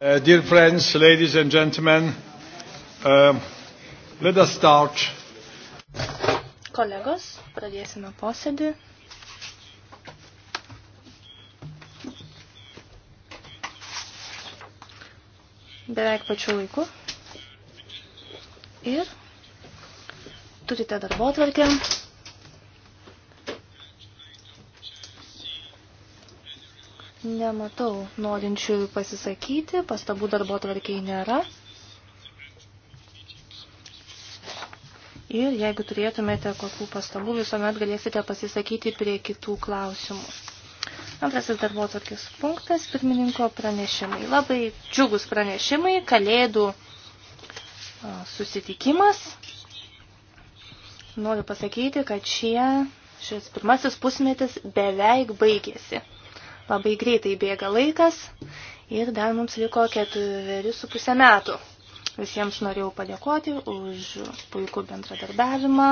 Uh, dear friends, ladies and gentlemen, uh, let us start. Kolegos, pradėsime posėdį. Beveik pačiu laiku. Ir turite darbo tvarkę. Nematau norinčių pasisakyti, pastabų darbo tvarkiai nėra. Ir jeigu turėtumėte kokių pastabų, visuomet galėsite pasisakyti prie kitų klausimų. Antrasis darbo tvarkės punktas – pirmininko pranešimai. Labai džiugus pranešimai, kalėdų susitikimas. Noriu pasakyti, kad šie, šis pirmasis pusmetis beveik baigėsi. Labai greitai bėga laikas ir dar mums liko ketveri su pusę metų. Visiems norėjau padėkoti už puikų bendradarbiavimą.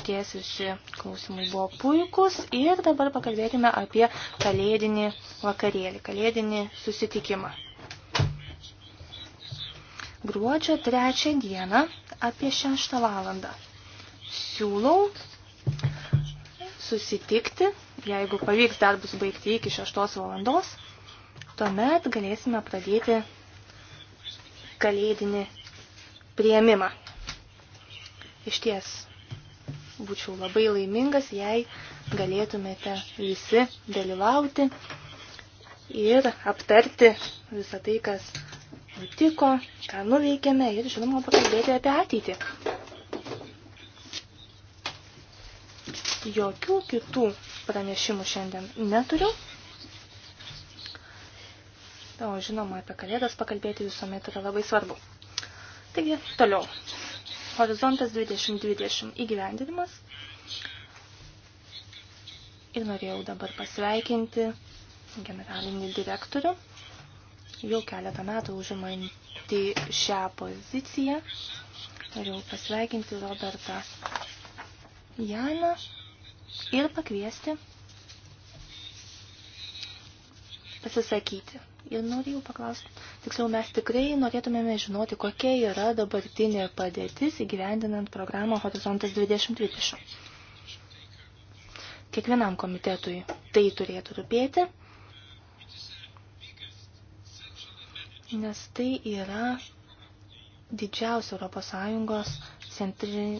Šties visi klausimai buvo puikus. Ir dabar pakalbėkime apie kalėdinį vakarėlį, kalėdinį susitikimą. Gruodžio trečią dieną apie šeštą valandą. Siūlau susitikti jeigu pavyks darbus baigti iki 6 valandos, tuomet galėsime pradėti kalėdinį prieimimą. Iš ties, būčiau labai laimingas, jei galėtumėte visi dalyvauti ir aptarti visą tai, kas nutiko, ką nuveikėme ir, žinoma, pakalbėti apie ateitį. Jokių kitų pranešimų šiandien neturiu. O žinoma, apie kalėdas pakalbėti visuomet yra labai svarbu. Taigi, toliau. Horizontas 2020 įgyvendinimas. Ir norėjau dabar pasveikinti generalinį direktorių. Jau keletą metų užimantį šią poziciją. Norėjau pasveikinti Robertą Janą ir pakviesti pasisakyti. Ir norėjau paklausti, tiksliau mes tikrai norėtumėme žinoti, kokia yra dabartinė padėtis įgyvendinant programą Horizontas 2020. Kiekvienam komitetui tai turėtų rūpėti, nes tai yra didžiausia Europos Sąjungos centrinė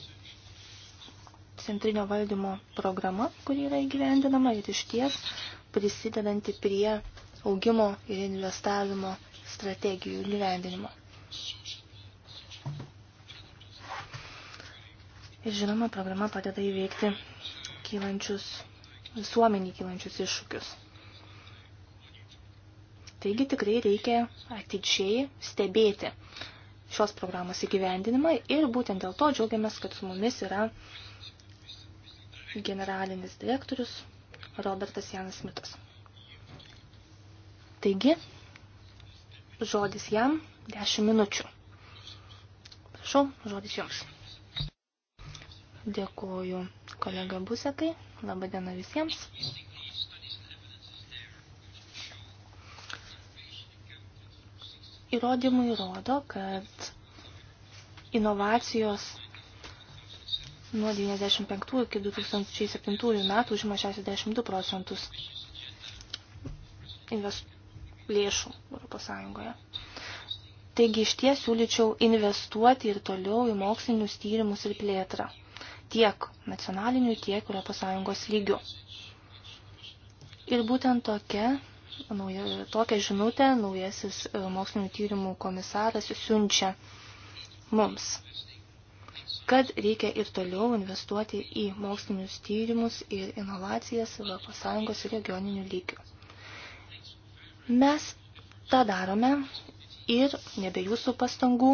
centrinio valdymo programa, kuri yra įgyvendinama ir iš ties prisidedanti prie augimo ir investavimo strategijų įgyvendinimo. Ir žinoma, programa padeda įveikti kylančius, visuomenį kylančius iššūkius. Taigi tikrai reikia atidžiai stebėti šios programos įgyvendinimą ir būtent dėl to džiaugiamės, kad su mumis yra uh, generalinis direktorius Robertas Janas Mitas. Taigi, žodis jam 10 minučių. Prašau, žodis jums. Dėkuoju kolega Busekai, laba diena visiems. Įrodymai rodo, kad inovacijos nuo 95 iki 2007 metų užima 62 procentus invest... lėšų Europos Sąjungoje. Taigi iš ties siūlyčiau investuoti ir toliau į mokslinius tyrimus ir plėtrą tiek nacionaliniu, tiek Europos Sąjungos lygiu. Ir būtent tokia, nauja, tokia žinutė naujasis e, mokslinių tyrimų komisaras siunčia mums kad reikia ir toliau investuoti į mokslinius tyrimus ir inovacijas ES regioninių lygių. Mes tą darome ir nebe jūsų pastangų.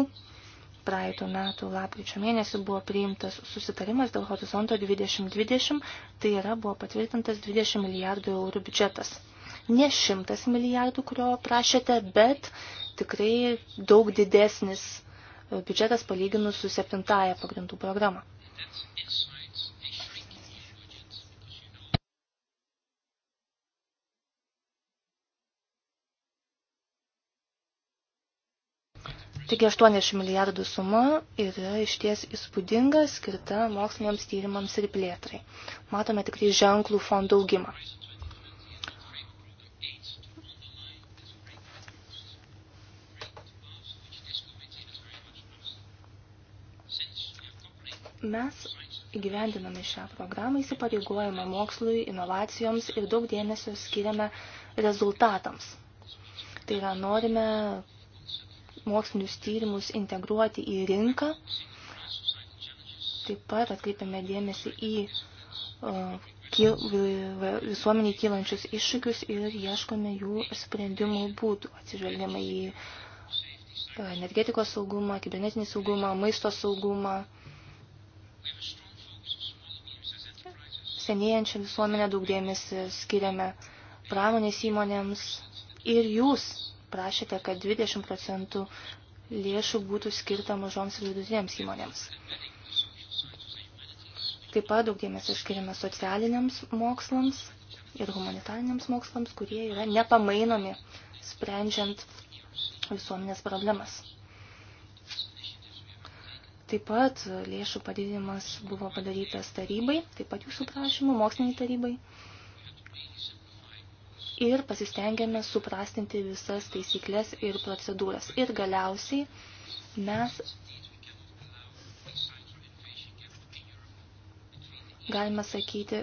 Praeitų metų lapkričio mėnesį buvo priimtas susitarimas dėl horizonto 2020, tai yra buvo patvirtintas 20 milijardų eurų biudžetas. Ne 100 milijardų, kurio prašėte, bet tikrai daug didesnis biudžetas palyginus su septintąją pagrindų programą. Taigi 80 milijardų suma yra išties įspūdinga, skirta moksliniams tyrimams ir plėtrai. Matome tikrai ženklų fondų augimą. Mes gyvendiname šią programą, įsipareigojame mokslui, inovacijoms ir daug dėmesio skiriame rezultatams. Tai yra, norime mokslinius tyrimus integruoti į rinką, taip pat atkreipiame dėmesį į uh, kyl, visuomeniai kylančius iššūkius ir ieškome jų sprendimų būdų, atsižvelgiama į e, energetikos saugumą, kibernetinį saugumą, maisto saugumą senėjančią visuomenę, daug dėmesį skiriame pramonės įmonėms ir jūs prašėte, kad 20 procentų lėšų būtų skirta mažoms ir vidutinėms įmonėms. Taip pat daug dėmesio skiriame socialiniams mokslams ir humanitariniams mokslams, kurie yra nepamainomi sprendžiant visuomenės problemas. Taip pat lėšų padidinimas buvo padarytas tarybai, taip pat jūsų prašymų, moksliniai tarybai. Ir pasistengėme suprastinti visas taisyklės ir procedūras. Ir galiausiai mes galime sakyti,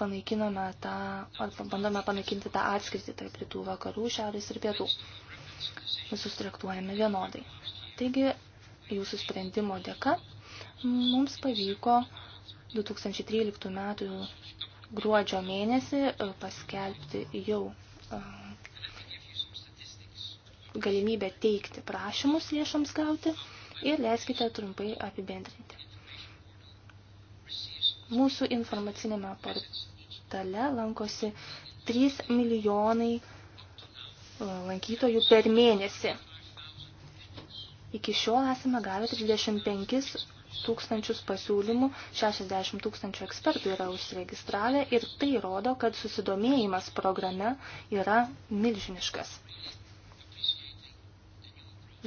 panaikinome tą, ar bandome panaikinti tą atskirtį tarp rytų vakarų, šiaurės ir pietų. Visus traktuojame vienodai. Taigi jūsų sprendimo dėka mums pavyko 2013 metų gruodžio mėnesį e, paskelbti jau e, galimybę teikti prašymus lėšoms gauti ir leiskite trumpai apibendrinti. Mūsų informacinėme portale lankosi 3 milijonai e, lankytojų per mėnesį. Iki šiol esame gavę 35 tūkstančius pasiūlymų, 60 tūkstančių ekspertų yra užsiregistravę ir tai rodo, kad susidomėjimas programe yra milžiniškas.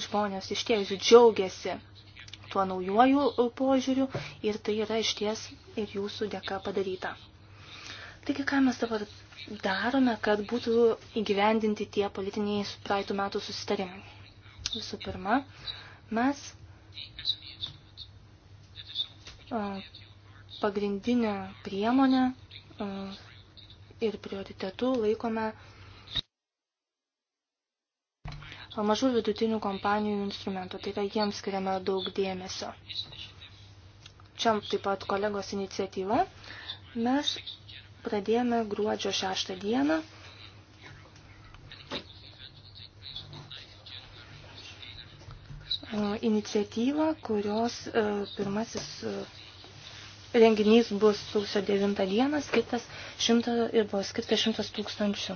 Žmonės iš tiesių džiaugiasi tuo naujuoju požiūriu ir tai yra iš ties ir jūsų dėka padaryta. Taigi, ką mes dabar darome, kad būtų įgyvendinti tie politiniai praeitų metų susitarimai? Visų pirma, mes pagrindinę priemonę ir prioritetų laikome mažų vidutinių kompanijų instrumentų, tai yra jiems skiriame daug dėmesio. Čia taip pat kolegos iniciatyva. Mes pradėjome gruodžio 6 dieną iniciatyvą, kurios pirmasis renginys bus sausio 9 dieną, skirtas 100 ir buvo skirtas 100 tūkstančių.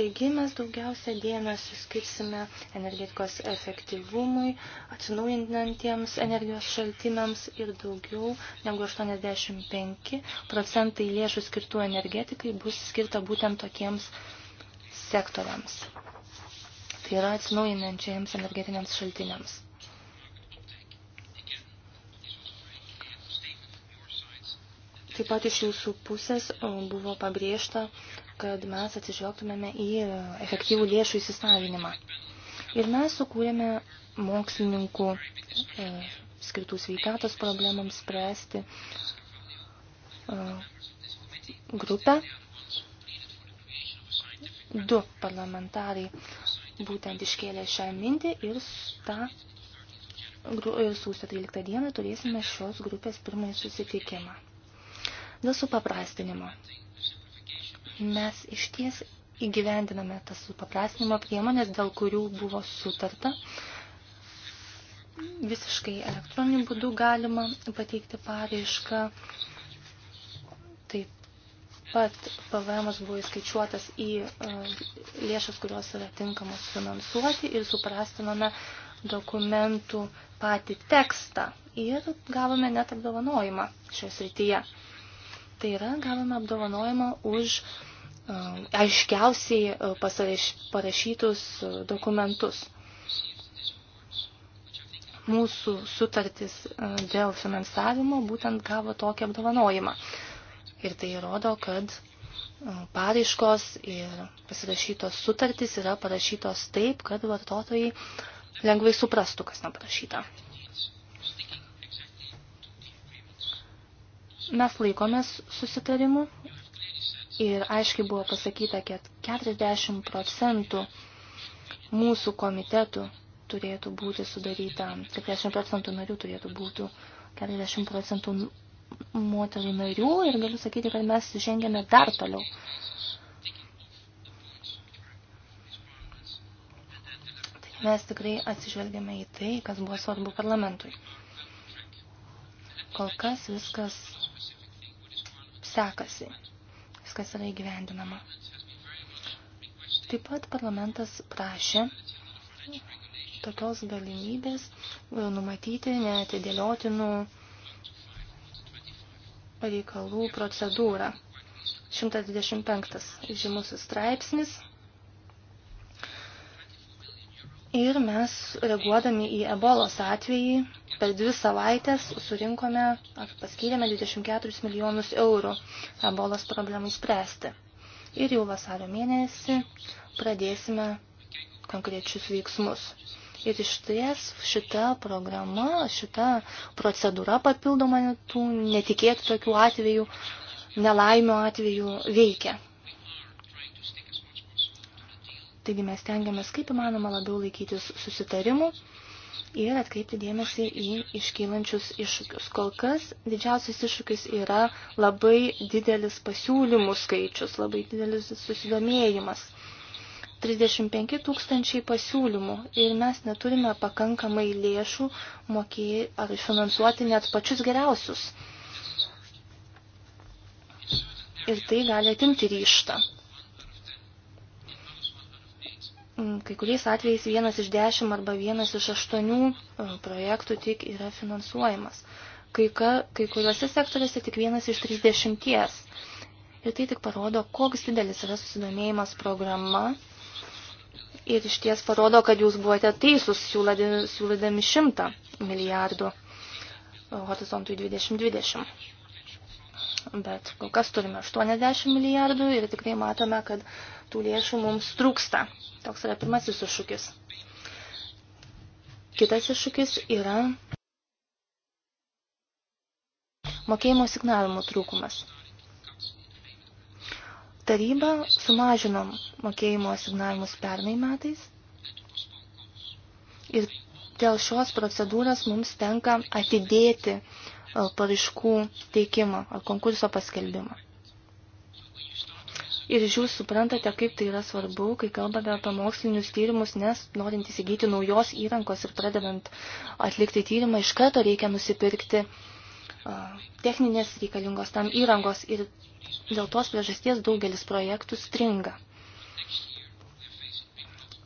Taigi mes daugiausia dėmesio skirsime energetikos efektyvumui, atsinaujinantiems energijos šaltiniams ir daugiau negu 85 procentai lėšų skirtų energetikai bus skirta būtent tokiems sektoriams. Tai yra atsinaujinančiams energetiniams šaltiniams. Taip pat iš jūsų pusės e, buvo pabrėžta, kad mes atsižvelgtumėme į efektyvų lėšų įsisavinimą. Ir mes sukūrėme mokslininkų e, skirtų sveikatos problemams spręsti e, grupę, du parlamentarai būtent iškėlė šią mintį ir tą ir sausio 13 dieną turėsime šios grupės pirmąjį susitikimą. Dėl supaprastinimo. Mes iš ties įgyvendiname tas supaprastinimo priemonės, dėl kurių buvo sutarta. Visiškai elektroniniu būdu galima pateikti paraišką pat PVM buvo įskaičiuotas į e, lėšas, kurios yra tinkamos finansuoti ir suprastinome dokumentų patį tekstą ir gavome net apdovanojimą šioje srityje. Tai yra, gavome apdovanojimą už e, aiškiausiai e, parašytus dokumentus mūsų sutartis dėl finansavimo būtent gavo tokį apdovanojimą. Ir tai rodo, kad e, paraiškos ir pasirašytos sutartys yra parašytos taip, kad vartotojai lengvai suprastų, kas ten parašyta. Mes laikomės susitarimu ir aiškiai buvo pasakyta, kad 40 procentų mūsų komitetų turėtų būti sudaryta, 40 procentų narių turėtų būti, 40 procentų moterų narių ir galiu sakyti, kad mes žengėme dar toliau. Tai mes tikrai atsižvelgėme į tai, kas buvo svarbu parlamentui. Kol kas viskas sekasi, viskas yra įgyvendinama. Taip pat parlamentas prašė tokios galimybės numatyti neatidėliotinų nu reikalų procedūrą. 125 žymusis straipsnis. Ir mes, reaguodami į ebolos atvejį, per dvi savaitės surinkome ar paskyrėme 24 milijonus eurų ebolos problemai spręsti. Ir jau vasario mėnesį pradėsime konkrečius veiksmus. Ir iš ties šita programa, šita procedūra papildoma tų netikėtų tokių atvejų, nelaimio atvejų veikia. Taigi mes tengiamės kaip įmanoma labiau laikytis susitarimų ir atkreipti dėmesį į iškylančius iššūkius. Kol kas didžiausias iššūkis yra labai didelis pasiūlymų skaičius, labai didelis susidomėjimas. 35 tūkstančiai pasiūlymų ir mes neturime pakankamai lėšų mokėjai ar finansuoti net pačius geriausius. Ir tai gali atimti ryštą. Mm, kai kuriais atvejais vienas iš dešimt arba vienas iš aštuonių e, projektų tik yra finansuojamas. Kai, ka, kai kuriuose sektoriuose tik vienas iš trisdešimties. Ir tai tik parodo, koks didelis yra susidomėjimas programa ir iš ties parodo, kad jūs buvote teisūs siūlydami 100 milijardų horizontui 2020. Bet kol kas turime 80 milijardų ir tikrai matome, kad tų lėšų mums trūksta. Toks yra pirmasis iššūkis. Kitas iššūkis yra mokėjimo signalimų trūkumas taryba sumažino mokėjimo asignavimus pernai metais ir dėl šios procedūros mums tenka atidėti e, paraiškų teikimą ar konkurso paskelbimą. Ir jūs suprantate, kaip tai yra svarbu, kai kalbame apie mokslinius tyrimus, nes norint įsigyti naujos įrankos ir pradedant atlikti tyrimą, iš karto reikia nusipirkti uh, techninės reikalingos tam įrangos ir dėl tos priežasties daugelis projektų stringa.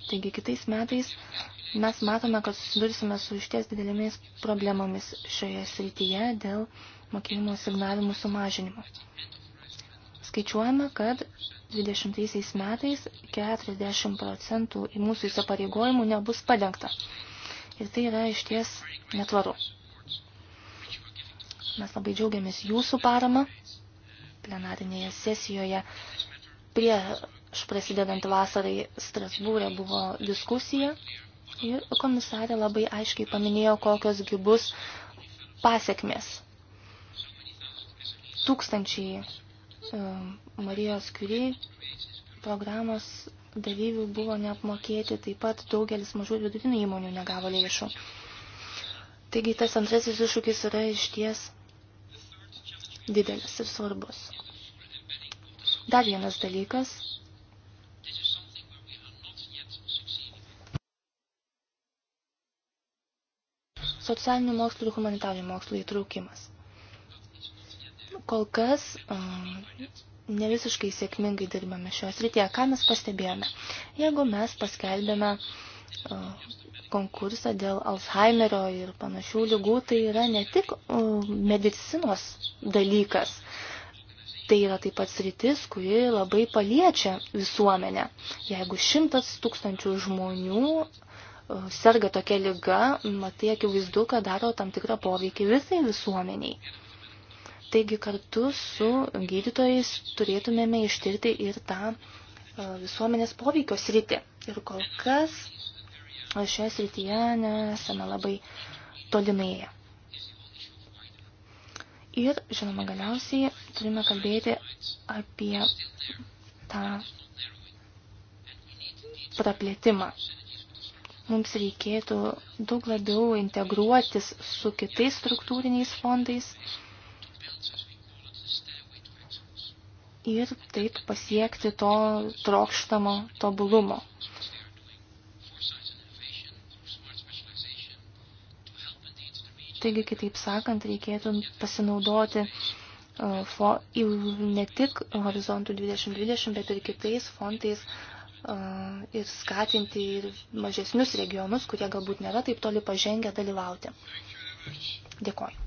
Taigi kitais metais mes matome, kad susidursime su išties didelėmis problemomis šioje srityje dėl mokėjimo signavimų sumažinimo. Skaičiuojame, kad 20 metais 40 procentų mūsų įsipareigojimų nebus padengta. Ir tai yra išties netvaru. Mes labai džiaugiamės jūsų parama plenarinėje sesijoje. Prieš prasidedant vasarai Strasbūrė buvo diskusija ir komisarė labai aiškiai paminėjo, kokios gibus pasiekmės. Tūkstančiai e, Marijos Curie programos dalyvių buvo neapmokėti, taip pat daugelis mažų ir vidutinių įmonių negavo lėšų. Taigi tas antrasis iššūkis yra išties didelis ir svarbus. Dar vienas dalykas. Socialinių mokslų ir humanitarinių mokslų įtraukimas. Kol kas um, ne visiškai sėkmingai dirbame šioje srityje. Ką mes pastebėjome? Jeigu mes paskelbėme uh, konkursą dėl Alzheimerio ir panašių lygų, tai yra ne tik medicinos dalykas, tai yra taip pat sritis, kuri labai paliečia visuomenę. Jeigu šimtas tūkstančių žmonių serga tokia lyga, matai akivaizdu, kad daro tam tikrą poveikį visai visuomeniai. Taigi kartu su gydytojais turėtumėme ištirti ir tą visuomenės poveikio sritį. Ir kol kas šioje srityje nesame labai tolimėję. Ir, žinoma, galiausiai turime kalbėti apie tą praplėtimą. Mums reikėtų daug labiau integruotis su kitais struktūriniais fondais ir taip pasiekti to trokštamo tobulumo. Taigi, kitaip sakant, reikėtų pasinaudoti e, ne tik Horizontų 2020, bet ir kitais fondais e, ir skatinti ir mažesnius regionus, kurie galbūt nėra taip toli pažengę dalyvauti. Dėkoju.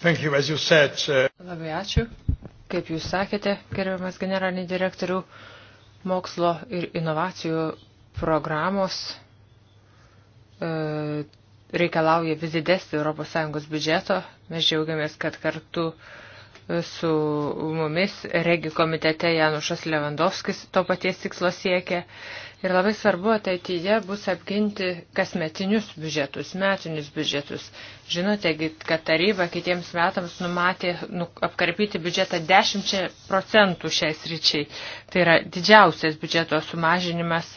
Thank you, as you said, uh... Labai ačiū. Kaip jūs sakėte, gerbiamas generalinį direktorių, mokslo ir inovacijų programos e, reikalauja vis didesnį ES biudžeto. Mes džiaugiamės, kad kartu su mumis regi komitete Janušas Levandovskis to paties tikslo siekia. Ir labai svarbu ateityje bus apginti kasmetinius biudžetus, metinius biudžetus. Žinote, kad taryba kitiems metams numatė nu, apkarpyti biudžetą 10 procentų šiais ryčiai. Tai yra didžiausias biudžeto sumažinimas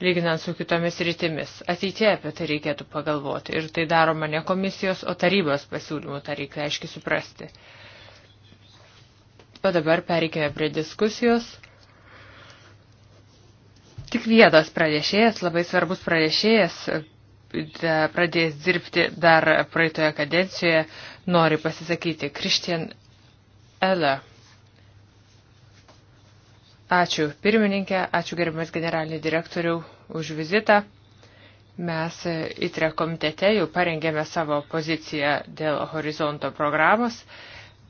lyginant su kitomis rytimis. Ateitie apie tai reikėtų pagalvoti ir tai daroma ne komisijos, o tarybos pasiūlymų, tą reikia aiškiai suprasti. O dabar pereikime prie diskusijos. Tik vienas pranešėjas, labai svarbus pranešėjas, pradės dirbti dar praeitoje kadencijoje, nori pasisakyti Kristian Ela. Ačiū pirmininkė, ačiū gerbiamas generalinį direktorių už vizitą. Mes ITRE komitete jau parengėme savo poziciją dėl horizonto programos.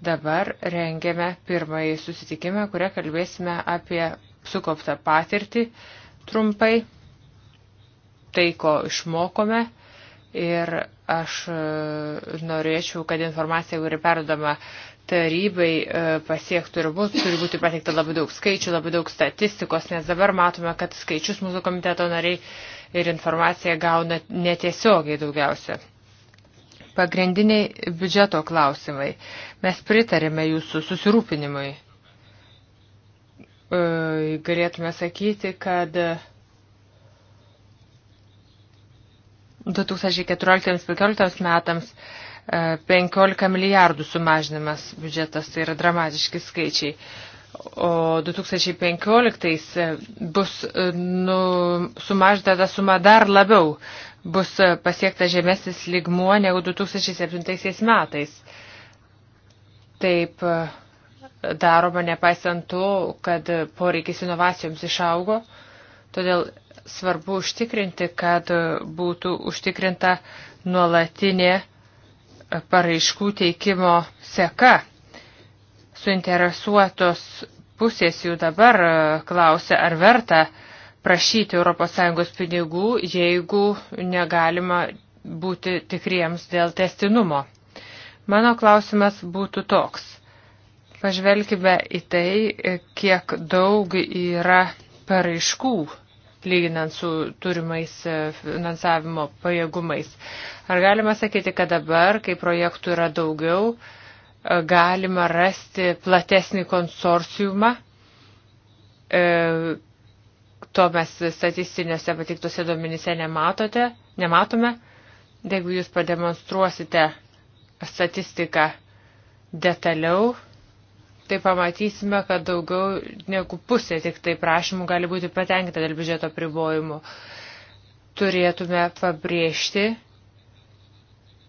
Dabar rengėme pirmąjį susitikimą, kurią kalbėsime apie sukauptą patirtį trumpai, tai ko išmokome. Ir aš norėčiau, kad informacija, kuri perdama tarybai e, pasiektų ir bus, turi būti pateikta labai daug skaičių, labai daug statistikos, nes dabar matome, kad skaičius mūsų komiteto nariai ir informaciją gauna netiesiogiai daugiausia. Pagrindiniai biudžeto klausimai. Mes pritarėme jūsų susirūpinimui. E, galėtume sakyti, kad 2014-2015 metams 15 milijardų sumažinamas biudžetas, tai yra dramatiški skaičiai. O 2015 e, bus e, nu, sumažinta ta suma dar labiau, bus e, pasiektas žemesnis lygmuo negu 2007 metais. Taip daroma nepaisant to, kad poreikis inovacijoms išaugo, todėl svarbu užtikrinti, kad būtų užtikrinta nuolatinė uh, paraiškų teikimo seka. Suinteresuotos pusės jau dabar e, klausia, ar verta prašyti ES pinigų, jeigu negalima būti tikriems dėl testinumo. Mano klausimas būtų toks. Pažvelkime į tai, e, kiek daug yra paraiškų lyginant su turimais e, finansavimo pajėgumais. Ar galima sakyti, kad dabar, kai projektų yra daugiau, e, galima rasti platesnį konsorciumą? E, to mes statistiniuose patiktuose duomenyse nematote, nematome. Jeigu jūs pademonstruosite statistiką detaliau, tai pamatysime, kad daugiau negu pusė tik tai prašymų gali būti patenkinta dėl biudžeto pribojimų. Turėtume pabrėžti,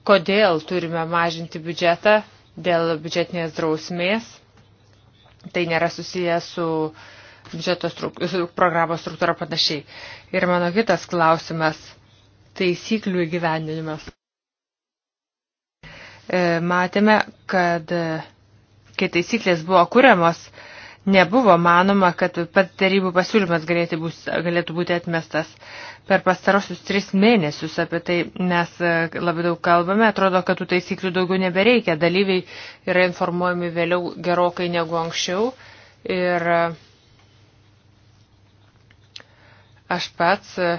kodėl turime mažinti biudžetą dėl biudžetinės drausmės. Tai nėra susiję su biudžeto struk programos struktūra panašiai. Ir mano kitas klausimas - taisyklių įgyvendinimas. E, matėme, kad kai taisyklės buvo kuriamos, nebuvo manoma, kad pat tarybų pasiūlymas galėtų, bus, galėtų būti atmestas. Per pastarosius tris mėnesius apie tai mes e, labai daug kalbame, atrodo, kad tų taisyklių daugiau nebereikia. Dalyviai yra informuojami vėliau gerokai negu anksčiau. Ir e, aš pats e,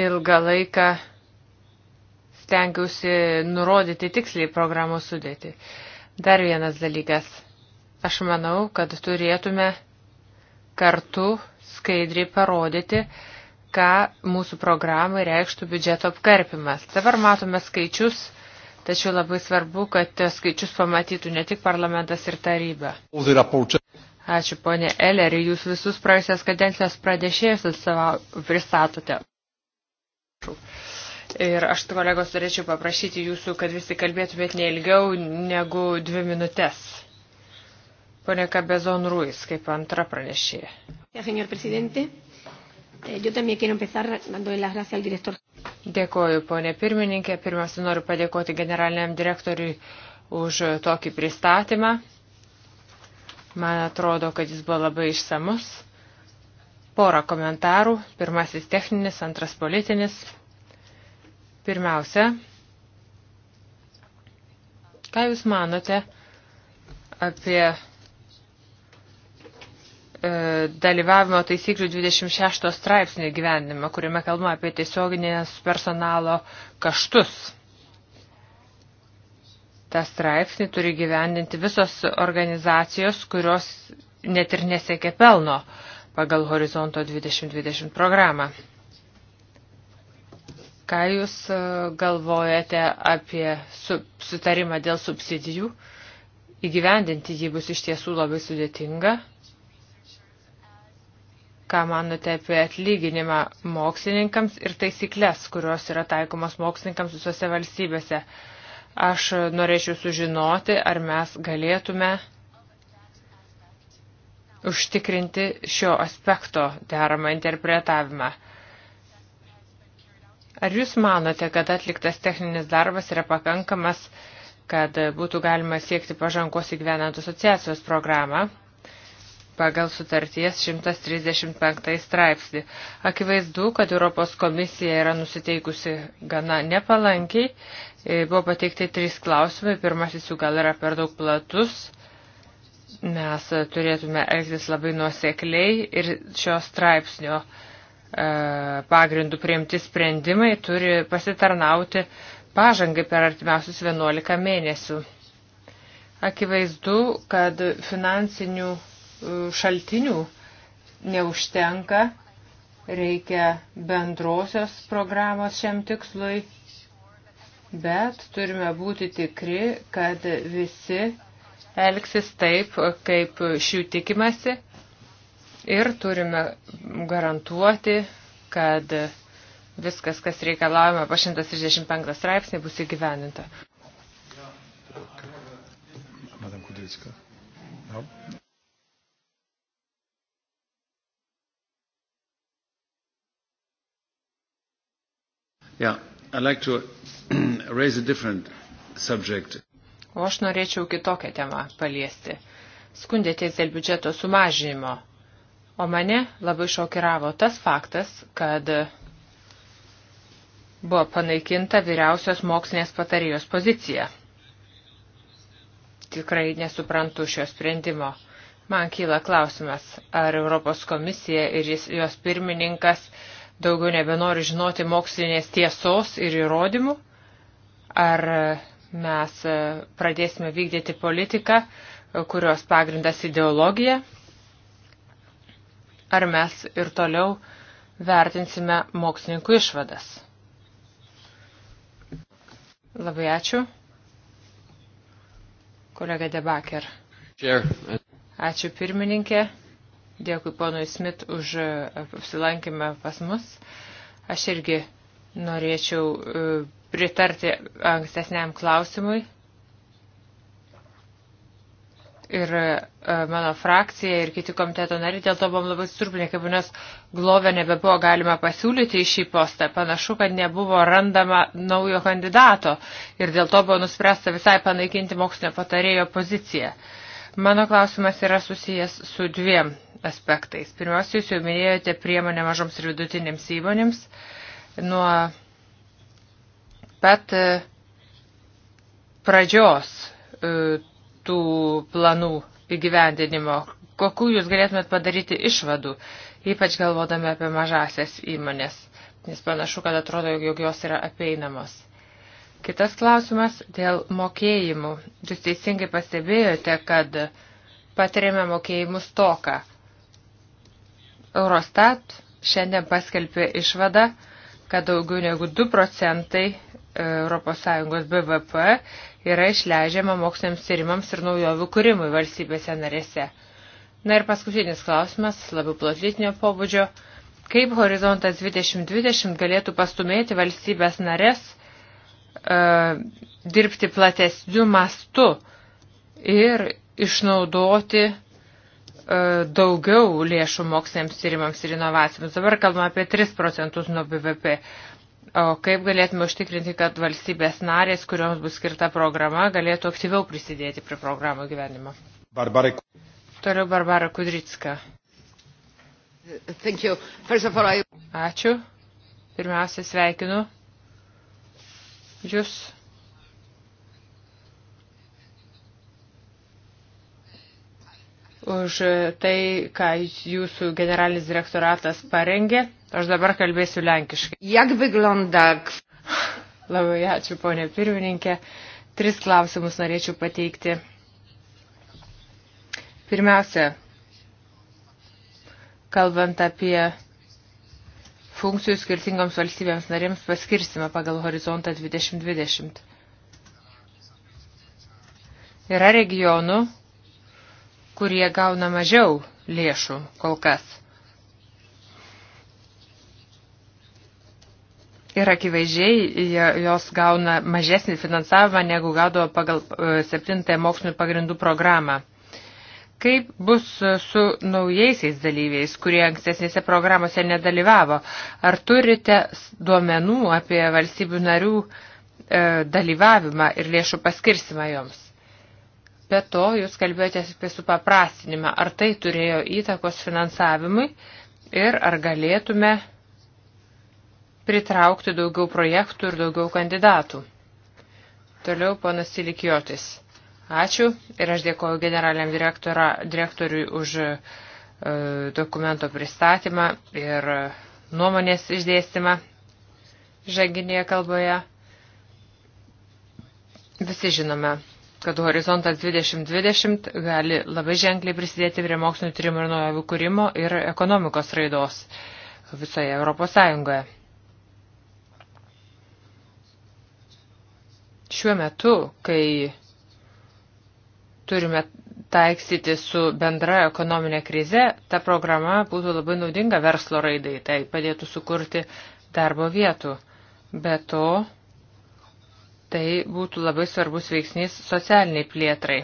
ilgą laiką stengiausi nurodyti tiksliai programos sudėti. Dar vienas dalykas. Aš manau, kad turėtume kartu skaidriai parodyti, ką mūsų programai reikštų biudžeto apkarpimas. Dabar matome skaičius, tačiau labai svarbu, kad skaičius pamatytų ne tik parlamentas ir taryba. Ačiū, ponė Eleri, jūs visus praėjusias kadencijos pradėšėjus atsavo pristatote. Ir aš, kolegos, turėčiau paprašyti jūsų, kad visi kalbėtumėt neilgiau negu dvi minutės. Pone Kabezon Ruiz, kaip antra pranešėja. Eh, Dėkoju, ponė pirmininkė. Pirmiausia, noriu padėkoti generaliniam direktoriui už tokį pristatymą. Man atrodo, kad jis buvo labai išsamus. Porą komentarų. Pirmasis techninis, antras politinis. Pirmiausia, ką Jūs manote apie e, dalyvavimo taisyklių 26 straipsnį gyvenimą, kuriame kalbama apie tiesioginės personalo kaštus? tą straipsnį turi gyvendinti visos organizacijos, kurios net ir nesiekia pelno pagal Horizonto 2020 programą. Ką Jūs e, galvojate apie sutarimą dėl subsidijų? Įgyvendinti jį bus iš tiesų labai sudėtinga. Ką manote apie atlyginimą mokslininkams ir taisyklės, kurios yra taikomos mokslininkams visose valstybėse? Aš norėčiau sužinoti, ar mes galėtume užtikrinti šio aspekto deramą interpretavimą. Ar Jūs manote, kad atliktas techninis darbas yra pakankamas, kad būtų galima siekti pažangos įgyvenant asociacijos programą? pagal sutarties 135 straipsnį. Akivaizdu, kad Europos komisija yra nusiteikusi gana nepalankiai. E, buvo pateikti trys klausimai. Pirmasis jų gal yra per daug platus. Mes turėtume elgtis labai nuosekliai ir šio straipsnio uh, E, pagrindų priimti sprendimai turi pasitarnauti pažangai per artimiausius 11 mėnesių. Akivaizdu, kad finansinių e, šaltinių neužtenka, reikia bendrosios programos šiam tikslui, bet turime būti tikri, kad visi elgsis taip, kaip šių tikimasi ir turime garantuoti, kad viskas, kas reikalavome po 135 straipsnį, bus įgyveninta. Madam Kudrycka. No. Yeah, I'd like to raise a different subject. O aš norėčiau kitokią temą paliesti. Skundėtės dėl biudžeto sumažinimo. O mane labai šokiravo tas faktas, kad buvo panaikinta vyriausios mokslinės patarėjos pozicija. Tikrai nesuprantu šio sprendimo. Man kyla klausimas, ar Europos komisija ir jis, jos pirmininkas daugiau nebenori žinoti mokslinės tiesos ir įrodymų, ar mes pradėsime vykdyti politiką, kurios pagrindas ideologija ar mes ir toliau vertinsime mokslininkų išvadas. Labai ačiū. Kolega Debaker. Ačiū pirmininkė. Dėkui ponui Smith už e, apsilankymą pas mus. Aš irgi norėčiau e, pritarti ankstesniam klausimui ir e, mano frakcija ir kiti komiteto nariai, dėl to buvom labai surpinę, kaip nes Glovė nebebuvo galima pasiūlyti į šį postą. Panašu, kad nebuvo randama naujo kandidato ir dėl to buvo nuspręsta visai panaikinti mokslinio patarėjo poziciją. Mano klausimas yra susijęs su dviem aspektais. Pirmiausia, jūs jau minėjote priemonę mažoms ir vidutinėms įmonėms. Nuo pat e, pradžios e, tų planų įgyvendinimo? Kokių jūs galėtumėt padaryti išvadų, ypač galvodami apie mažasias įmonės, nes panašu, kad atrodo, jog jos yra apeinamos. Kitas klausimas dėl mokėjimų. Jūs teisingai pastebėjote, kad patiriame mokėjimų stoką. Eurostat šiandien paskelbė išvadą, kad daugiau negu 2 procentai ES BVP yra išleidžiama moksliniams tyrimams ir naujovių kūrimui valstybėse narėse. Na ir paskutinis klausimas, labiau platlytinio pobūdžio. Kaip horizontas 2020 galėtų pastumėti valstybės narės e, dirbti platesniu mastu ir išnaudoti e, daugiau lėšų moksliniams tyrimams ir inovacijams. Dabar kalbame apie 3 procentus nuo BVP. O kaip galėtume užtikrinti, kad valstybės narės, kurioms bus skirta programa, galėtų aktyviau prisidėti prie programų gyvenimo? Barbarai. Toliau Barbara Kudricka. All, I... Ačiū. Pirmiausia, sveikinu Jūs. Už tai, ką Jūsų generalinis direktoratas parengė Aš dabar kalbėsiu lenkiškai. Jak vyglondak? Labai ačiū, ponė pirmininkė. Tris klausimus norėčiau pateikti. Pirmiausia, kalbant apie funkcijų skirtingoms valstybėms narėms paskirstimą pagal horizontą 2020. Yra regionų, kurie gauna mažiau lėšų kol kas. ir akivaizdžiai jos gauna mažesnį finansavimą negu gaudavo pagal e, septintąją mokslinių pagrindų programą. Kaip bus su naujaisiais dalyviais, kurie ankstesnėse programuose nedalyvavo? Ar turite duomenų apie valstybių narių e, dalyvavimą ir lėšų paskirsimą joms? Be to, jūs kalbėjote apie supaprastinimą. Ar tai turėjo įtakos finansavimui ir ar galėtume pritraukti daugiau projektų ir daugiau kandidatų. Toliau ponas Silikijotis. Ačiū ir aš dėkoju generaliniam direktoriui už e, dokumento pristatymą ir nuomonės išdėstymą žanginėje kalboje. Visi žinome, kad horizontas 2020 gali labai ženkliai prisidėti prie mokslinio tyrimų ir naujovių kūrimo ir ekonomikos raidos visoje Europos Sąjungoje. Šiuo metu, kai turime taiksyti su bendra ekonominė krize, ta programa būtų labai naudinga verslo raidai, tai padėtų sukurti darbo vietų. Be to, tai būtų labai svarbus veiksnys socialiniai plėtrai.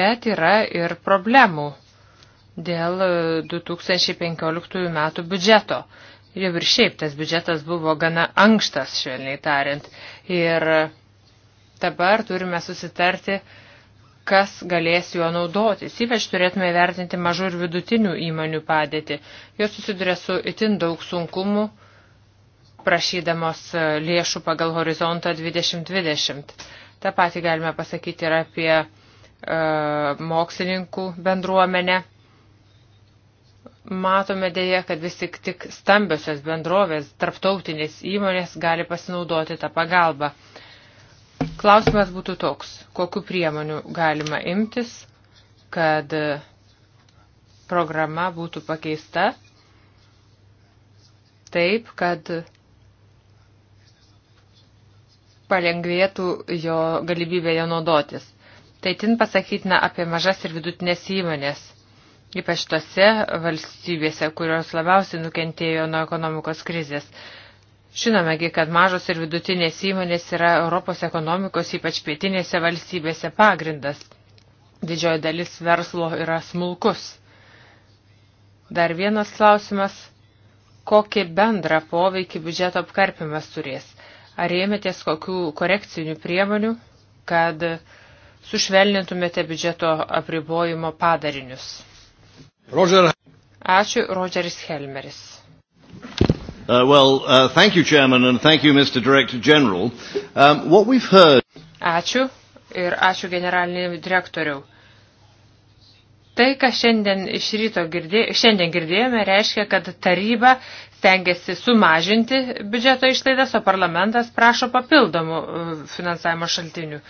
Bet yra ir problemų dėl 2015 e, metų biudžeto. Jau ir šiaip tas biudžetas buvo gana ankštas, švelniai tariant. Ir dabar turime susitarti, kas galės juo naudotis. Ypač turėtume įvertinti mažų ir vidutinių įmonių padėtį. Jos susiduria su itin daug sunkumų, prašydamos lėšų pagal horizontą 2020. Ta pati galime pasakyti ir apie e, mokslininkų bendruomenę matome dėje, kad vis tik, tik stambiosios bendrovės, tarptautinės įmonės gali pasinaudoti tą pagalbą. Klausimas būtų toks, kokiu priemonių galima imtis, kad programa būtų pakeista taip, kad palengvėtų jo galimybė ją naudotis. Tai tin pasakytina apie mažas ir vidutinės įmonės – ypač tose valstybėse, kurios labiausiai nukentėjo nuo ekonomikos krizės. Žinomegi, kad mažos ir vidutinės įmonės yra Europos ekonomikos, ypač pietinėse valstybėse, pagrindas. Didžioji dalis verslo yra smulkus. Dar vienas klausimas. Kokį bendrą poveikį biudžeto apkarpimas turės? Ar ėmėtės kokių korekcinių priemonių, kad sušvelnintumėte biudžeto apribojimo padarinius? Roger. Ačiū, Rodžeris Helmeris. Uh, well, uh, thank you, Chairman, and thank you, Mr. Director General. Um, what we've heard... Ačiū ir ačiū generaliniam direktoriau. Tai, ką šiandien iš ryto girdė, šiandien girdėjome, reiškia, kad taryba stengiasi sumažinti biudžeto išlaidas, o parlamentas prašo papildomų uh, finansavimo šaltinių.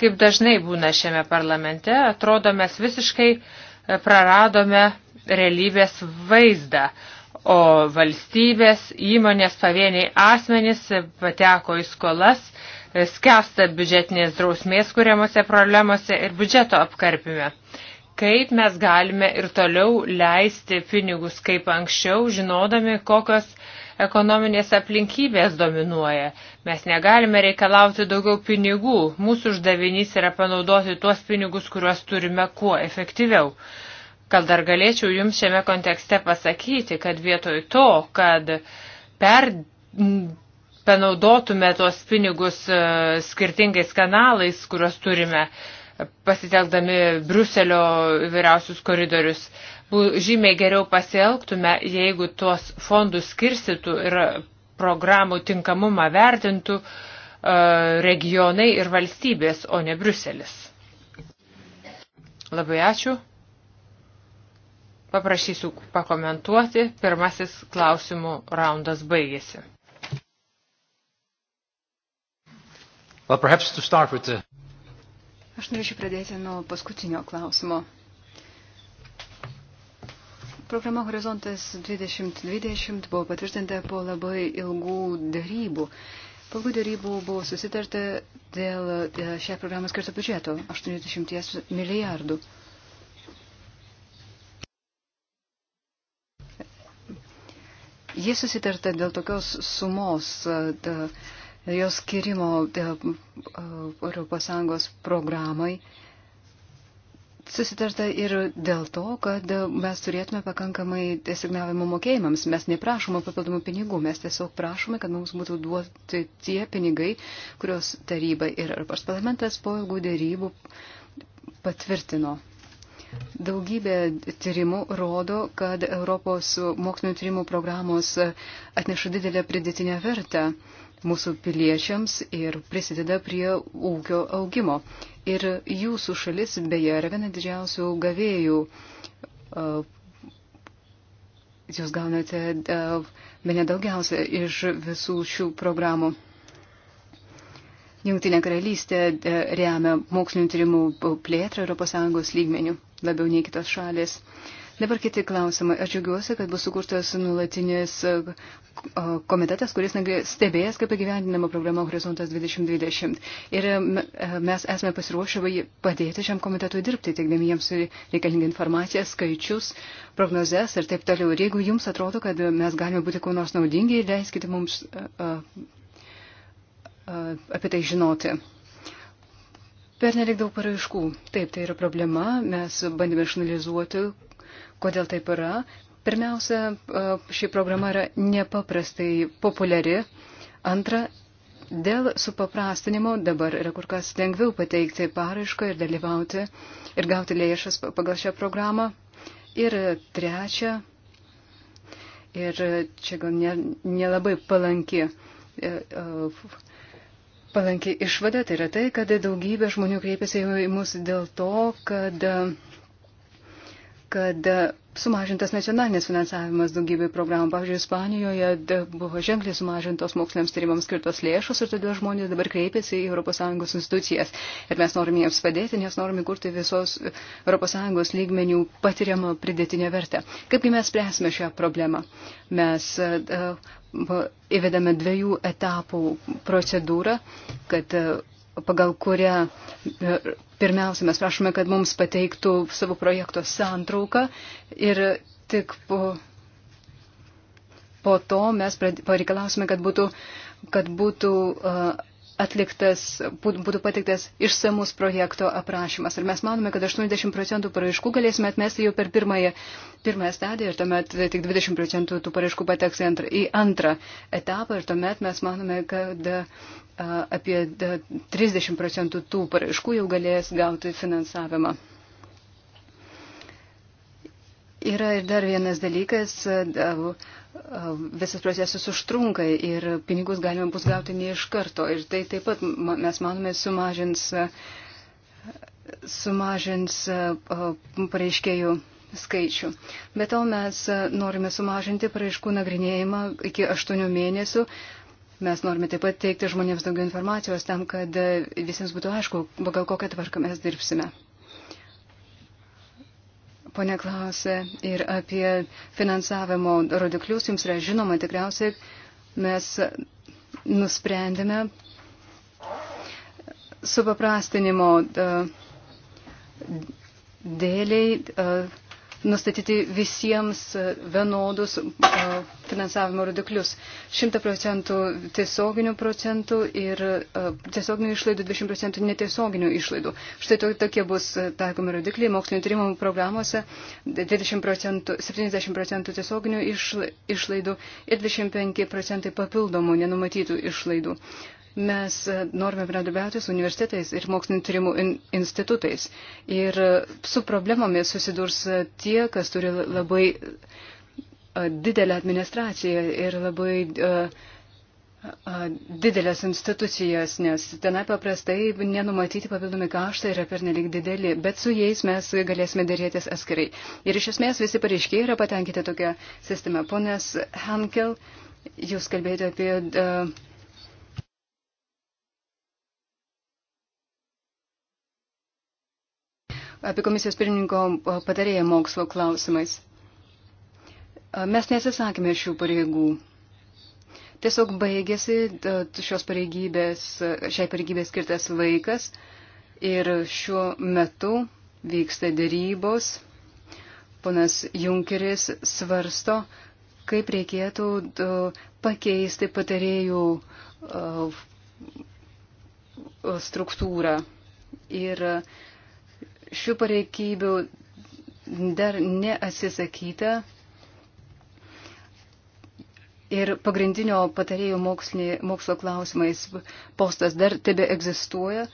Kaip dažnai būna šiame parlamente, atrodo, mes visiškai uh, praradome realybės vaizdą, o valstybės, įmonės, pavieniai asmenys pateko į skolas, skęsta biudžetinės drausmės kuriamose problemose ir biudžeto apkarpime. Kaip mes galime ir toliau leisti pinigus kaip anksčiau, žinodami, kokios ekonominės aplinkybės dominuoja. Mes negalime reikalauti daugiau pinigų. Mūsų uždavinys yra panaudoti tuos pinigus, kuriuos turime kuo efektyviau. Gal dar galėčiau jums šiame kontekste pasakyti, kad vietoj to, kad per panaudotume tuos pinigus e, skirtingais kanalais, kuriuos turime, pasitelkdami Bruselio vyriausius koridorius, žymiai geriau pasielgtume, jeigu tuos fondus skirstytų ir programų tinkamumą vertintų e, regionai ir valstybės, o ne Bruselis. Labai ačiū. Paprašysiu pakomentuoti. Pirmasis klausimų raundas baigėsi. Well, the... Aš norėčiau pradėti nuo paskutinio klausimo. Programa Horizontas 2020 buvo patvirtinta po labai ilgų darybų. Po ilgų darybų buvo susitarta dėl e, šią programą skirto biudžeto 80 milijardų. Jis susitarta dėl tokios sumos, e, da, jos skirimo ES e, programai Susitarta ir dėl to, kad mes turėtume pakankamai designavimo mokėjimams. Mes neprašome papildomų pinigų, mes tiesiog prašome, kad mums būtų duoti tie pinigai, kurios taryba ir Europos parlamentas po ilgų dėrybų patvirtino. Daugybė tyrimų rodo, kad Europos mokslinio tyrimų programos atneša didelę pridėtinę vertę mūsų piliečiams ir prisideda prie ūkio augimo. Ir jūsų šalis beje yra viena didžiausių gavėjų. Jūs gaunate bene daugiausia iš visų šių programų. Jungtinė karalystė remia mokslinio tyrimų plėtrą ES lygmenių labiau nei kitos šalės. Uh, Dabar kiti klausimai. Aš džiaugiuosi, kad bus sukurtas nulatinis e, e, komitetas, kuris stebės, kaip įgyvendinama programa Horizontas 2020. Ir e, mes esame pasiruošę padėti šiam komitetui dirbti, teikdami jiems reikalingą informaciją, skaičius, prognozes ir taip toliau. Ir jeigu jums atrodo, kad mes galime būti kuo nors naudingi, leiskite mums apie tai žinoti. Per nelik daug paraiškų. Taip, tai yra problema. Mes bandėme išanalizuoti, Kodėl taip yra? Pirmiausia, ši programa yra nepaprastai populiari. Antra, Dėl supaprastinimo dabar yra kur kas lengviau pateikti paraišką ir dalyvauti ir gauti lėšas pagal šią programą. Ir trečia, ir čia gal nelabai ne palanki, e, palanki išvada, tai yra tai, kad daugybė žmonių kreipiasi į mus dėl to, kad kad sumažintas nacionalinis finansavimas daugybė programų. Pavyzdžiui, Ispanijoje buvo ženkliai sumažintos moksliniams tyrimams skirtos lėšos ir todėl žmonės dabar kreipiasi į ES institucijas. Ir mes norime jiems padėti, nes norime kurti visos ES lygmenių patiriamą pridėtinę vertę. Kaipgi mes spręsime šią problemą? Mes e, e, įvedame dviejų etapų procedūrą, kad e, pagal kurią e, pirmiausia mes prašome, kad mums pateiktų savo projekto santrauką ir tik po, po to mes pareikalausime, kad būtų, kad būtų uh, atliktas, būtų patiktas išsamus projekto aprašymas. Ir mes manome, kad 80 procentų paraiškų galėsime atmesti jau per pirmąją, pirmąją stadiją ir tuomet tik 20 procentų tų paraiškų pateks į antrą, į antrą etapą ir tuomet mes manome, kad a, apie 30 procentų tų paraiškų jau galės gauti finansavimą. Yra ir dar vienas dalykas. A, Ehm, visas procesas užtrunka ir pinigus galima bus gauti ne iš karto. Ir tai taip pat, mes manome, sumažins, sumažins ehm, pareiškėjų skaičių. Be to mes norime sumažinti paraiškų nagrinėjimą iki 8 mėnesių. Mes norime taip pat teikti žmonėms daugiau informacijos tam, kad visiems būtų aišku, pagal kokią tvarką mes dirbsime. Pone klausė ir apie finansavimo rodiklius. Jums yra žinoma, tikriausiai mes nusprendėme supaprastinimo e, dėliai e, nustatyti visiems e, vienodus e, finansavimo rodiklius. 100 procentų tiesioginių procentų ir e, tiesioginių išlaidų, 20 procentų netiesioginių išlaidų. Štai tokie bus taikomi rodikliai mokslinio tyrimų programuose 20 procentų, 70 procentų tiesioginių išlaidų ir 25 procentai papildomų nenumatytų išlaidų. Mes e, norime bendradarbiauti su universitetais ir mokslinio tyrimų in institutais. Ir e, su problemomis susidurs e, tie, kas turi labai didelę administraciją ir labai uh, didelės institucijas, nes tenai paprastai nenumatyti papildomi kaštai yra pernelik dideli, bet su jais mes galėsime dėrėtis atskirai. Ir iš esmės visi pareiškiai yra patenkinti tokią sistemą. Ponas Hankel, jūs kalbėjote apie uh, apie komisijos pirmininko patarėją mokslo klausimais. Mes nesisakėme šių pareigų. Tiesiog baigėsi šios pareigybės, šiai pareigybės skirtas laikas ir šiuo metu vyksta dėrybos. Ponas Junkeris svarsto, kaip reikėtų pakeisti patarėjų struktūrą. Ir uh, šių pareikybių dar neatsisakyta. Ir pagrindinio patarėjų mokslinė, mokslo klausimais postas dar tebe egzistuoja.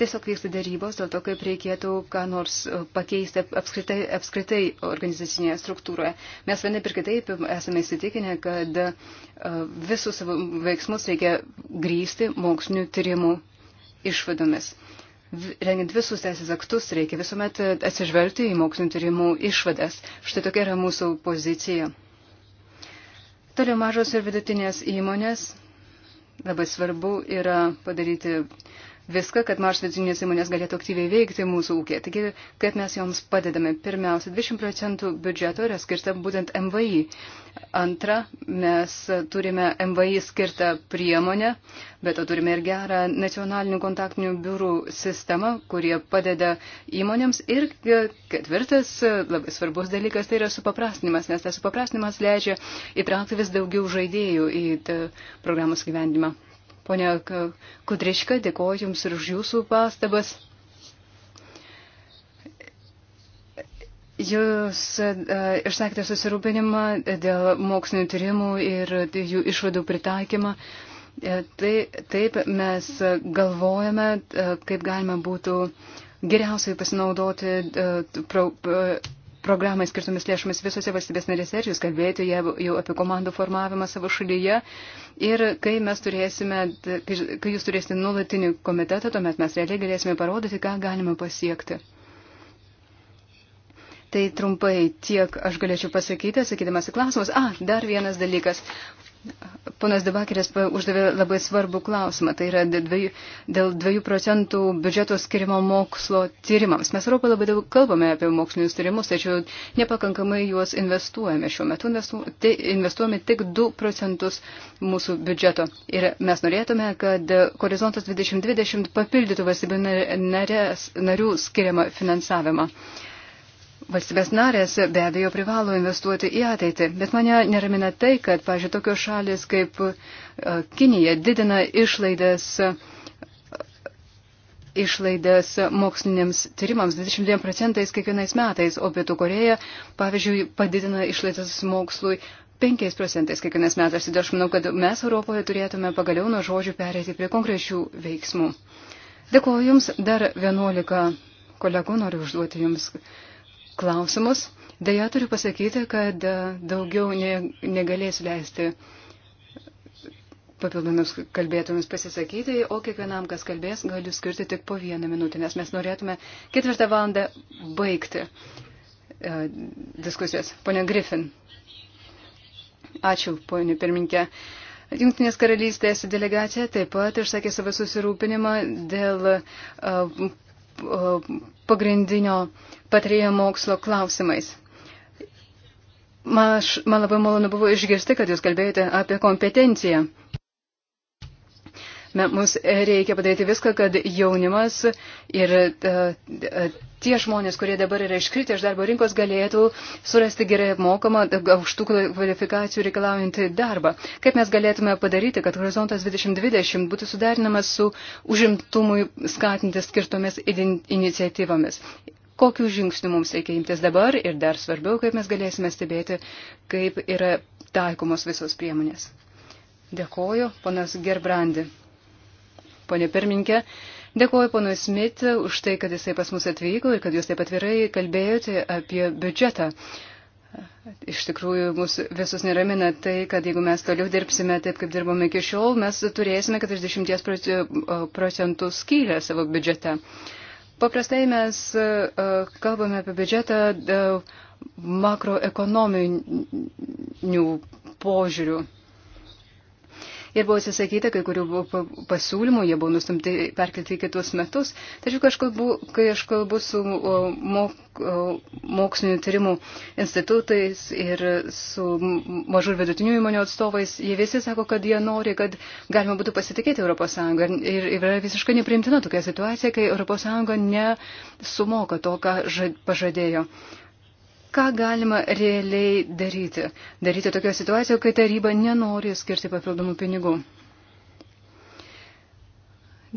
Tiesiog vyksta darybos dėl to, kaip reikėtų ką nors pakeisti apskritai, apskritai organizacinėje struktūroje. Mes vienaip ir kitaip esame įsitikinę, kad e, visus veiksmus reikia grįsti mokslinių tyrimų išvadomis rengiant visus teisės aktus, reikia visuomet e, atsižvelgti į mokslinio tyrimų išvadas. Štai tokia yra mūsų pozicija. Toliau mažos ir vidutinės įmonės. Labai svarbu yra padaryti viską, kad mažos vidutinės įmonės galėtų aktyviai veikti mūsų ūkė. Taigi, kaip mes joms padedame? Pirmiausia, 20 procentų biudžeto yra skirta būtent MVI. Antra, mes turime MVI skirtą priemonę, bet to turime ir gerą nacionalinių kontaktinių biurų sistemą, kurie padeda įmonėms. Ir ketvirtas, labai svarbus dalykas, tai yra supaprastinimas, nes tas supaprastinimas leidžia įtraukti vis daugiau žaidėjų į programos gyvendimą. Pone Kudriška, dėkoju Jums ir už Jūsų pastabas. Jūs e, išsakėte susirūpinimą dėl mokslinio tyrimų ir jų išvadų pritaikymą. E, tai, taip mes galvojame, e, kaip galima būtų geriausiai pasinaudoti programai skirtomis lėšomis visose valstybės narėse ir jūs kalbėjote jau apie komandų formavimą savo šalyje. Ir kai mes turėsime, kai jūs turėsite nulatinį komitetą, tuomet mes realiai galėsime parodyti, ką galime pasiekti. Tai trumpai tiek aš galėčiau pasakyti, sakydamas į klausimus. A, dar vienas dalykas. Ponas Debakiris uždavė labai svarbų klausimą, tai yra dviejų, dėl 2 procentų biudžeto skirimo mokslo tyrimams. Mes Europoje labai daug kalbame apie mokslinius tyrimus, tačiau nepakankamai juos investuojame. Šiuo metu investuojame tik 2 procentus mūsų biudžeto. Ir mes norėtume, kad Horizontas 2020 papildytų valstybių narės, narių skiriamą finansavimą. Uh, Valstybės narės be abejo privalo investuoti į ateitį, bet mane neramina tai, kad, pažiūrėjau, tokios šalis kaip e, Kinija didina išlaidas, išlaidas moksliniams tyrimams 22 procentais kiekvienais metais, o Pietų Koreja, pavyzdžiui, padidina išlaidas mokslui 5 procentais kiekvienais metais. Ir aš manau, kad mes Europoje turėtume pagaliau nuo žodžių perėti prie konkrečių veiksmų. Dėkuoju Jums dar 11 kolegų, noriu užduoti Jums klausimus. Deja, turiu pasakyti, kad e, daugiau ne, negalėsiu leisti papildomis kalbėtomis pasisakyti, o kiekvienam, kas kalbės, galiu skirti tik po vieną minutę, nes mes norėtume ketvirtą valandą baigti e, diskusijas. Pone Griffin. Ačiū, ponė pirminkė. Junktinės karalystės delegacija taip pat išsakė savo susirūpinimą dėl uh, pagrindinio patarėjo mokslo klausimais. Man, aš, man labai malonu buvo išgirsti, kad jūs kalbėjote apie kompetenciją. Mums reikia padaryti viską, kad jaunimas ir e, e, tie žmonės, kurie dabar yra iškritę iš darbo rinkos, galėtų surasti gerai apmokamą, aukštų e, kvalifikacijų reikalaujantį darbą. Kaip mes galėtume padaryti, kad horizontas 2020 būtų suderinamas su užimtumui skatinti skirtomis iniciatyvomis. Kokių žingsnių mums reikia imtis dabar ir dar svarbiau, kaip mes galėsime stebėti, kaip yra taikomos visos priemonės. Dėkoju, ponas Gerbrandi ponė pirminkė. Dėkuoju ponui Smith už tai, kad jisai pas mus atvyko ir kad jūs taip atvirai kalbėjote apie biudžetą. Iš tikrųjų, mus visus neramina tai, kad jeigu mes toliau dirbsime taip, kaip dirbome iki šiol, mes turėsime 40 procentų skylę savo biudžete. Paprastai mes kalbame apie biudžetą makroekonominių požiūrių ir buvo atsisakyta kai kurių pasiūlymų, jie buvo nustumti perkelti į kitus metus. Tačiau kai aš kalbu, kai aš kalbu su mok, mokslinio tyrimų institutais ir su mažų ir vidutinių įmonių atstovais, jie visi sako, kad jie nori, kad galima būtų pasitikėti ES. Ir yra visiškai neprimtina tokia situacija, kai ES nesumoka to, ką pažadėjo. Ką galima realiai daryti? Daryti tokią situaciją, kai taryba nenori skirti papildomų pinigų.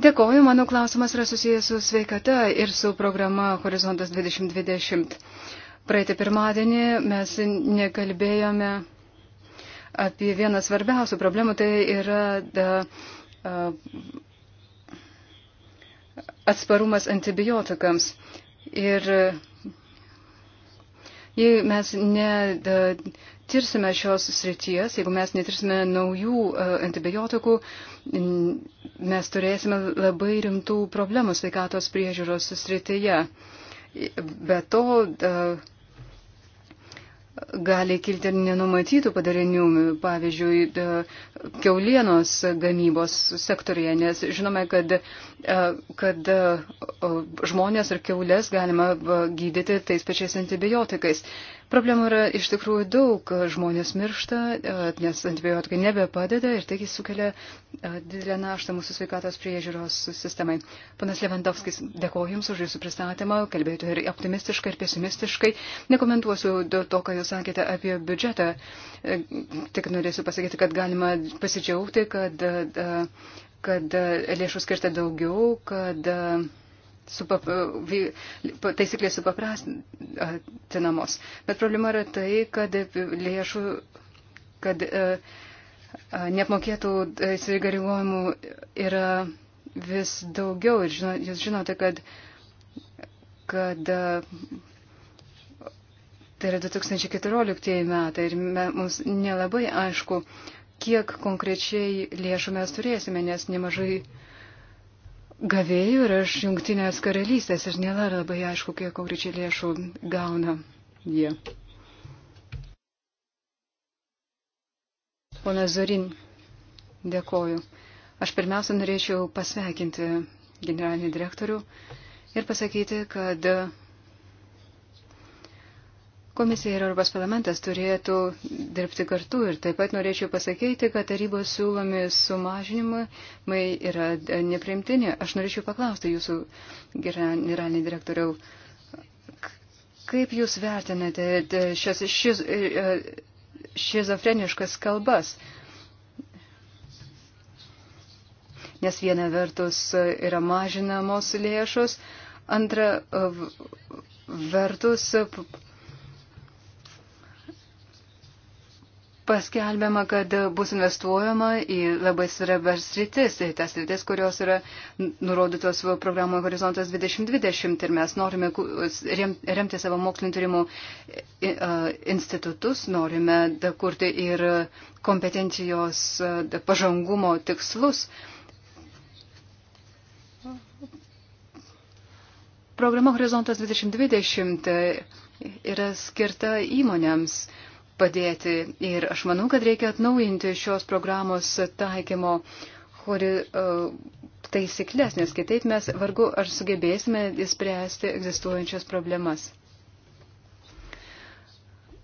Dėkoju, mano klausimas yra susijęs su sveikata ir su programa Horizontas 2020. Praeitą pirmadienį mes nekalbėjome apie vieną svarbiausių problemų, tai yra da, a, atsparumas antibiotikams. Ir Jei mes netirsime šios srities, jeigu mes netirsime naujų e, antibiotikų, mes turėsime labai rimtų problemų sveikatos priežiūros srityje. Be to, uh, gali kilti ir nenumatytų padarinių, pavyzdžiui, e, keulienos gamybos sektorėje, nes žinome, kad, e, kad e, žmonės ir keulės galima gydyti tais pačiais antibiotikais. Problemų yra iš tikrųjų daug. Žmonės miršta, e, nes antibiotikai nebepadeda ir taigi sukelia e, didelę naštą mūsų sveikatos priežiūros sistemai. Panas Levandovskis, dėkoju Jums už Jūsų pristatymą, kalbėjote ir optimistiškai, ir pesimistiškai. Nekomentuosiu to, ką Jūs sakėte apie biudžetą. E, tik norėsiu pasakyti, kad galima pasidžiaugti, kad, kad lėšų skirta daugiau, kad supap, taisyklės supaprastinamos. Bet problema yra tai, kad lėšų, kad e, neapmokėtų įsigarimojimų yra vis daugiau. Ir žino, jūs žinote, kad, kad tai yra 2014 metai ir mums nelabai aišku, kiek konkrečiai lėšų mes turėsime, nes nemažai uh, gavėjų yra iš Junktinės karalystės ir nėra labai aišku, kiek konkrečiai lėšų gauna jie. Yeah. Pona Zorin, dėkoju. Aš pirmiausia norėčiau pasveikinti generalinį direktorių ir pasakyti, kad Komisija ir Europos parlamentas turėtų dirbti kartu ir taip pat norėčiau pasakyti, kad tarybos siūlomi sumažinimai yra neprimtini. Aš norėčiau paklausti jūsų, generalinį direktoriau, kaip jūs vertinate šias šiz, e, e, šizofreniškas kalbas? Nes viena vertus yra mažinamos lėšos, antra vertus paskelbiama, kad bus investuojama į labai svarbias sritis, į tas sritis, kurios yra nurodytos programoje Horizontas 2020 ir mes norime remti savo mokslinio tyrimų institutus, norime kurti ir kompetencijos pažangumo tikslus. Programa Horizontas 2020 e, yra skirta įmonėms padėti. Ir aš manau, kad reikia atnaujinti šios programos taikymo hori, uh, taisyklės, nes kitaip mes vargu ar sugebėsime įspręsti egzistuojančias problemas.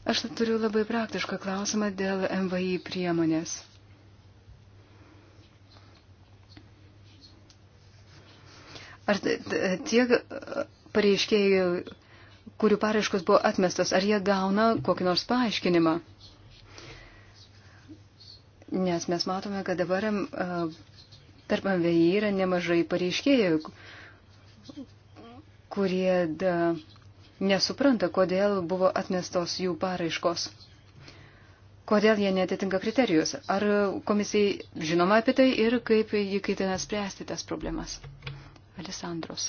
Aš turiu labai praktišką klausimą dėl MVI priemonės. Ar tie pareiškėjai kurių paraiškos buvo atmestas, ar jie gauna kokį nors paaiškinimą. Nes mes matome, kad dabar tarp MVI yra nemažai pareiškėjų, kurie da, nesupranta, kodėl buvo atmestos jų paraiškos. Kodėl jie netitinka kriterijus? Ar komisijai žinoma apie tai ir kaip jį ketina spręsti tas problemas? Alessandros.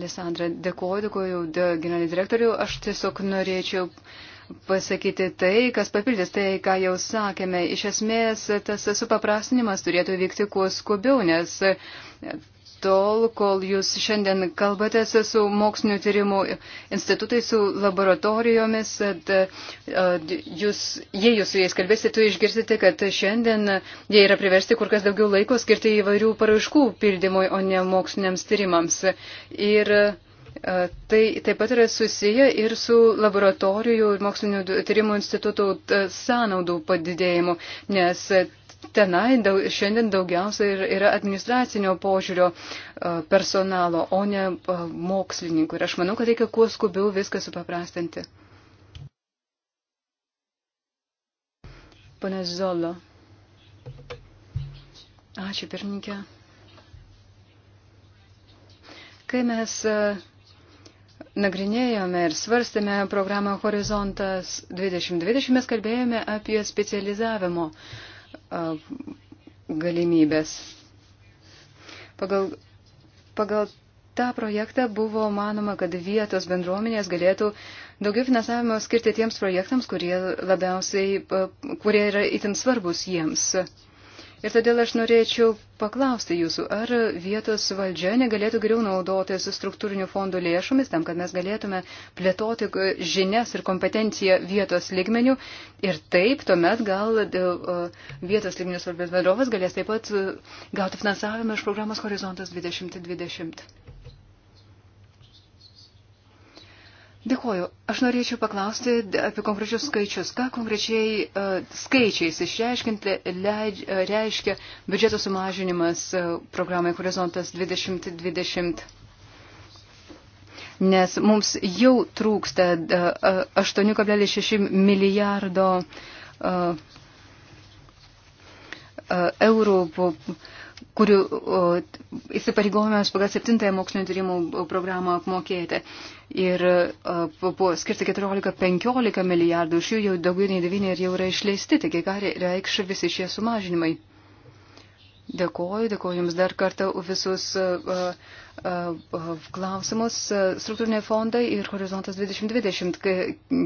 Alessandra, dėkoju, dėkoju generalinį direktorių. Aš tiesiog norėčiau pasakyti tai, kas papildys tai, ką jau sakėme. Iš esmės, tas supaprastinimas turėtų vykti kuo skubiau, nes tol, kol jūs šiandien kalbate su mokslinio tyrimų institutais, su laboratorijomis, tad jūs, jei jūs su jais kalbėsite, tu tai išgirsite, kad šiandien jie yra priversti kur kas daugiau laiko skirti įvairių paraiškų pildymui, o ne moksliniams tyrimams. Ir Tai taip pat yra susiję ir su laboratorijų ir mokslinio tyrimų institutų sąnaudų padidėjimu, nes tenai daug, šiandien daugiausia yra, yra administracinio požiūrio e, personalo, o ne e, mokslininkų. Ir aš manau, kad reikia kuo skubiau viską supaprastinti. Pane Zolo. Ačiū, pirmininkė. Kai mes e, nagrinėjome ir svarstėme programą Horizontas 2020, mes kalbėjome apie specializavimo uh, galimybės. Pagal, pagal tą projektą buvo manoma, kad vietos bendruomenės galėtų daugiau finansavimo skirti tiems projektams, kurie, labiausiai, kurie yra itin svarbus jiems. Ir todėl aš norėčiau paklausti jūsų, ar vietos valdžia negalėtų geriau naudotis struktūrinių fondų lėšomis, tam, kad mes galėtume plėtoti žinias ir kompetenciją vietos ligmenių. Ir taip, tuomet gal e, e, vietos ligmenių svarbės bendrovas galės taip pat e, gauti finansavimą iš programos Horizontas 2020. Dėkuoju. Aš norėčiau paklausti apie konkrečius skaičius. Ką konkrečiai uh, skaičiais išreiškinti leidž, uh, reiškia biudžeto sumažinimas uh, programai Horizontas 2020? Nes mums jau trūksta uh, 8,6 milijardo uh, uh, eurų. Uh, kurių įsipareigojame pagal septintąją mokslinio tyrimų programą apmokėti. Ir buvo skirti 14-15 milijardų, iš jų jau daugiau nei 9 ir jau yra išleisti, taigi ką reikš visi šie sumažinimai. Dėkoju, dėkoju Jums dar kartą visus uh, uh, klausimus. E, struktūriniai fondai ir Horizontas 2020.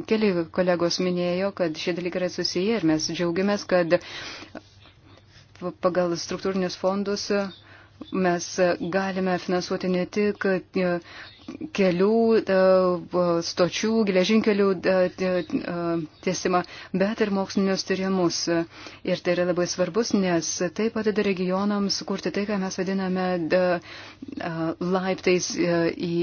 Keli kolegos minėjo, kad šie dalykai yra susiję ir mes džiaugiamės, kad pagal struktūrinius fondus mes galime finansuoti ne tik e, kelių, e, stočių, geležinkelių e, tiesimą, bet ir mokslinius tyrimus. Ir tai yra labai svarbus, nes tai padeda regionams kurti tai, ką mes vadiname laiptais į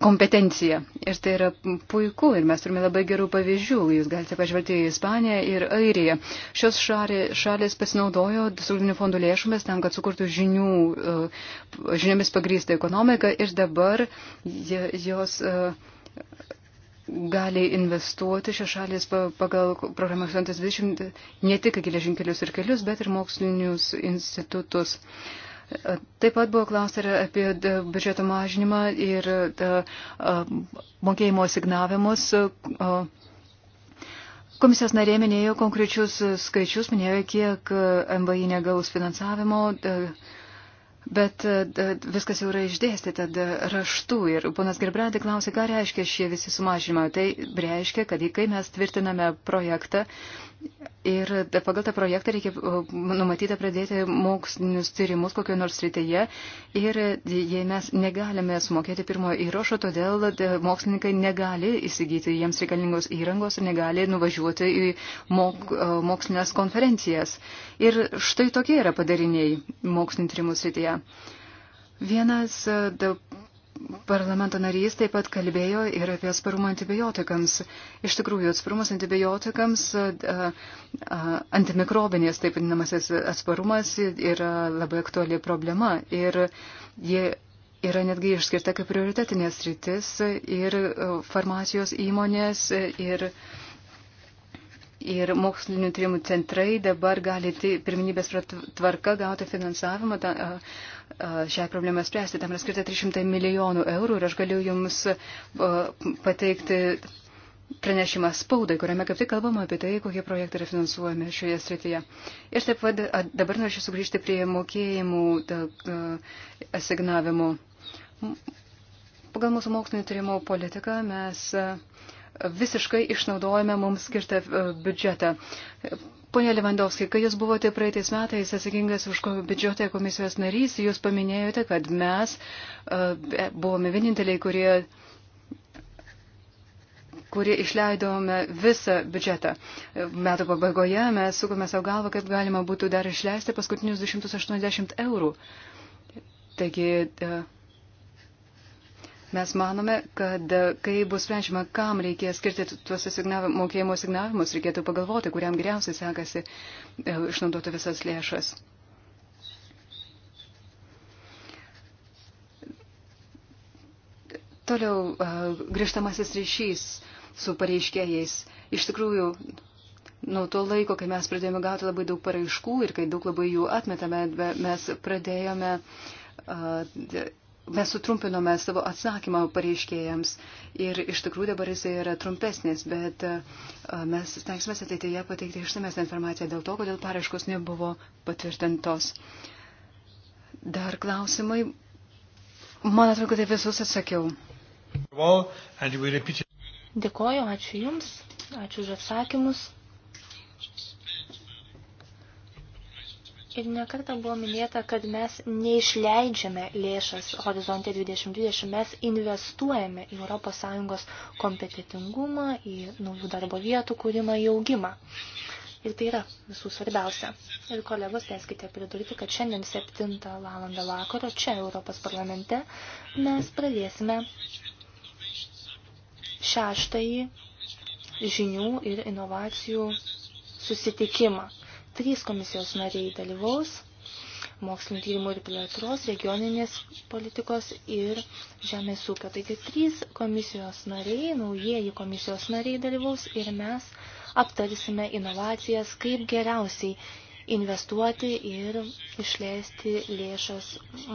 kompetencija. Ir tai yra puiku ir mes turime labai gerų pavyzdžių. Jūs galite pažvelgti į Ispaniją ir Airiją. Šios šalė, šalės pasinaudojo struktūrinių fondų lėšomis tam, kad sukurtų žinių, e, žiniomis pagrįstą ekonomiką ir dabar jos e, gali investuoti šios šalės pagal programą 820 ne tik geležinkelius ir kelius, bet ir mokslinius institutus. Taip pat buvo klausta ir apie biudžeto mažinimą ir mokėjimo signavimus. Komisijos narė minėjo konkrečius skaičius, minėjo, kiek MBI negaus finansavimo, bet viskas jau yra išdėstyta raštu. Ir ponas Gerbrandi klausė, ką reiškia šie visi sumažinimai. Tai reiškia, kad kai mes tvirtiname projektą, Ir pagal tą projektą reikia numatyta pradėti mokslinius tyrimus kokio nors srityje. Ir jei mes negalime sumokėti pirmojo įrašo, todėl mokslininkai negali įsigyti jiems reikalingos įrangos ir negali nuvažiuoti į mok, mokslinės konferencijas. Ir štai tokie yra padariniai mokslinio tyrimų srityje. Vienas da, Parlamento narys taip pat kalbėjo ir apie atsparumą antibiotikams. Iš tikrųjų, atsparumas antibiotikams, antimikrobinės, taip vadinamasis atsparumas, yra labai aktuali problema. Ir jie yra netgi išskirta kaip prioritetinės rytis ir farmacijos įmonės ir ir mokslinių tyrimų centrai dabar gali tai pirminybės tvarka gauti finansavimą ta, šią problemą spręsti. Tam yra skirta 300 milijonų eurų ir aš galiu jums pateikti pranešimą spaudai, kuriame kaip tik kalbama apie tai, kokie projektai yra finansuojami šioje srityje. Ir taip pat dabar norėčiau sugrįžti prie mokėjimų asignavimų. Pagal mūsų mokslinio tyrimo politiką mes. Uh, visiškai išnaudojame mums skirtą e, biudžetą. Pone Levandovskai, kai jūs buvote praeitais metais atsakingas už biudžetą komisijos narys, jūs paminėjote, kad mes e, e, buvome vieninteliai, kurie kurie išleidome visą biudžetą. Metų pabaigoje mes sukome savo galvą, kaip galima būtų dar išleisti paskutinius 280 eurų. Taigi, uh, Mes manome, kad kai bus sprendžiama, kam reikės skirti tuos signav mokėjimo signavimus, reikėtų pagalvoti, kuriam geriausiai sekasi e, išnaudoti visas lėšas. Toliau e, grįžtamasis ryšys su pareiškėjais. Iš tikrųjų, nuo to laiko, kai mes pradėjome gauti labai daug paraiškų ir kai daug labai jų atmetame, mes pradėjome uh, mes sutrumpinome savo atsakymą pareiškėjams ir iš tikrųjų dabar jis yra trumpesnis, bet mes stengsime ateityje pateikti išsamesnę informaciją dėl to, kodėl paraiškos nebuvo patvirtintos. Dar klausimai. Man atrodo, kad tai visus atsakiau. Dėkoju, ačiū Jums, ačiū už atsakymus. Ir nekartą buvo minėta, kad mes neišleidžiame lėšas Horizonte 2020, mes investuojame į ES kompetitingumą, į naujų darbo vietų kūrimą, į augimą. Ir tai yra visų svarbiausia. Ir kolegos, leiskite pridurti, kad šiandien 7 valandą vakaro čia Europos parlamente mes pradėsime šeštąjį žinių ir inovacijų susitikimą Trys komisijos nariai dalyvaus mokslinio tyrimų ir plėtros, regioninės politikos ir žemės ūkio. Taigi trys komisijos nariai, naujieji komisijos nariai dalyvaus ir mes aptarsime inovacijas, kaip geriausiai investuoti ir išleisti lėšas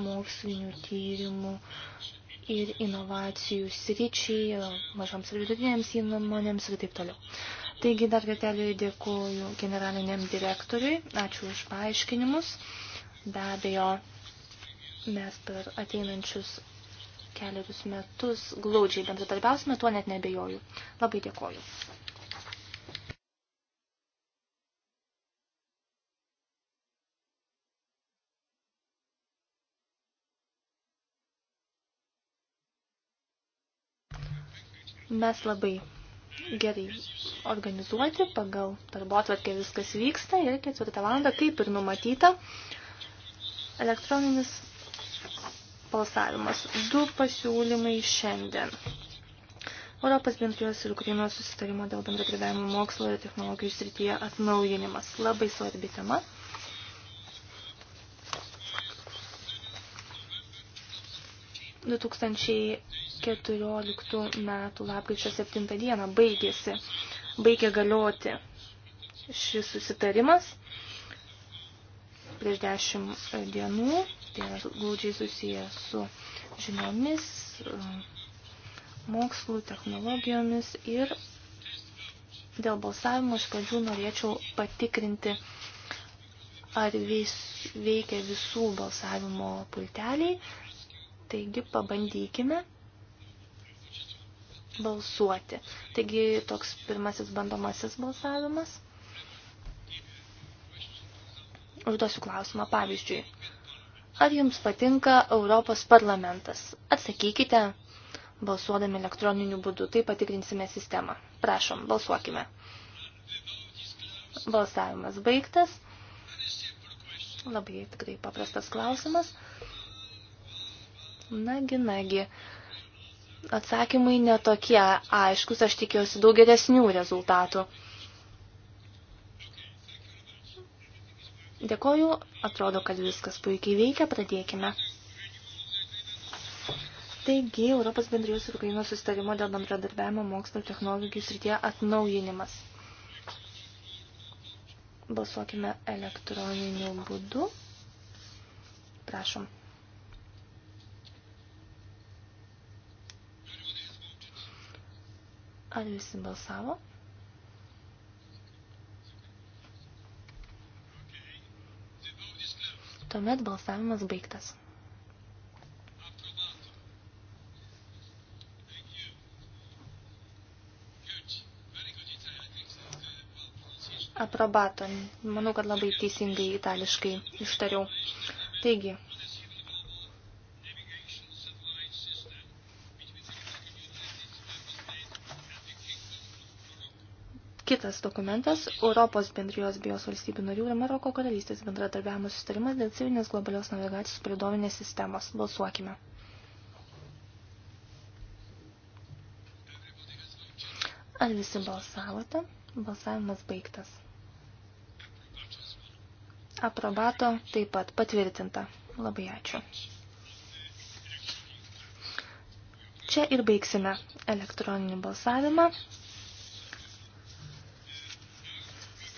mokslinių tyrimų ir inovacijų sričiai, mažoms ir vidutinėms įmonėms ir taip toliau. Taigi dar kartelį dėkuoju generaliniam direktoriui, ačiū už paaiškinimus. Be abejo, mes per ateinančius keliarius metus glaudžiai bendradarbiausime, tuo net nebejoju. Labai dėkoju. Mes labai gerai organizuoti, pagal darbo atvarkę viskas vyksta ir ketvirtą valandą, kaip ir numatyta, elektroninis balsavimas. Du pasiūlymai šiandien. Europos bendrijos ir Ukrainos susitarimo dėl bendradarbiavimo mokslo ir technologijų srityje atnaujinimas. Labai svarbi tema. 2014 metų lapkričio 7 dieną baigėsi, baigė galioti šis susitarimas prieš 10 dienų, tai yra glaudžiai susijęs su žiniomis, mokslu, technologijomis ir dėl balsavimo iš pradžių norėčiau patikrinti, ar vis, veikia visų balsavimo pulteliai, Taigi pabandykime balsuoti. Taigi toks pirmasis bandomasis balsavimas. Užduosiu klausimą pavyzdžiui. Ar jums patinka Europos parlamentas? Atsakykite balsuodami elektroniniu būdu. Tai patikrinsime sistemą. Prašom, balsuokime. Balsavimas baigtas. Labai tikrai paprastas klausimas. Nagi, nagi. Atsakymai netokie aiškus, aš tikiuosi daug geresnių rezultatų. Dėkoju, atrodo, kad viskas puikiai veikia, pradėkime. Taigi, Europos bendrijos ir Ukrainos sustarimo dėl bendradarbiavimo mokslo ir technologijų srityje atnaujinimas. Balsuokime elektroniniu būdu. Prašom. Ar visi balsavo? Tuomet balsavimas baigtas. Aprobato. Manau, kad labai teisingai itališkai ištariau. Taigi, Kitas dokumentas – Europos bendrijos bijos valstybių narių ir Maroko karalystės bendradarbiavimo sustarimas dėl civilinės globalios navigacijos palidovinės sistemos. Balsuokime. Ar visi balsavote? Balsavimas baigtas. Aprobato taip pat patvirtinta. Labai ačiū. Čia ir baigsime elektroninį balsavimą.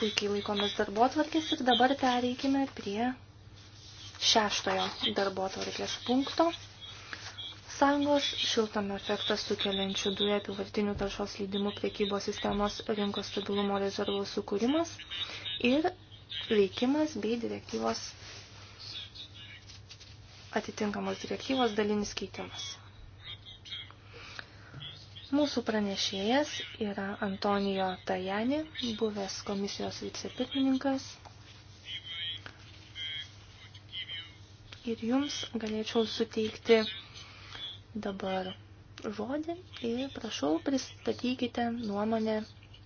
puikiai laikomės darbo atvarkės ir dabar pereikime prie šeštojo darbo atvarkės punkto. Sąjungos šiltame efektą sukeliančių dujų apivartinių taršos leidimų priekybos sistemos rinkos stabilumo rezervo sukūrimas ir veikimas bei direktyvos atitinkamos direktyvos dalinis keitimas. Mūsų pranešėjas yra Antonijo Tajani, buvęs komisijos vicepirmininkas. Ir jums galėčiau suteikti dabar žodį ir prašau pristatykite nuomonę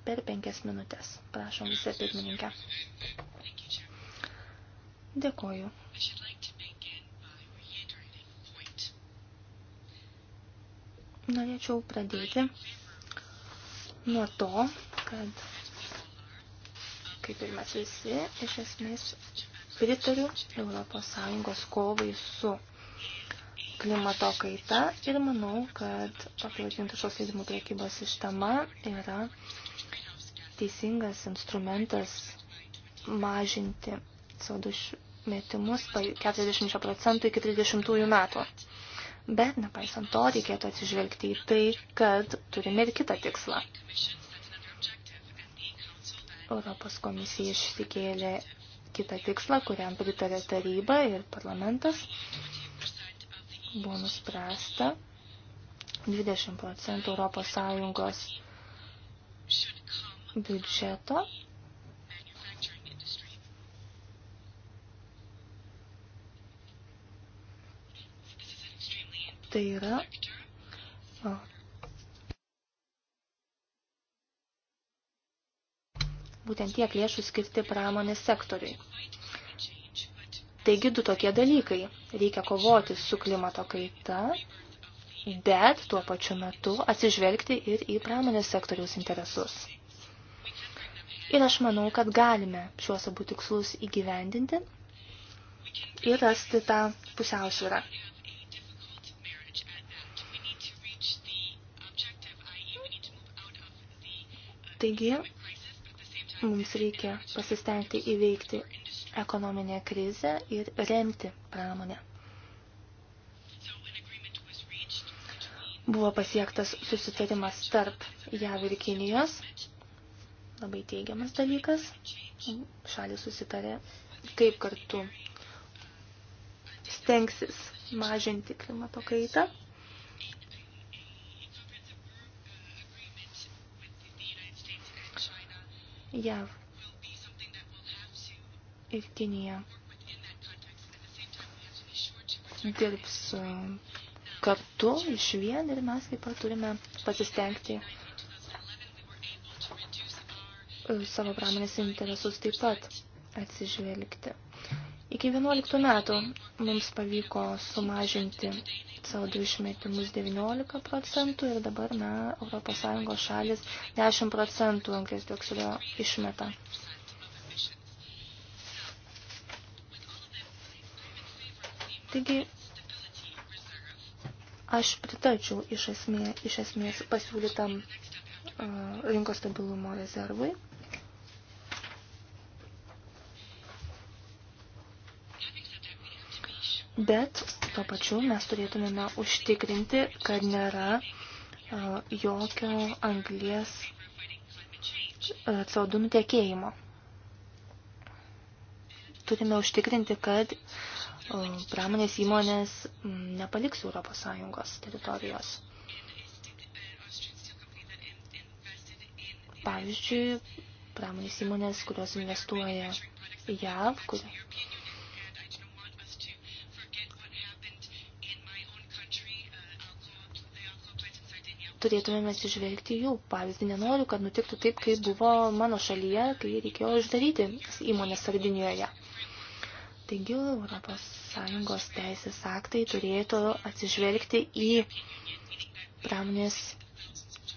per penkias minutės. Prašom vicepirmininkę. Dėkoju. Norėčiau pradėti nuo to, kad, kaip ir mes visi, iš esmės pritariu Europos Sąjungos kovai su klimato kaita ir manau, kad aplatintų šios leidimų priekybos sistema yra teisingas instrumentas mažinti CO2 metimus 40 procentų iki 30 metų bet nepaisant to reikėtų atsižvelgti į tai, kad turime ir kitą tikslą. Europos komisija išsikėlė kitą tikslą, kuriam pritarė taryba ir parlamentas. Buvo nuspręsta 20 procentų Europos Sąjungos biudžeto Tai yra o, būtent tiek lėšų skirti pramonės sektoriui. Taigi du tokie dalykai. Reikia kovoti su klimato kaita, bet tuo pačiu metu atsižvelgti ir į pramonės sektoriaus interesus. Ir aš manau, kad galime šiuos abu tikslus įgyvendinti ir rasti tą pusiausvyrą. Taigi, mums reikia pasistengti įveikti ekonominę krizę ir remti pramonę. Buvo pasiektas susitarimas tarp JAV ir Kinijos. Labai teigiamas dalykas. Šalis susitarė, kaip kartu stengsis mažinti klimato kaitą. JAV ir Kinija dirbs e, kartu iš vien ir mes taip pat turime pasistengti e, savo pramonės interesus taip pat atsižvelgti. Iki 11 metų mums pavyko sumažinti CO2 išmetimus 19 procentų ir dabar, na, ES šalis 10 procentų anglės dioksido išmeta. Taigi, aš pritarčiau iš, esmė, iš esmės pasiūlytam uh, rinkos stabilumo rezervui. Bet tuo pačiu mes turėtumėme užtikrinti, kad nėra jokio anglies CO2 nutekėjimo. Turime užtikrinti, kad pramonės įmonės nepaliks Europos Sąjungos teritorijos. Pavyzdžiui, pramonės įmonės, kurios investuoja JAV, kur, turėtumėme atsižvelgti jų pavyzdį. Nenoriu, kad nutiktų taip, kaip buvo mano šalyje, kai reikėjo uždaryti įmonę Sardinijoje. Taigi, Europos Sąjungos teisės aktai turėtų atsižvelgti į pramonės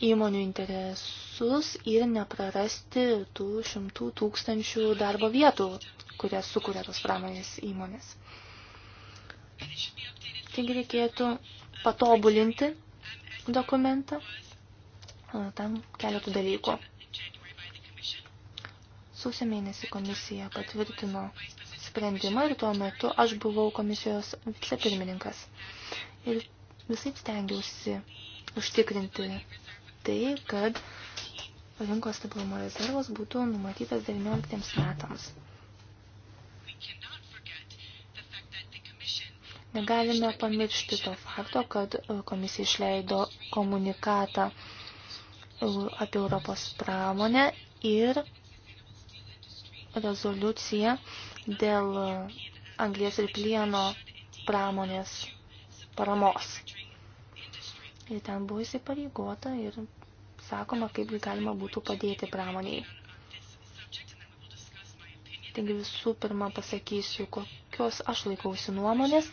įmonių interesus ir neprarasti tų šimtų tūkstančių darbo vietų, kurias sukuria tos pramonės įmonės. Taigi reikėtų patobulinti dokumentą. Tam keletų dalykų. Sausio mėnesį komisija patvirtino sprendimą ir tuo metu aš buvau komisijos vicepirmininkas. Ir visai stengiausi užtikrinti tai, kad rinkos stabilumo rezervas būtų numatytas 19 metams. Negalime pamiršti to fakto, kad e, komisija išleido komunikatą e, apie Europos pramonę ir rezoliuciją dėl e, anglies ir plieno pramonės paramos. Ir ten buvo įsipareigota ir sakoma, kaip galima būtų padėti pramoniai. Taigi visų pirma pasakysiu, kokios aš laikausi nuomonės,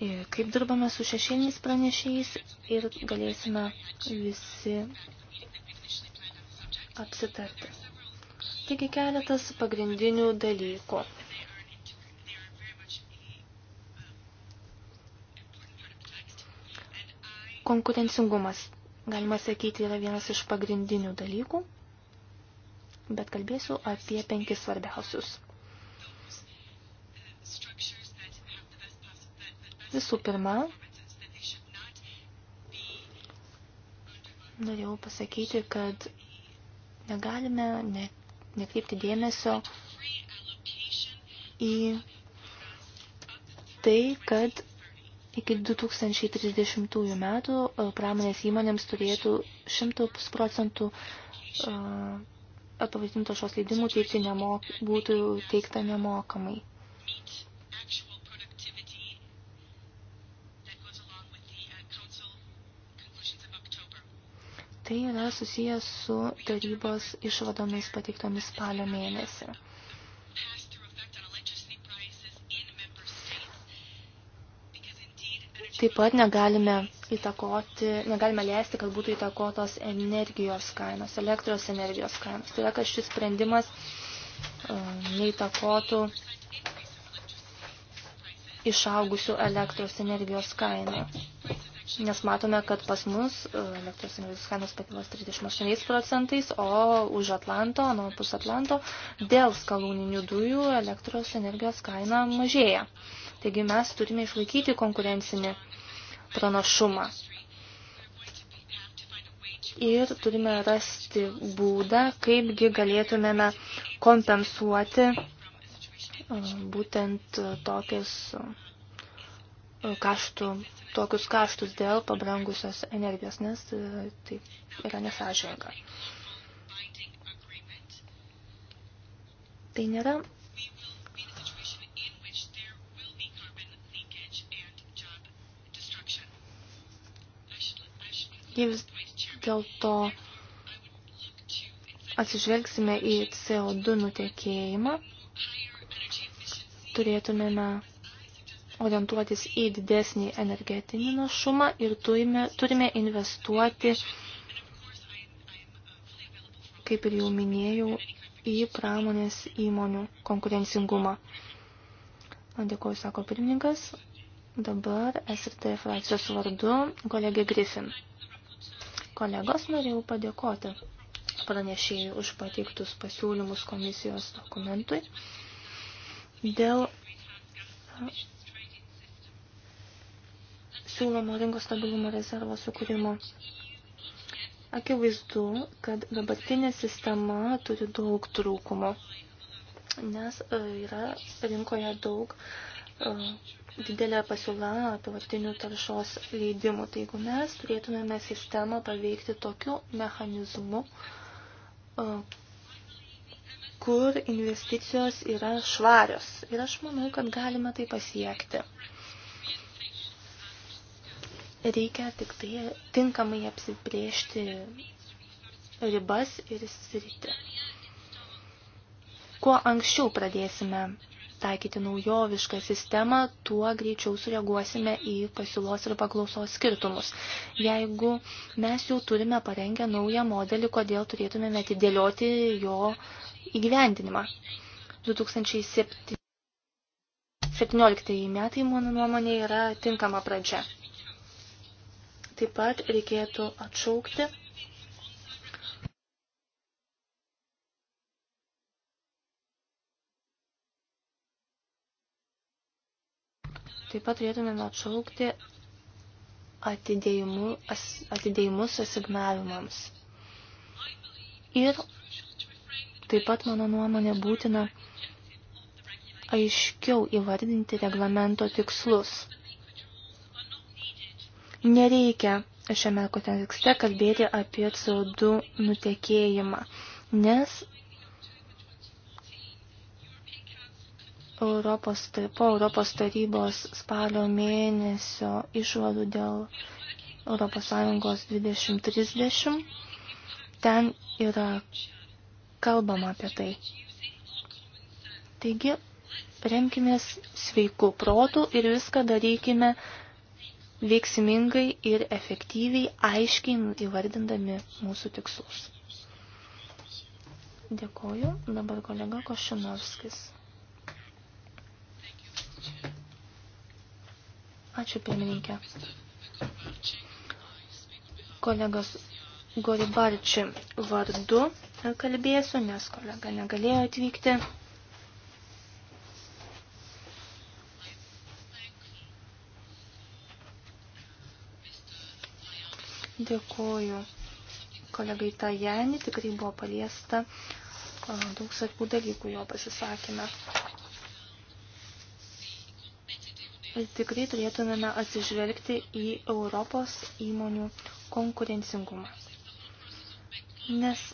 E, kaip dirbame su šešėliniais pranešėjais ir galėsime visi apsitarti. Taigi keletas pagrindinių dalykų. Konkurencingumas, galima sakyti, yra vienas iš pagrindinių dalykų, bet kalbėsiu apie penkis svarbiausius. Visų pirma, norėjau pasakyti, kad negalime ne, nekreipti dėmesio į tai, kad iki 2030 metų e, pramonės įmonėms turėtų 100 procentų e, atvaizdinto šios leidimų teikti nemok, būtų teikta nemokamai. Tai yra susijęs su tarybos išvadomis pateiktomis spalio mėnesį. Taip pat negalime įtakoti, negalime leisti, kad būtų įtakotos energijos kainos, elektros energijos kainos. Tai yra, kad šis sprendimas e, neįtakotų išaugusių elektros energijos kainų nes matome, kad pas mus e, elektros energijos kainos pakilos 38 procentais, o už Atlanto, nuo pus Atlanto, dėl skalūninių dujų elektros energijos kaina mažėja. Taigi mes turime išlaikyti konkurencinį pranašumą. Ir turime rasti būdą, kaipgi galėtumėme kompensuoti e, būtent tokias e, kaštų tokius kaštus dėl pabrangusios energijos, nes e, tai yra nesažininga. Tai nėra jei vis dėlto atsižvelgsime į CO2 nutekėjimą, turėtumėme orientuotis į didesnį energetinį našumą ir turime, turime investuoti, kaip ir jau minėjau, į pramonės įmonių konkurencingumą. Dėkuoju, sako pirmininkas. Dabar SRT frakcijos vardu kolegė Griffin. Kolegos norėjau padėkoti pranešėjai už pateiktus pasiūlymus komisijos dokumentui dėl siūlomo rinkos stabilumo rezervo sukūrimo. Akivaizdu, kad dabartinė sistema turi daug trūkumo, nes e, yra rinkoje daug e, didelė pasiūla apivartinių taršos leidimų. Tai jeigu mes turėtumėme sistemą paveikti tokiu mechanizmu, e, kur investicijos yra švarios. Ir aš manau, kad galime tai pasiekti. Reikia tik tai tinkamai apsibriežti ribas ir sritį. Kuo anksčiau pradėsime taikyti naujovišką sistemą, tuo greičiau sureaguosime į pasiūlos ir paklausos skirtumus. Jeigu mes jau turime parengę naują modelį, kodėl turėtumėme atidėlioti jo įgyvendinimą. 2017 metai, mano nuomonė, yra tinkama pradžia. Taip pat reikėtų atšaukti Taip pat turėtumėme atšaukti atidėjimu, as, atidėjimus asignavimams. Ir taip pat, mano nuomonė, būtina aiškiau įvardinti reglamento tikslus. Nereikia šiame kontekste kalbėti apie CO2 nutekėjimą, nes Europos, po Europos tarybos spalio mėnesio išvadų dėl ES 2030, ten yra kalbama apie tai. Taigi, remkimės sveikų protų ir viską darykime veiksmingai ir efektyviai aiškiai įvardindami mūsų tikslus. Dėkoju. Dabar kolega Košinovskis. Ačiū pirmininkė. Kolegas Goribarči vardu kalbėsiu, nes kolega negalėjo atvykti. Dėkuoju kolegai Tajani, tikrai buvo paliesta daug svarbių dalykų jo pasisakymę. Ir tikrai turėtumėme atsižvelgti į Europos įmonių konkurencingumą. Nes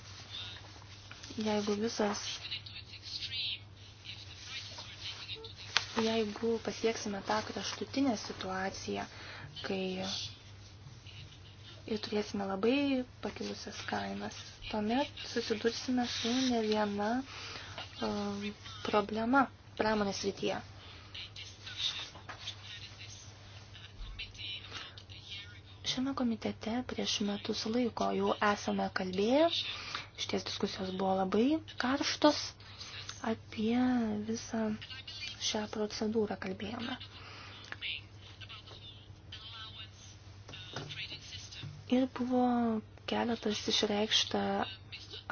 jeigu visas jeigu pasieksime tą kraštutinę situaciją, kai ir turėsime labai pakilusias kainas, tuomet susidursime su ne viena um, problema pramonės rytyje. Šiame komitete prieš metus laiko jau esame kalbėję, šties diskusijos buvo labai karštos, apie visą šią procedūrą kalbėjome. Ir buvo keletas išreikšta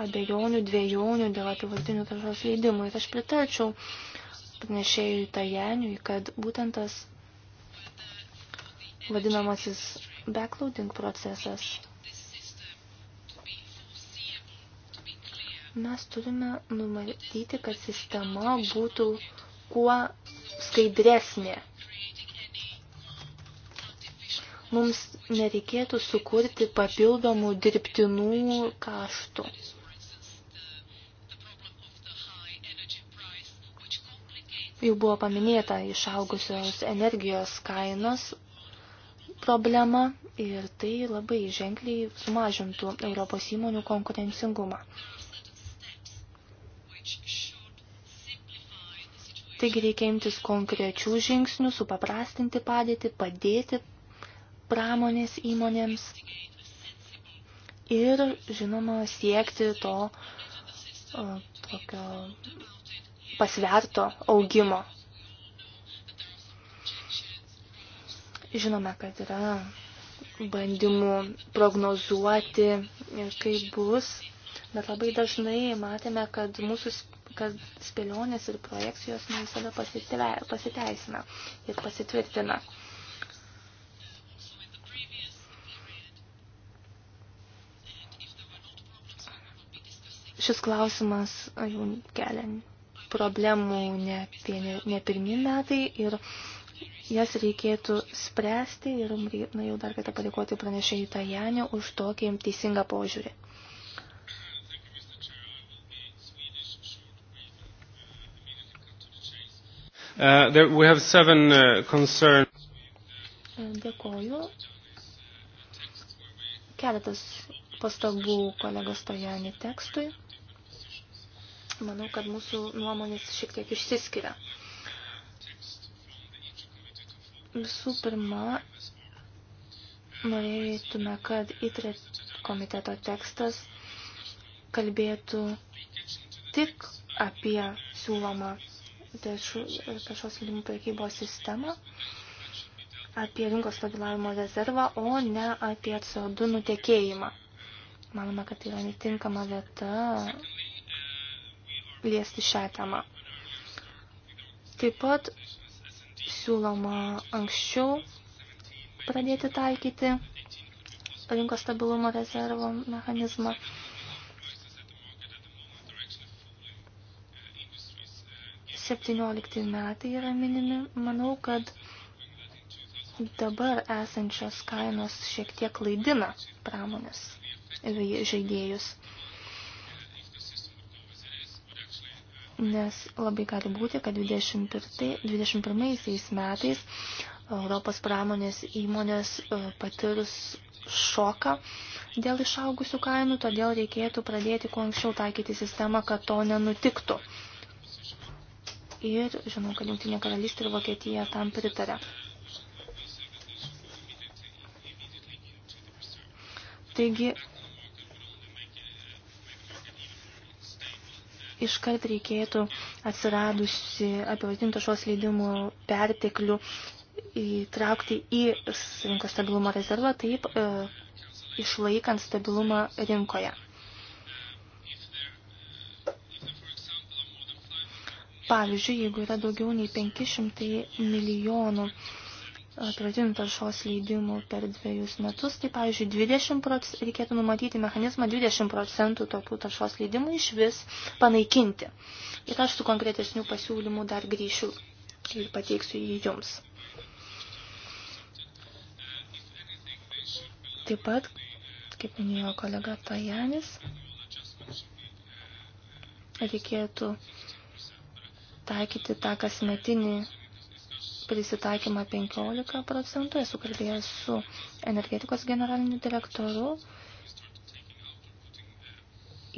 abejonių, dviejonių dėl apivartinių taršos leidimų. Ir aš pritarčiau pranešėjui Tajaniui, kad būtent tas vadinamasis backloading procesas mes turime numatyti, kad sistema būtų kuo skaidresnė mums nereikėtų sukurti papildomų dirbtinų kaštų. Jau buvo paminėta išaugusios energijos kainos problema ir tai labai ženkliai sumažintų Europos įmonių konkurencingumą. Taigi reikia imtis konkrečių žingsnių, supaprastinti padėtį, padėti pramonės įmonėms ir, žinoma, siekti to o, tokio pasverto augimo. Žinome, kad yra bandymų prognozuoti, kaip bus, bet labai dažnai matėme, kad mūsų kad spėlionės ir projekcijos ne visada pasiteisina ir pasitvirtina. Šis klausimas jau kelia problemų ne, vieni, ne pirmi metai ir jas reikėtų spręsti ir na, jau dar kartą padėkoti pranešėjai Tajanio už tokį teisingą požiūrį. Uh, there, we have seven uh, concerns. Dėkoju. Keletas pastabų kolegos Tojani tekstui manau, kad mūsų nuomonės šiek tiek išsiskiria. Visų pirma, norėtume, kad ITRE komiteto tekstas kalbėtų tik apie siūlomą taršos leidimų prekybos sistemą, apie rinkos stabilavimo rezervą, o ne apie CO2 nutekėjimą. Manoma, kad tai yra netinkama vieta liesti šią temą. Taip pat siūloma anksčiau pradėti taikyti rinkos stabilumo rezervo mechanizmą. Septyniolikti metai yra minimi. Manau, kad dabar esančios kainos šiek tiek klaidina pramonės žaidėjus. nes labai gali būti, kad 21 metais Europos pramonės įmonės e, patirs šoką dėl išaugusių kainų, todėl reikėtų pradėti kuo anksčiau taikyti sistemą, kad to nenutiktų. Ir žinau, kad Jungtinė karalystė ir Vokietija tam pritarė. Taigi iškart reikėtų atsiradusi apivadinto šios leidimų perteklių įtraukti į rinkos stabilumo rezervą, taip e, išlaikant stabilumą rinkoje. Pavyzdžiui, jeigu yra daugiau nei 500 milijonų atratintas šios leidimų per dviejus metus, tai pavyzdžiui, 20 procentų, reikėtų numatyti mechanizmą 20 procentų tokių taršos leidimų iš vis panaikinti. Ir aš su konkretesnių pasiūlymų dar grįšiu ir pateiksiu jį jums. Taip pat, kaip minėjo kolega Tajanis, reikėtų taikyti tą kasmetinį prisitaikymą 15 procentų. Esu kalbėjęs su energetikos generaliniu direktoru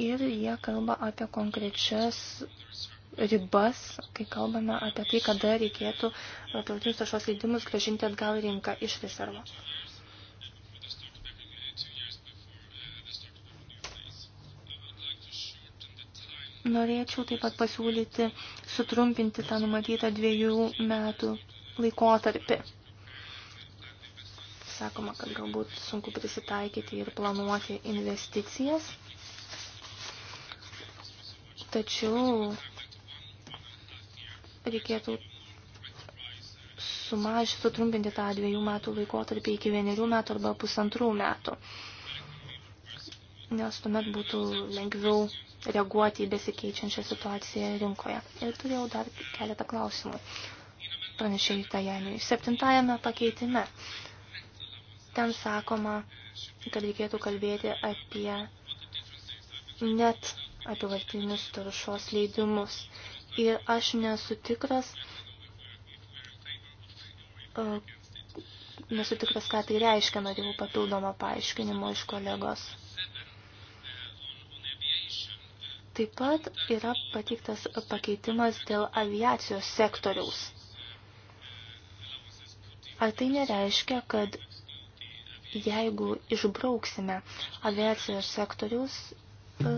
ir jie kalba apie konkrečias ribas, kai kalbame apie tai, kada reikėtų tautinius taršos leidimus gražinti atgal rinką iš rezervo. Norėčiau taip pat pasiūlyti sutrumpinti tą numatytą dviejų metų laikotarpį. Sakoma, kad galbūt sunku prisitaikyti ir planuoti investicijas. Tačiau reikėtų sumažinti, sutrumpinti tą dviejų metų laikotarpį iki vienerių metų arba pusantrų metų. Nes tuomet būtų lengviau reaguoti į besikeičiančią situaciją rinkoje. Ir turėjau dar keletą klausimų pranešėjų Tajaniui. Septintajame pakeitime ten sakoma, kad reikėtų kalbėti apie net apivartinius taršos leidimus. Ir aš nesu tikras, e, nesu tikras, ką tai reiškia, norėjau papildomą paaiškinimo iš kolegos. Taip pat yra pateiktas pakeitimas dėl aviacijos sektoriaus. Ar tai nereiškia, kad jeigu išbrauksime aviacijos sektorius e,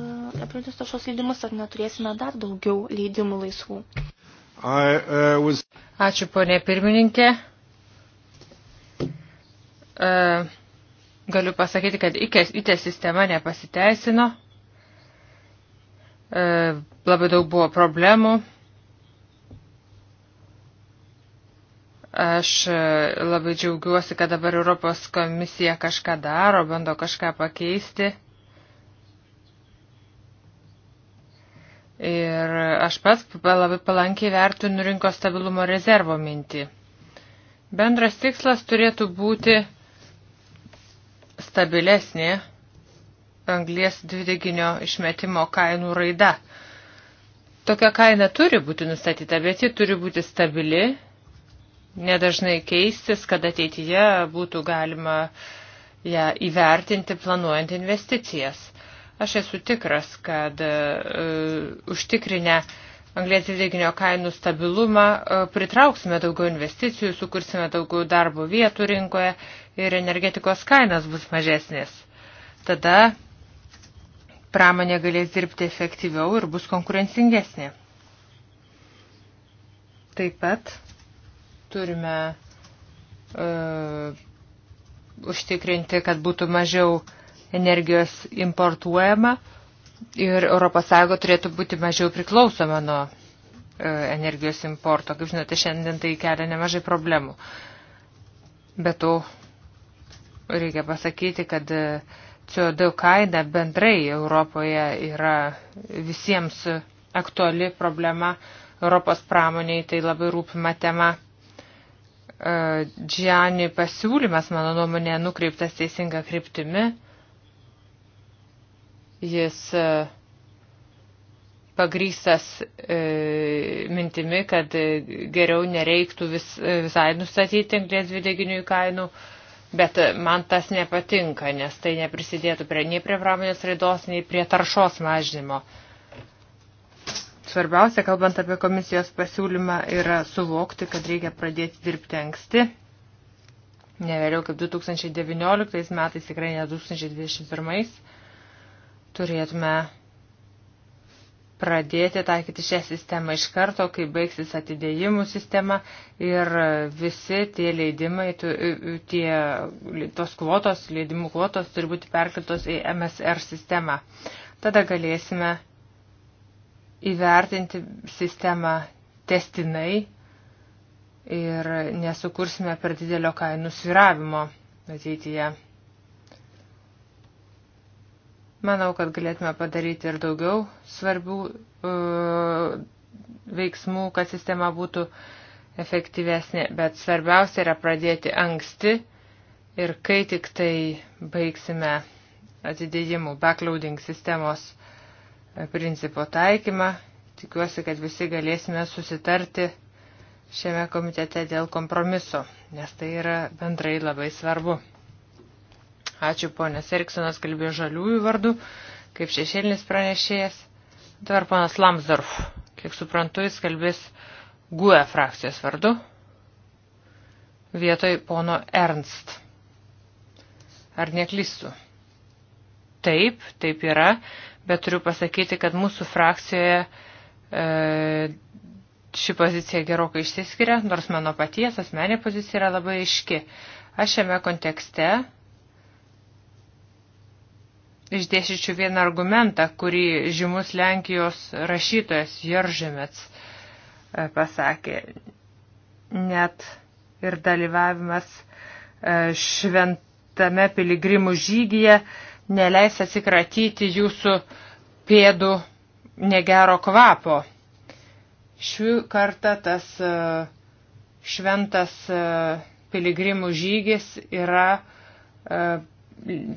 aplinkos taršos leidimus, ar neturėsime dar daugiau leidimų laisvų? I, uh, was... Ačiū, ponė pirmininkė. Uh, galiu pasakyti, kad ITE sistema nepasiteisino. Uh, labai daug buvo problemų. Aš e, labai džiaugiuosi, kad dabar Europos komisija kažką daro, bando kažką pakeisti. Ir aš pats labai palankiai vertinu rinkos stabilumo rezervo mintį. Bendras tikslas turėtų būti stabilesnė anglės dvideginio išmetimo kainų raida. Tokia kaina turi būti nustatyta, bet ji turi būti stabili nedažnai keistis, kad ateityje būtų galima ją įvertinti planuojant investicijas. Aš esu tikras, kad uh, užtikrinę anglės dvideginio kainų stabilumą uh, pritrauksime daugiau investicijų, sukursime daugiau darbo vietų rinkoje ir energetikos kainas bus mažesnės. Tada pramonė galės dirbti efektyviau ir bus konkurencingesnė. Taip pat Turime uh, užtikrinti, kad būtų mažiau energijos importuojama ir ES turėtų būti mažiau priklausoma nuo uh, energijos importo. Kaip žinote, šiandien tai kelia nemažai problemų. Be to, reikia pasakyti, kad e, CO2 kaina bendrai Europoje yra visiems aktuali problema. Europos pramoniai tai labai rūpima tema. E, Džiani pasiūlymas, mano nuomonė, nukreiptas teisinga kryptimi. Jis e, pagrystas e, mintimi, kad geriau nereiktų vis, e, visai nustatyti anglės dvideginių kainų, bet man tas nepatinka, nes tai neprisidėtų prie, nei prie pramonės raidos, nei prie taršos mažinimo. E, Svarbiausia, kalbant apie komisijos pasiūlymą, yra suvokti, kad reikia pradėti dirbti anksti. Ne vėliau kaip 2019 metais, tikrai ne 2021. Turėtume pradėti taikyti šią sistemą iš karto, kai baigsis atidėjimų sistema ir visi tie leidimai, tie, tos kvotos, leidimų kvotos turi būti perkeltos į MSR sistemą. Tada galėsime įvertinti sistemą testinai ir nesukursime per didelio kainų sviravimo ateityje. Manau, kad galėtume padaryti ir daugiau svarbių uh, veiksmų, kad sistema būtų efektyvesnė, bet svarbiausia yra pradėti anksti ir kai tik tai baigsime atidėjimų backloading sistemos uh, principo taikymą. Tikiuosi, kad visi galėsime susitarti šiame komitete dėl kompromiso, nes tai yra bendrai labai svarbu. Ačiū ponės Eriksonas kalbėjo žaliųjų vardu, kaip šešėlinis pranešėjas. Dabar ponas Lamsdorf, kiek suprantu, jis kalbės GUE frakcijos vardu vietoj pono Ernst. Ar neklystu? Taip, taip yra, bet turiu pasakyti, kad mūsų frakcijoje e, ši pozicija gerokai išsiskiria, nors mano paties asmenė pozicija yra labai aiški. Aš šiame kontekste išdėšyčiau vieną argumentą, kurį žymus Lenkijos rašytojas Joržimets e, pasakė. Net ir dalyvavimas e, šventame piligrimų žygyje neleis atsikratyti jūsų pėdų negero kvapo. Šių kartą tas e, šventas e, piligrimų žygis yra e,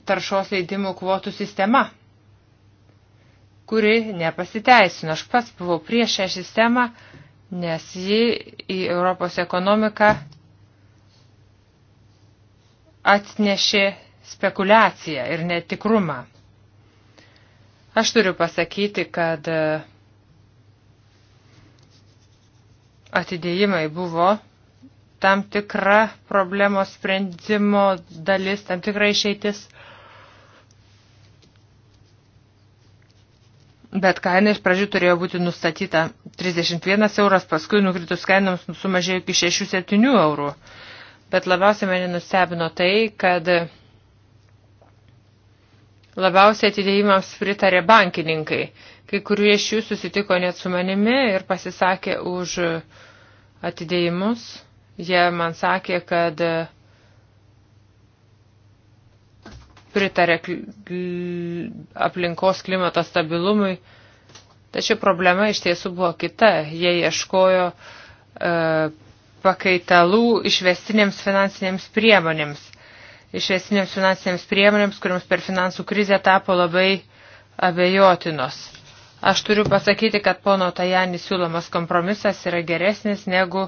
taršos leidimų kvotų sistema, kuri nepasiteisino. Aš pats buvau prieš šią sistemą, nes ji į Europos ekonomiką atnešė spekulaciją ir netikrumą. Aš turiu pasakyti, kad e, atidėjimai buvo tam tikra problemos sprendimo dalis, tam tikra išeitis. Bet kaina iš pradžių turėjo būti nustatyta 31 euras, paskui nukritus kainoms sumažėjo iki 6-7 eurų. Bet labiausiai mane nustebino tai, kad Labiausiai atidėjimams pritarė bankininkai. Kai kurie iš jų susitiko net su manimi ir pasisakė už atidėjimus. Jie man sakė, kad pritarė aplinkos klimato stabilumui. Tačiau problema iš tiesų buvo kita. Jie ieškojo e, pakaitalų išvestinėms finansinėms priemonėms išvesiniams finansinėms priemonėms, kuriams per finansų krizę tapo labai abejotinos. Aš turiu pasakyti, kad pono Tajani siūlomas kompromisas yra geresnis negu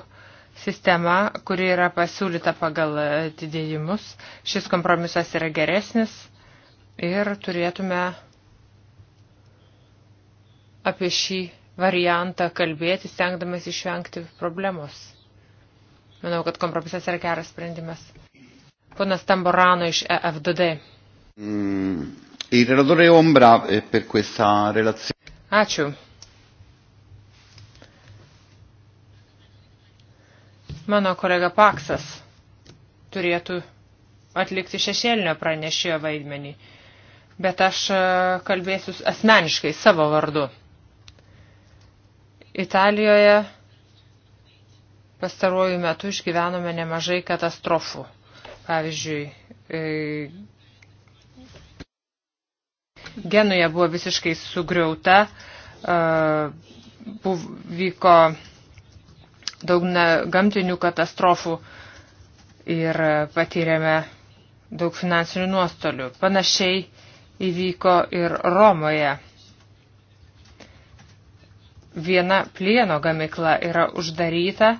sistema, kuri yra pasiūlyta pagal atidėjimus. Šis kompromisas yra geresnis ir turėtume apie šį variantą kalbėti, stengdamas išvengti problemos. Manau, kad kompromisas yra geras sprendimas. Ponas Tamborano iš EFDD. Mm, eh, Ačiū. Mano kolega Paksas turėtų atlikti šešėlinio pranešėjo vaidmenį, bet aš e, kalbėsiu asmeniškai savo vardu. Italijoje pastaruoju metu išgyvenome nemažai katastrofų. Pavyzdžiui, e, Genuje buvo visiškai sugriauta, e, buv, vyko daug gamtinių katastrofų ir patyrėme daug finansinių nuostolių. Panašiai įvyko ir Romoje. Viena plieno gamikla yra uždaryta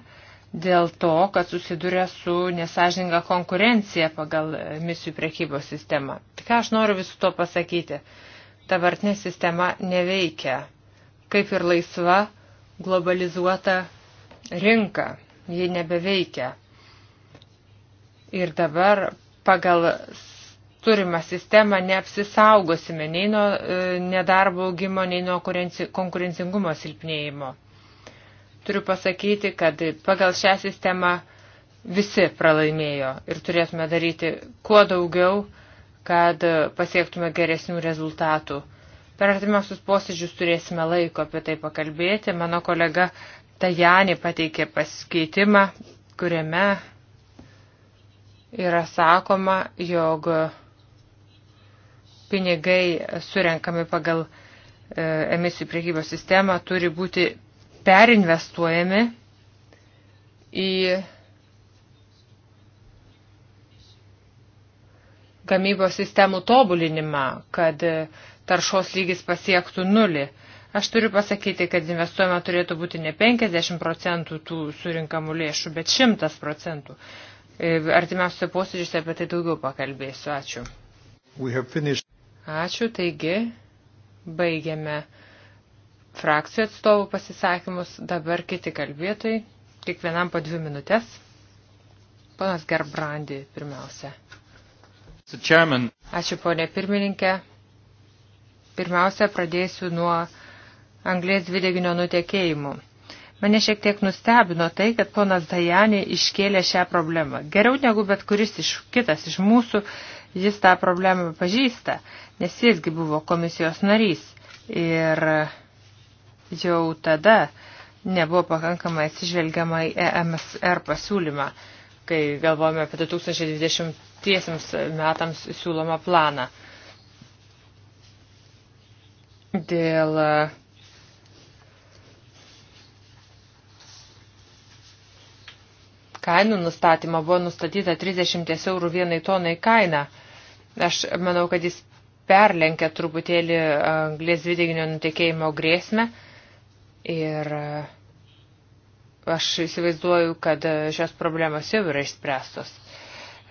dėl to, kad susiduria su nesažininga konkurencija pagal misijų prekybos sistemą. Tai ką aš noriu visų to pasakyti? Tavartinė sistema neveikia, kaip ir laisva globalizuota rinka, ji nebeveikia. Ir dabar pagal turimą sistemą neapsisaugosime nei nuo e, nedarbo augimo, nei nuo konkurencingumo silpnėjimo. Turiu pasakyti, kad pagal šią sistemą visi pralaimėjo ir turėtume daryti kuo daugiau, kad pasiektume geresnių rezultatų. Per artimiausius posėdžius turėsime laiko apie tai pakalbėti. Mano kolega Tajani pateikė pasikeitimą, kuriame yra sakoma, jog pinigai surenkami pagal e, emisijų priekybos sistemą turi būti perinvestuojami į gamybos sistemų tobulinimą, kad taršos lygis pasiektų nulį. Aš turiu pasakyti, kad investuojama turėtų būti ne 50 procentų tų surinkamų lėšų, bet 100 procentų. E, Artimiausiuose posėdžiuose apie tai daugiau pakalbėsiu. Ačiū. Ačiū, taigi baigiame frakcijų atstovų pasisakymus, dabar kiti kalbėtojai, kiekvienam po dvi minutės. Panas Gerbrandi pirmiausia. Ačiū ponė pirmininkė. Pirmiausia, pradėsiu nuo anglės dvideginio nutekėjimų. Mane šiek tiek nustebino tai, kad ponas Dajanė iškėlė šią problemą. Geriau negu bet kuris iš kitas iš mūsų, jis tą problemą pažįsta, nes jisgi buvo komisijos narys. Ir jau tada nebuvo pakankamai atsižvelgiama į EMSR pasiūlymą, kai galvojame apie 2020 metams siūlomą planą. Dėl e, kainų nustatymo buvo nustatyta 30 eurų vienai tonai kaina. Aš manau, kad jis perlenkia truputėlį anglės dvideginio nutekėjimo grėsmę. Uh, Ir e, aš įsivaizduoju, kad e, šios problemos jau yra išspręstos.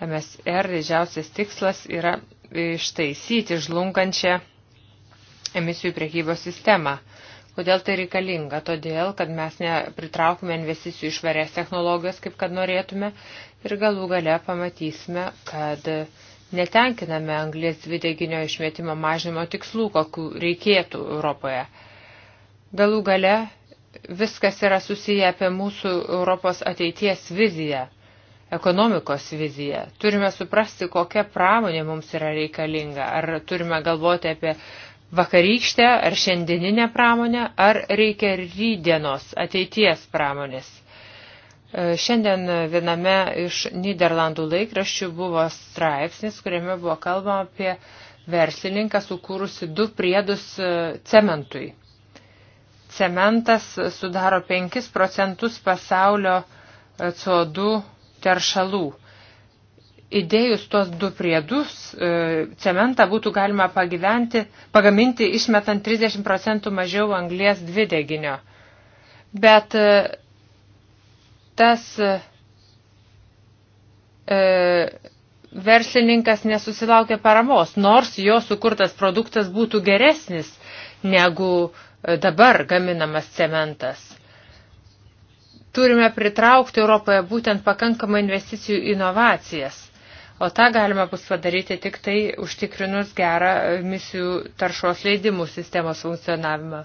MSR er, didžiausias tikslas yra ištaisyti žlungančią emisijų priekybos sistemą. Kodėl tai reikalinga? Todėl, kad mes nepritraukime investicijų iš varės technologijos, kaip kad norėtume, ir galų gale pamatysime, kad netenkiname anglės dvideginio išmetimo mažinimo tikslų, kokių reikėtų Europoje. Galų gale viskas yra susiję apie mūsų Europos ateities viziją, ekonomikos viziją. Turime suprasti, kokia pramonė mums yra reikalinga. Ar turime galvoti apie vakarykštę ar šiandieninę pramonę, ar reikia rydienos ateities pramonės. E, šiandien viename iš Niderlandų laikraščių buvo straipsnis, kuriame buvo kalbama apie verslininką sukūrusi du priedus e, cementui cementas sudaro 5 procentus pasaulio e, CO2 teršalų. Įdėjus tuos du priedus, e, cementą būtų galima pagyventi, pagaminti išmetant 30 procentų mažiau anglės dvideginio. Bet e, tas verslininkas nesusilaukė paramos, nors jo sukurtas produktas būtų geresnis negu uh, dabar gaminamas cementas. Turime pritraukti Europoje būtent pakankamą investicijų inovacijas, o tą galima bus padaryti tik tai užtikrinus gerą misijų taršos leidimų sistemos funkcionavimą.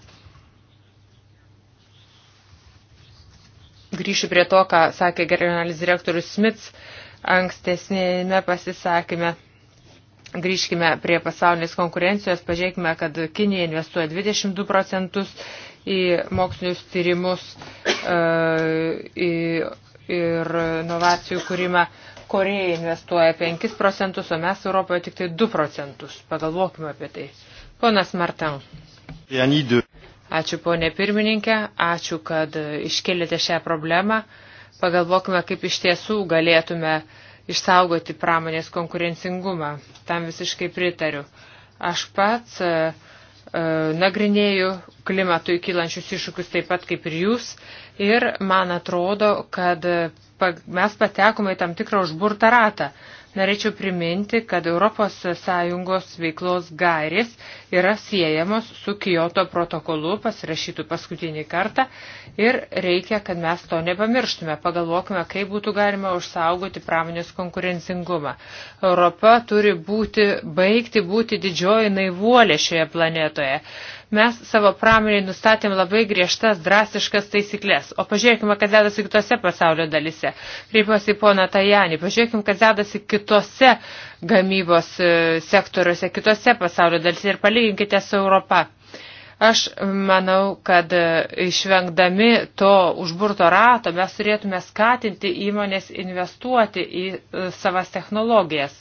Grįšiu prie to, ką sakė generalinis direktorius Smits ankstesnėme pasisakymė grįžkime prie pasaulinės konkurencijos, pažiūrėkime, kad Kinija investuoja 22 procentus į mokslinius tyrimus e, ir inovacijų kūrimą. Koreja investuoja 5 procentus, o mes Europoje tik tai 2 procentus. Pagalvokime apie tai. Ponas Martin. Ačiū ponė pirmininkė, ačiū, kad iškelėte šią problemą. Pagalvokime, kaip iš tiesų galėtume uh, išsaugoti pramonės konkurencingumą. Tam visiškai pritariu. Aš pats e, e, nagrinėju klimatui kylančius iššūkius taip pat kaip ir jūs ir man atrodo, kad mes patekome į tam tikrą užburtą ratą. Norėčiau priminti, kad ES veiklos gairės yra siejamos su Kyoto protokolu pasirašytų paskutinį kartą ir reikia, kad mes to nepamirštume. Pagalvokime, kaip būtų galima užsaugoti pramonės konkurencingumą. Europa turi būti, baigti būti didžioji naivuolė šioje planetoje. Mes savo pramoniai nustatėm labai griežtas, drastiškas taisyklės. O pažiūrėkime, kas dedasi kitose pasaulio dalise. Kreipiuosi į poną Tajanį. Pažiūrėkime, kas dedasi kitose gamybos e, sektoriuose, kitose pasaulio dalise ir palyginkite su Europa. Aš manau, kad e, išvengdami to užburto rato mes turėtume skatinti įmonės investuoti į e, savas technologijas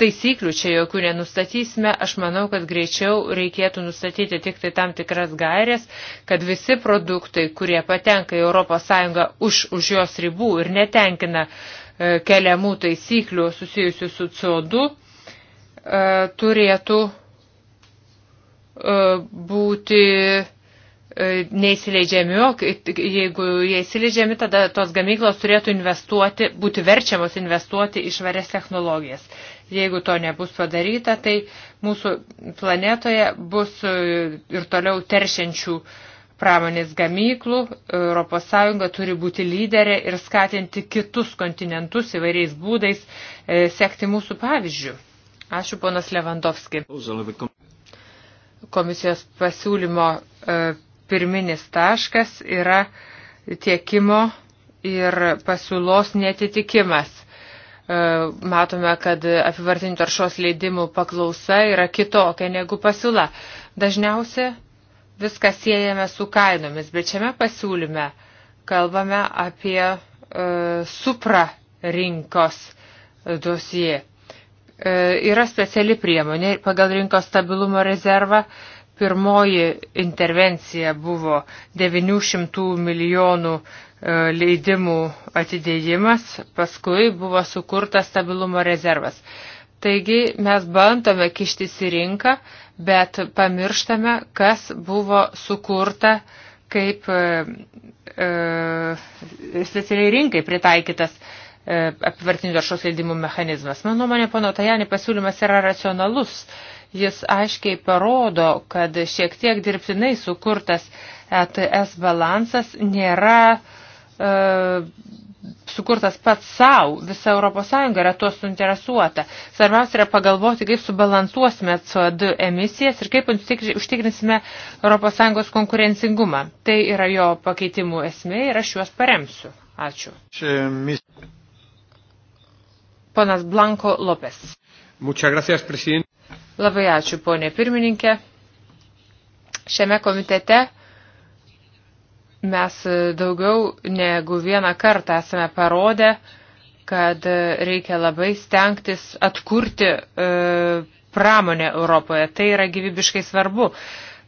taisyklių čia jokių nenustatysime. Aš manau, kad greičiau reikėtų nustatyti tik tai tam tikras gairės, kad visi produktai, kurie patenka į ES už, už jos ribų ir netenkina e, keliamų taisyklių susijusių su CO2, e, turėtų e, būti e, neįsileidžiami, o jeigu jie įsileidžiami, tada tos gamyklos turėtų investuoti, būti verčiamos investuoti į švarias technologijas. Jeigu to nebus padaryta, tai mūsų planetoje bus e, ir toliau teršiančių pramonės gamyklų. ES turi būti lyderė ir skatinti kitus kontinentus įvairiais būdais e, sekti mūsų pavyzdžių. Ačiū, ponas Levandovski. Komisijos pasiūlymo e, pirminis taškas yra tiekimo ir pasiūlos netitikimas. E, matome, kad apivartinių taršos leidimų paklausa yra kitokia negu pasiūla. Dažniausiai viską siejame su kainomis, bet šiame pasiūlyme kalbame apie e, supra rinkos dosie. E, yra speciali priemonė pagal rinkos stabilumo rezervą, e, Pirmoji intervencija buvo 900 milijonų e, leidimų atidėjimas, paskui buvo sukurtas stabilumo rezervas. Taigi mes bandome kištis į rinką, bet pamirštame, kas buvo sukurta kaip e, e specialiai rinkai pritaikytas e, apivartinių taršos leidimų mechanizmas. Mano nuomonė, pono Tajani pasiūlymas yra racionalus. E, Jis aiškiai parodo, kad šiek tiek dirbtinai sukurtas ETS balansas nėra e, sukurtas pats savo, visa ES yra tuo suinteresuota. Svarbiausia yra pagalvoti, kaip subalansuosime CO2 emisijas ir kaip užtikrinsime ES konkurencingumą. Tai yra jo pakeitimų esmė ir aš juos paremsiu. Ačiū. Ponas Blanko Lopes. Muchas gracias, presidente. Labai ačiū, ponė pirmininkė. Šiame komitete mes daugiau negu vieną kartą esame parodę, kad reikia labai stengtis atkurti e, pramonę Europoje. Tai yra gyvybiškai svarbu.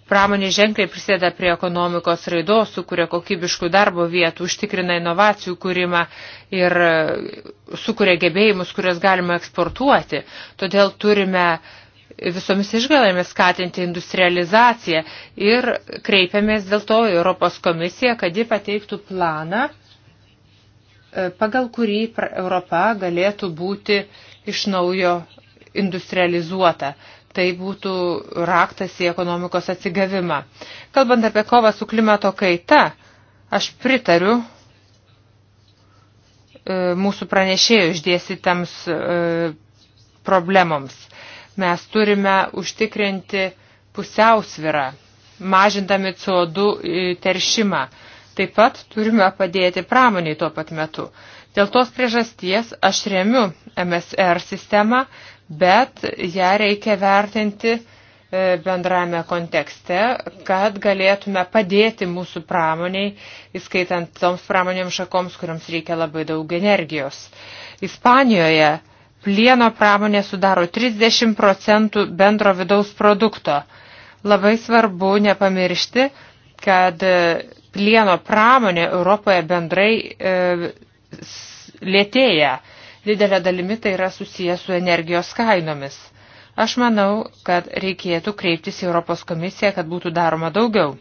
Pramonė ženkliai prisėda prie ekonomikos raidos, sukuria kokybiškų darbo vietų, užtikrina inovacijų kūrimą ir e, sukuria gebėjimus, kuriuos galima eksportuoti. Todėl turime uh, visomis išgalėmis skatinti industrializaciją ir kreipiamės dėl to Europos komisiją, kad ji pateiktų planą, e, pagal kurį Europa galėtų būti iš naujo industrializuota. Tai būtų raktas į ekonomikos atsigavimą. Kalbant apie kovą su klimato kaita, aš pritariu e, mūsų pranešėjų išdėstytams e, problemoms. Mes turime užtikrinti pusiausvirą, mažindami CO2 e, teršimą. Taip pat turime padėti pramoniai tuo pat metu. Dėl tos priežasties aš remiu MSR sistemą, bet ją reikia vertinti e, bendrame kontekste, kad galėtume padėti mūsų pramoniai, įskaitant toms pramonėms šakoms, kuriams reikia labai daug energijos. Ispanijoje Plieno pramonė sudaro 30 procentų bendro vidaus produkto. Labai svarbu nepamiršti, kad e, plieno pramonė Europoje bendrai e, lėtėja. Didelė dalimi tai yra susijęs su energijos kainomis. Aš manau, kad reikėtų kreiptis į Europos komisiją, kad būtų daroma daugiau.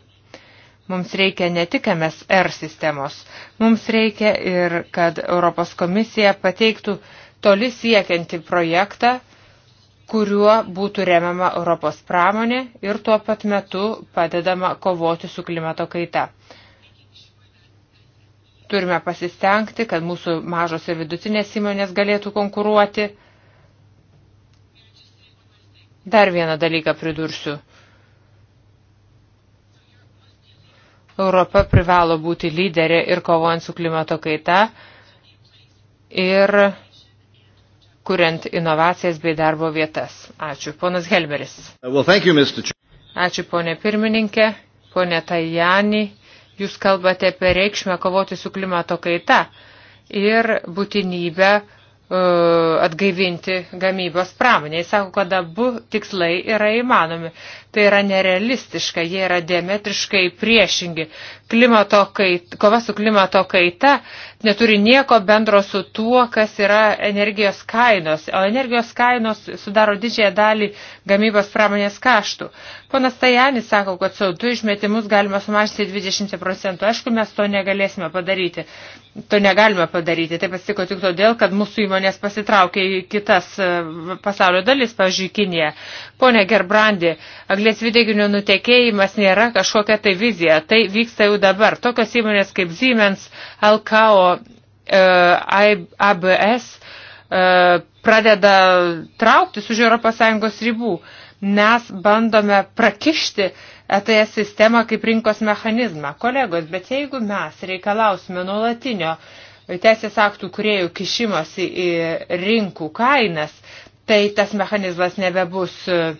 Mums reikia ne tik MSR sistemos, mums reikia ir, kad Europos komisija pateiktų toli siekianti projektą, kuriuo būtų remiama Europos pramonė ir tuo pat metu padedama kovoti su klimato kaita. Turime pasistengti, kad mūsų mažos ir vidutinės įmonės galėtų konkuruoti. Dar vieną dalyką pridursiu. Europa privalo būti lyderė ir kovojant su klimato kaita ir kuriant inovacijas bei darbo vietas. Ačiū. Ponas Helmeris. Well, you, Ačiū, ponė pirmininkė, ponė Tajani. Jūs kalbate apie reikšmę kovoti su klimato kaita ir būtinybę E, atgaivinti gamybos pramonę. Jis sako, kad abu tikslai yra įmanomi. Tai yra nerealistiška, jie yra diametriškai priešingi. Klimato kait, kova su klimato kaita neturi nieko bendro su tuo, kas yra energijos kainos, o energijos kainos sudaro didžiąją dalį gamybos pramonės kaštų. Ponas Tajanis sako, kad CO2 išmetimus galima sumažinti 20 procentų. Aišku, mes to negalėsime padaryti. To negalime padaryti. Taip atsitiko tik todėl, kad mūsų įmonės pasitraukė į kitas e, pasaulio dalis, pavyzdžiui, Kinėje. Pone Gerbrandi, anglės dvideginio nutekėjimas nėra kažkokia tai vizija. Tai vyksta jau dabar. Tokios įmonės kaip Siemens, Alkao, e, ABS e, pradeda trauktis už ES ribų mes bandome prakišti ETS sistemą kaip rinkos mechanizmą. Kolegos, bet jeigu mes reikalausime nuolatinio teisės aktų kuriejų kišimosi į rinkų kainas, tai tas mechanizmas nebebus e,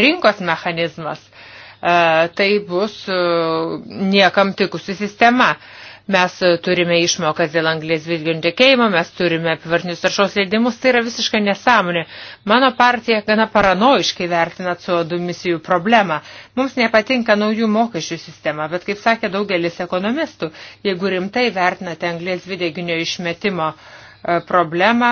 rinkos mechanizmas, e, tai bus e, niekam tikusi sistema. Mes e, turime išmokas dėl anglės dvidginių tekėjimo, mes turime apivartinius taršos leidimus, tai yra visiškai nesąmonė. Mano partija gana paranoiškai vertina CO2 misijų problemą. Mums nepatinka naujų mokesčių sistema, bet kaip sakė daugelis ekonomistų, jeigu rimtai vertinate anglės dvideginio išmetimo e, problemą,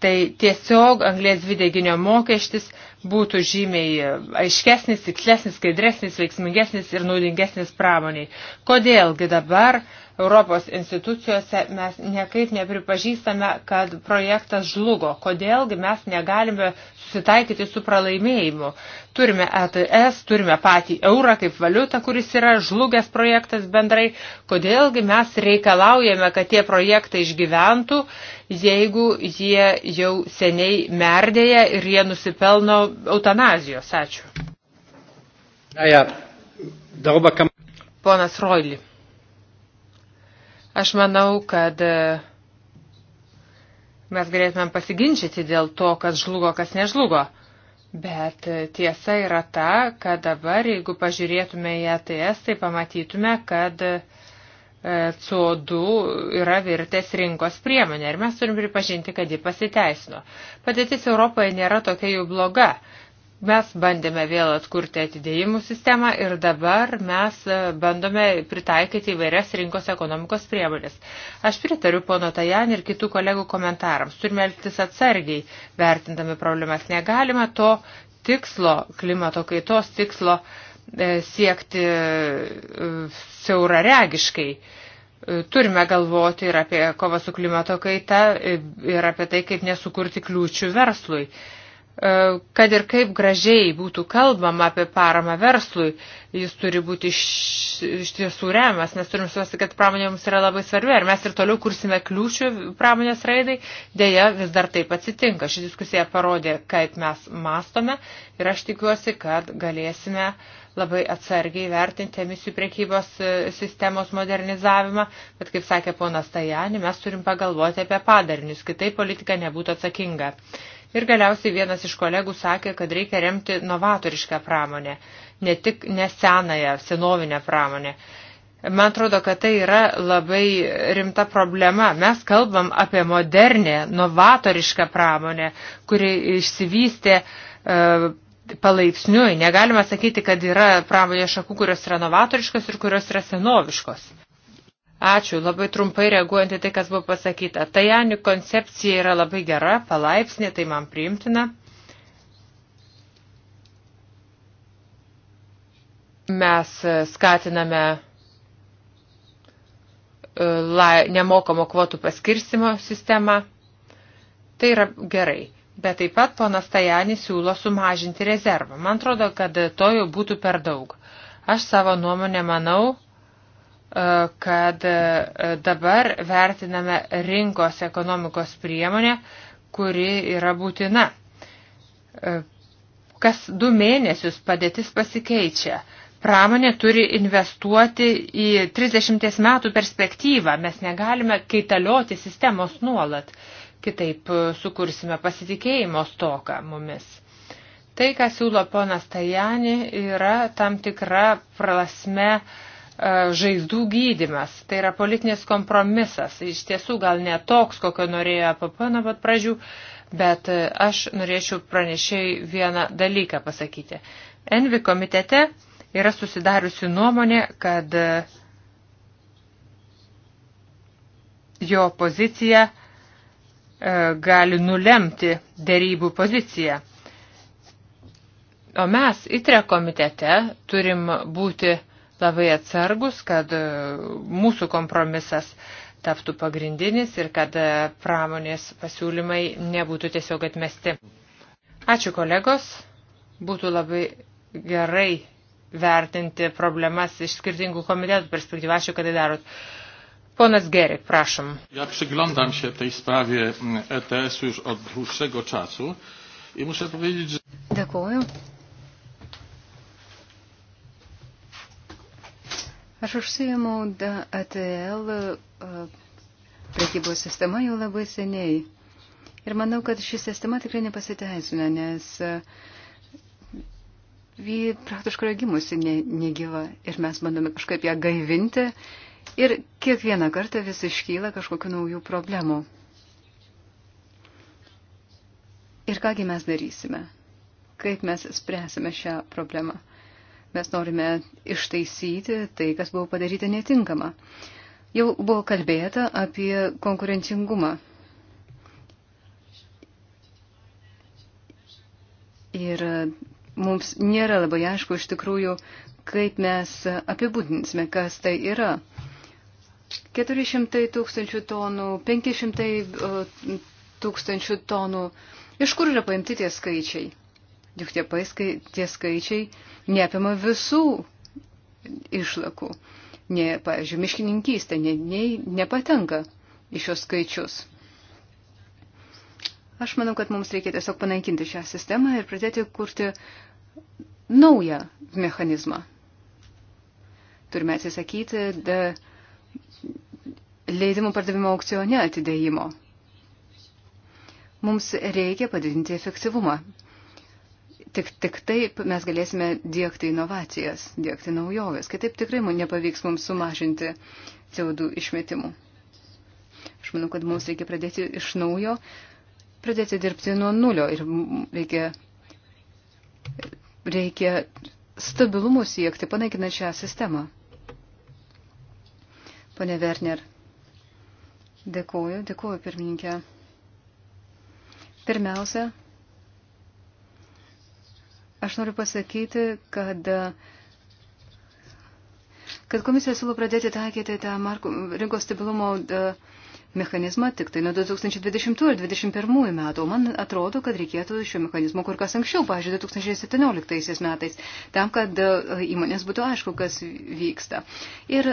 tai tiesiog anglės dvideginio mokestis būtų žymiai aiškesnis, tikslesnis, skaidresnis, veiksmingesnis ir naudingesnis pramoniai. Kodėlgi dabar Europos institucijose mes niekaip nepripažįstame, kad projektas žlugo, kodėlgi mes negalime susitaikyti su pralaimėjimu. Turime ETS, turime patį eurą kaip valiutą, kuris yra žlugęs projektas bendrai, kodėlgi mes reikalaujame, kad tie projektai išgyventų, jeigu jie jau seniai merdėja ir jie nusipelno eutanazijos. Ačiū. Ponas Roili. Aš manau, kad e, mes galėtumėm pasiginčyti dėl to, kas žlugo, kas nežlugo. Bet e, tiesa yra ta, kad dabar, jeigu pažiūrėtume į ATS, e tai pamatytume, kad uh, E, CO2 yra virtęs rinkos priemonė ir mes turim pripažinti, kad ji pasiteisino. Padėtis Europoje nėra tokia jau bloga. Mes bandėme vėl atkurti atidėjimų sistemą ir dabar mes e, bandome pritaikyti įvairias rinkos ekonomikos priemonės. Aš pritariu pono Tajan ir kitų kolegų komentarams. Turime elgtis atsargiai, vertindami problemas. Negalima to tikslo, klimato kaitos tikslo, uh, E, siekti e, siauraregiškai. E, turime galvoti ir apie kovą su klimato kaita, ir apie tai, kaip nesukurti kliūčių verslui. Kad ir kaip gražiai būtų kalbama apie paramą verslui, jis turi būti iš, iš tiesų remiamas, nes turim suosti, kad pramonė mums yra labai svarbi. Ar mes ir toliau kursime kliūčių pramonės raidai, dėja vis dar taip atsitinka. Ši diskusija parodė, kaip mes mastome ir aš tikiuosi, kad galėsime uh, labai atsargiai vertinti emisijų priekybos e, sistemos modernizavimą, bet kaip sakė ponas Tajani, mes turim pagalvoti apie padarinius, kitaip politika nebūtų atsakinga. Ir galiausiai vienas iš kolegų sakė, kad reikia remti novatorišką pramonę, ne tik nesenąją, senovinę pramonę. Man atrodo, kad tai yra labai rimta problema. Mes kalbam apie modernę, novatorišką pramonę, kuri išsivystė e, palaipsniui. Negalima sakyti, kad yra pramonės šakų, kurios yra novatoriškos ir kurios yra senoviškos. Ačiū, labai trumpai reaguojant į tai, kas buvo pasakyta. Tajani koncepcija yra labai gera, palaipsnė, tai man priimtina. Mes e, skatiname e, nemokamo kvotų paskirstimo sistemą. Tai yra gerai. Bet taip pat ponas Tajani siūlo sumažinti rezervą. Man atrodo, kad to jau būtų per daug. Aš savo nuomonę manau, e, kad e, dabar vertiname rinkos ekonomikos priemonę, kuri yra būtina. E, kas du mėnesius padėtis pasikeičia. Pramonė turi investuoti į 30 metų perspektyvą. Mes negalime keitalioti sistemos nuolat kitaip e, sukursime pasitikėjimo stoką mumis. Tai, ką siūlo ponas Tajani, yra tam tikra prasme e, žaizdų gydimas. Tai yra politinis kompromisas. Iš tiesų gal ne toks, kokio norėjo APP nuo pat pradžių, bet e, aš norėčiau pranešėjai vieną dalyką pasakyti. Envi komitete yra susidariusi nuomonė, kad jo pozicija E, gali nulemti dėrybų poziciją. O mes įtre komitete turim būti labai atsargus, kad e, mūsų kompromisas taptų pagrindinis ir kad e, pramonės pasiūlymai nebūtų tiesiog atmesti. Ačiū kolegos, būtų labai gerai vertinti problemas iš skirtingų komitetų perspektyvą. Ačiū, kad tai darot. Ponas Gerek, prašom. Ja przyglądam się tej sprawie mm, ETS-u już od dłuższego czasu i muszę powiedzieć, że... Dėkuoju. Aš užsijėmiau ATL e e, prekybos sistema jau labai seniai. Ir manau, kad ši sistema tikrai nepasiteisina, nes e, ji praktiškai yra gimusi negyva ir mes bandome kažkaip ją gaivinti Ir kiekvieną kartą vis iškyla kažkokiu naujų problemų. Ir kągi mes darysime? Kaip mes spręsime šią problemą? Mes norime ištaisyti tai, kas buvo padaryta netinkama. Jau buvo kalbėta apie konkurencingumą. Ir mums nėra labai aišku iš tikrųjų, kaip mes apibūdinsime, kas tai yra. 400 tūkstančių tonų, 500 e, tūkstančių tonų. Iš kur yra paimti tie skaičiai? Juk tie, paiskai, tie skaičiai neapima visų išlakų. Ne, pavyzdžiui, miškininkystė ne, ne, nepatenka į šios skaičius. Aš manau, kad mums reikia tiesiog panaikinti šią sistemą ir pradėti kurti naują mechanizmą. Turime atsisakyti. De, da leidimų pardavimo aukcione atidėjimo. Mums reikia padidinti efektyvumą. Tik, tik taip mes galėsime dėkti inovacijas, dėkti naujoves. Kitaip tikrai mums nepavyks mums sumažinti CO2 išmetimų. Aš manau, kad mums reikia pradėti iš naujo, pradėti dirbti nuo nulio ir reikia, reikia stabilumo siekti, panaikinant šią sistemą. Pane Werner. Dėkoju, dėkoju pirmininkė. Pirmiausia, aš noriu pasakyti, kad, kad komisija siūlo pradėti taikyti tą marko, rinkos stabilumo. Uh, mechanizmą tik tai nuo 2020 ir 2021 metų. Man atrodo, kad reikėtų šio mechanizmo kur kas anksčiau, pažiūrėjau, 2017 metais, tam, kad e, įmonės būtų aišku, kas vyksta. Ir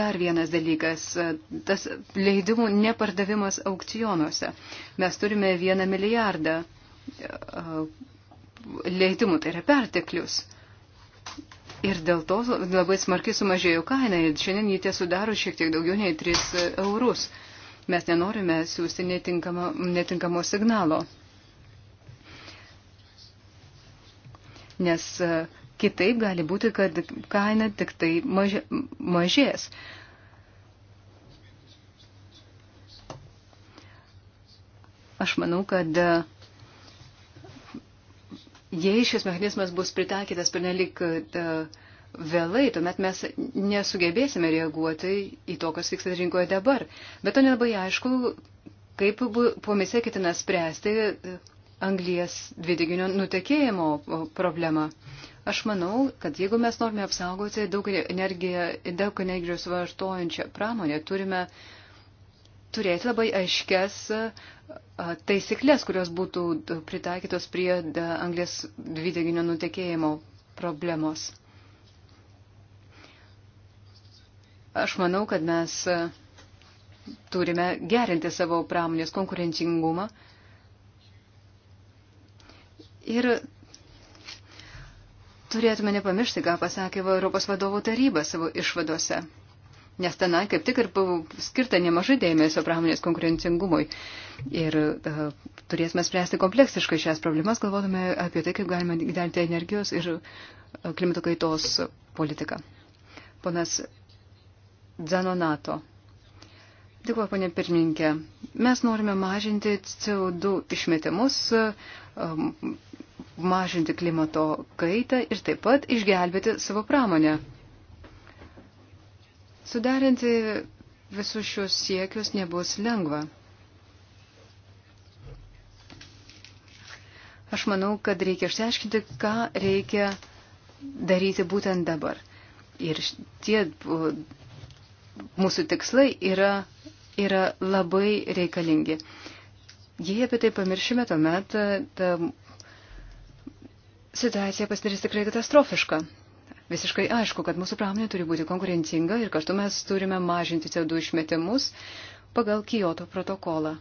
dar vienas dalykas, e, tas leidimų nepardavimas aukcionuose. Mes turime vieną milijardą e, leidimų, tai yra perteklius. Ir dėl to labai smarkiai sumažėjo kaina. Šiandien jį tiesudaro šiek tiek daugiau nei 3 eurus. Mes nenorime siūsti netinkamo, netinkamo signalo. Nes e, kitaip gali būti, kad kaina tik tai maž, mažės. Aš manau, kad e, Jei šis mechanizmas bus pritaikytas pernelik e, vėlai, tuomet mes nesugebėsime reaguoti į to, kas vyksta rinkoje dabar. Bet to nelabai aišku, kaip pomisė ketina spręsti e, anglijas dvideginio nutekėjimo problemą. Aš manau, kad jeigu mes norime apsaugoti daug, energiją, daug energijos vartojančią pramonę, turime uh, turėti labai aiškias taisyklės, kurios būtų pritaikytos prie anglės dvideginio nutekėjimo problemos. Aš manau, kad mes turime gerinti savo pramonės konkurencingumą ir turėtume nepamiršti, ką pasakė Europos vadovų taryba savo išvadose nes tenai kaip tik ir buvo skirta nemažai dėmesio pramonės konkurencingumui. Ir uh, turėsime spręsti kompleksiškai šias problemas, galvodami apie tai, kaip galima gyventi energijos ir uh, klimato kaitos politiką. Ponas Zanonato. Dėkuoju, ponė pirmininkė. Mes norime mažinti CO2 išmetimus, um, mažinti klimato kaitą ir taip pat išgelbėti savo pramonę. Suderinti visus šios siekius nebus lengva. Aš manau, kad reikia išsiaiškinti, ką reikia daryti būtent dabar. Ir tie mūsų tikslai yra, yra labai reikalingi. Jei apie tai pamiršime, tuomet e, ta situacija pasidarys tikrai katastrofiška visiškai aišku, kad mūsų pramonė turi būti konkurencinga ir kartu mes turime mažinti CO2 išmetimus pagal Kyoto protokolą.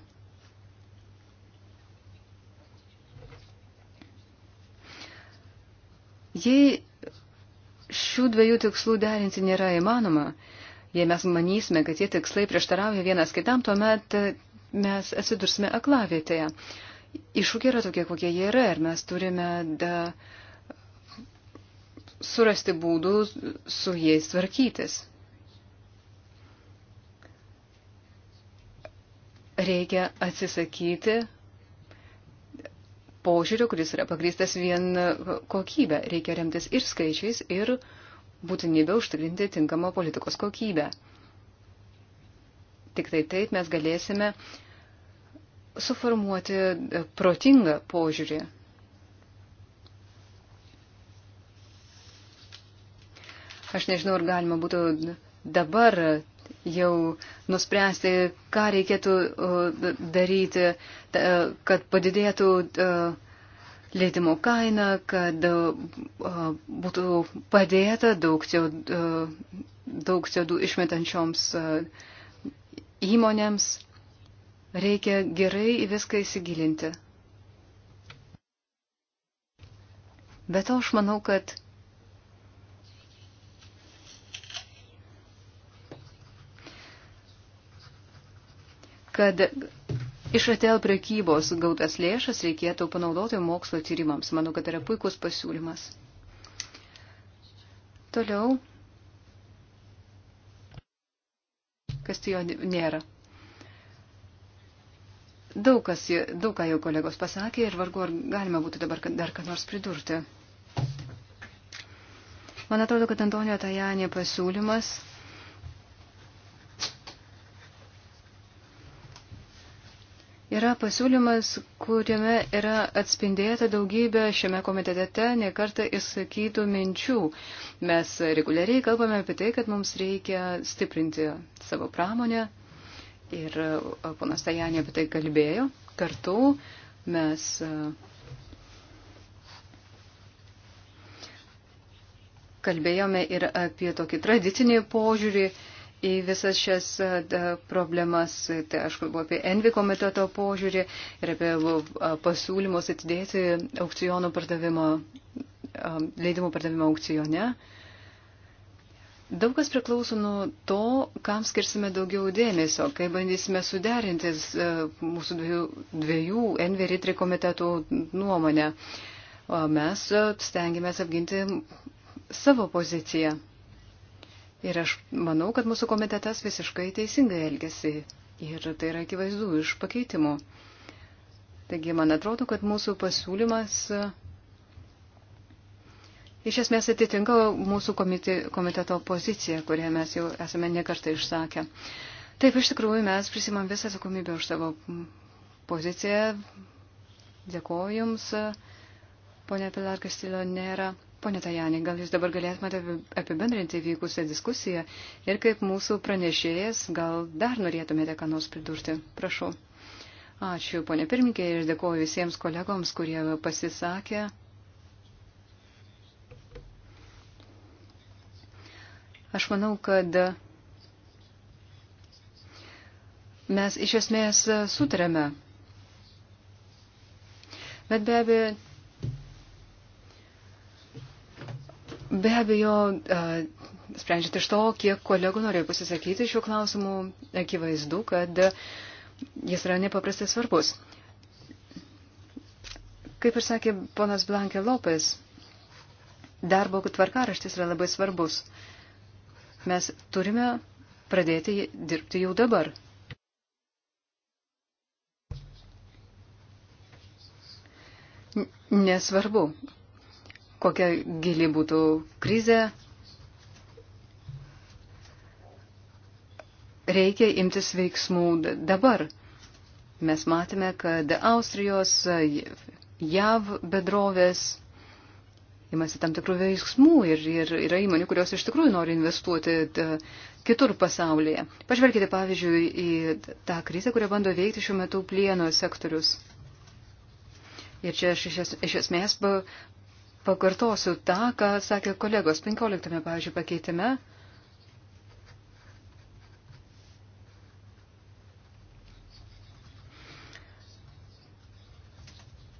Jei šių dviejų tikslų derinti nėra įmanoma, jei mes manysime, kad tie tikslai prieštarauja vienas kitam, tuomet mes atsidursime aklavietėje. Iššūkiai yra tokie, kokie jie yra ir mes turime da, uh, surasti būdų su jais tvarkytis. Reikia atsisakyti požiūrių, kuris yra pagrįstas vien kokybę. Reikia remtis ir skaičiais, ir būtinybę užtikrinti tinkamą politikos kokybę. Tik tai taip mes galėsime suformuoti protingą požiūrį Aš nežinau, ar galima būtų dabar jau nuspręsti, ką reikėtų daryti, kad padidėtų leidimo kaina, kad būtų padėta daug CO2, daug CO2 išmetančioms įmonėms. Reikia gerai į viską įsigilinti. Bet aš manau, kad kad iš atel prekybos gautas lėšas reikėtų panaudoti mokslo tyrimams. Manau, kad tai yra puikus pasiūlymas. Toliau. Kas tai jo nėra. Daug, kas, daug ką jau kolegos pasakė ir vargu ar galima būtų dabar dar ką nors pridurti. Man atrodo, kad Antonijo Tajanė pasiūlymas yra pasiūlymas, kuriame yra atspindėta daugybė šiame komitete nekartą įsakytų minčių. Mes reguliariai kalbame apie tai, kad mums reikia stiprinti savo pramonę ir e, ponas Tajanė apie tai kalbėjo. Kartu mes e, kalbėjome ir apie tokį tradicinį požiūrį į visas šias problemas. Tai aš kalbu apie Envi komiteto požiūrį ir apie pasiūlymus atidėti aukcionų pardavimo, leidimų pardavimo aukcione. Daug kas priklauso nuo to, kam skirsime daugiau dėmesio, kai bandysime suderinti mūsų dviejų, dviejų Envi ir Itri komitetų nuomonę. O mes stengiamės apginti savo poziciją. Ir aš manau, kad mūsų komitetas visiškai teisingai elgesi. Ir tai yra akivaizdu iš pakeitimų. Taigi, man atrodo, kad mūsų pasiūlymas e, iš esmės atitinka mūsų komiteto poziciją, kurią mes jau esame nekartą išsakę. Taip, iš tikrųjų, mes prisimam visą atsakomybę už savo poziciją. Dėkoju Jums, e, ponė Pilar Kastilio nėra. Pone Tajani, gal jūs dabar galėtumėte apibendrinti vykusią diskusiją ir kaip mūsų pranešėjas, gal dar norėtumėte ką nors pridurti? Prašau. Ačiū, ponė pirmininkė, ir dėkuoju visiems kolegoms, kurie pasisakė. Aš manau, kad mes iš esmės sutarėme. Bet be abejo, Be abejo, sprendžiant iš to, kiek kolegų norėjo pasisakyti šiuo klausimu, akivaizdu, kad jis yra nepaprastai svarbus. Kaip ir sakė ponas Blankė Lopes, darbo tvarkaraštis yra labai svarbus. Mes turime pradėti dirbti jau dabar. Nesvarbu, kokia gili būtų krizė, reikia imtis veiksmų dabar. Mes matėme, kad Austrijos, JAV bedrovės imasi tam tikrų veiksmų ir, ir yra įmonių, kurios iš tikrųjų nori investuoti kitur pasaulyje. Pažvelkite, pavyzdžiui, į tą krizę, kurią bando veikti šiuo metu plieno sektorius. Ir čia aš iš esmės pakartosiu tą, ką sakė kolegos 15, pavyzdžiui, pakeitime.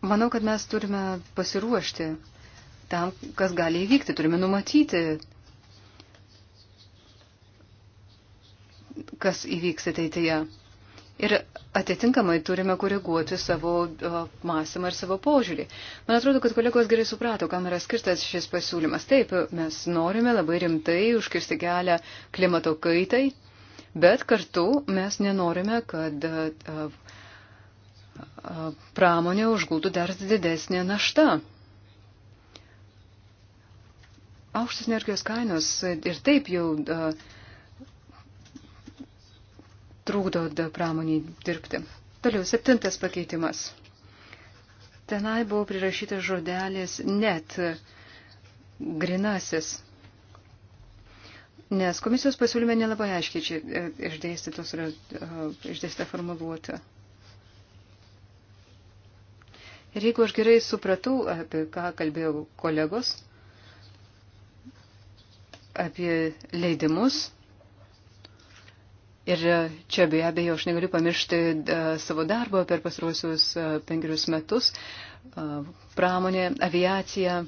Manau, kad mes turime pasiruošti tam, kas gali įvykti, turime numatyti, kas įvyks ateityje. Tai Ir atitinkamai turime koreguoti savo mąstymą ir savo požiūrį. Man atrodo, kad kolegos gerai suprato, kam yra skirtas šis pasiūlymas. Taip, mes norime labai rimtai užkirsti kelią klimato kaitai, bet kartu mes nenorime, kad pramonė užgultų dar didesnė našta. Aukštas energijos kainos ir taip jau uh, trūkdo pramonį dirbti. Toliau, septintas pakeitimas. Tenai buvo prirašytas žodelis net grinasis. Nes komisijos pasiūlyme nelabai aiškiai čia e, išdėstytos yra e, išdėstyta formuluota. Ir jeigu aš gerai supratau, apie ką kalbėjo kolegos, apie leidimus, Ir čia be abejo aš negaliu pamiršti e, savo darbo per pasaruosius e, penkerius metus. E, pramonė, aviacija.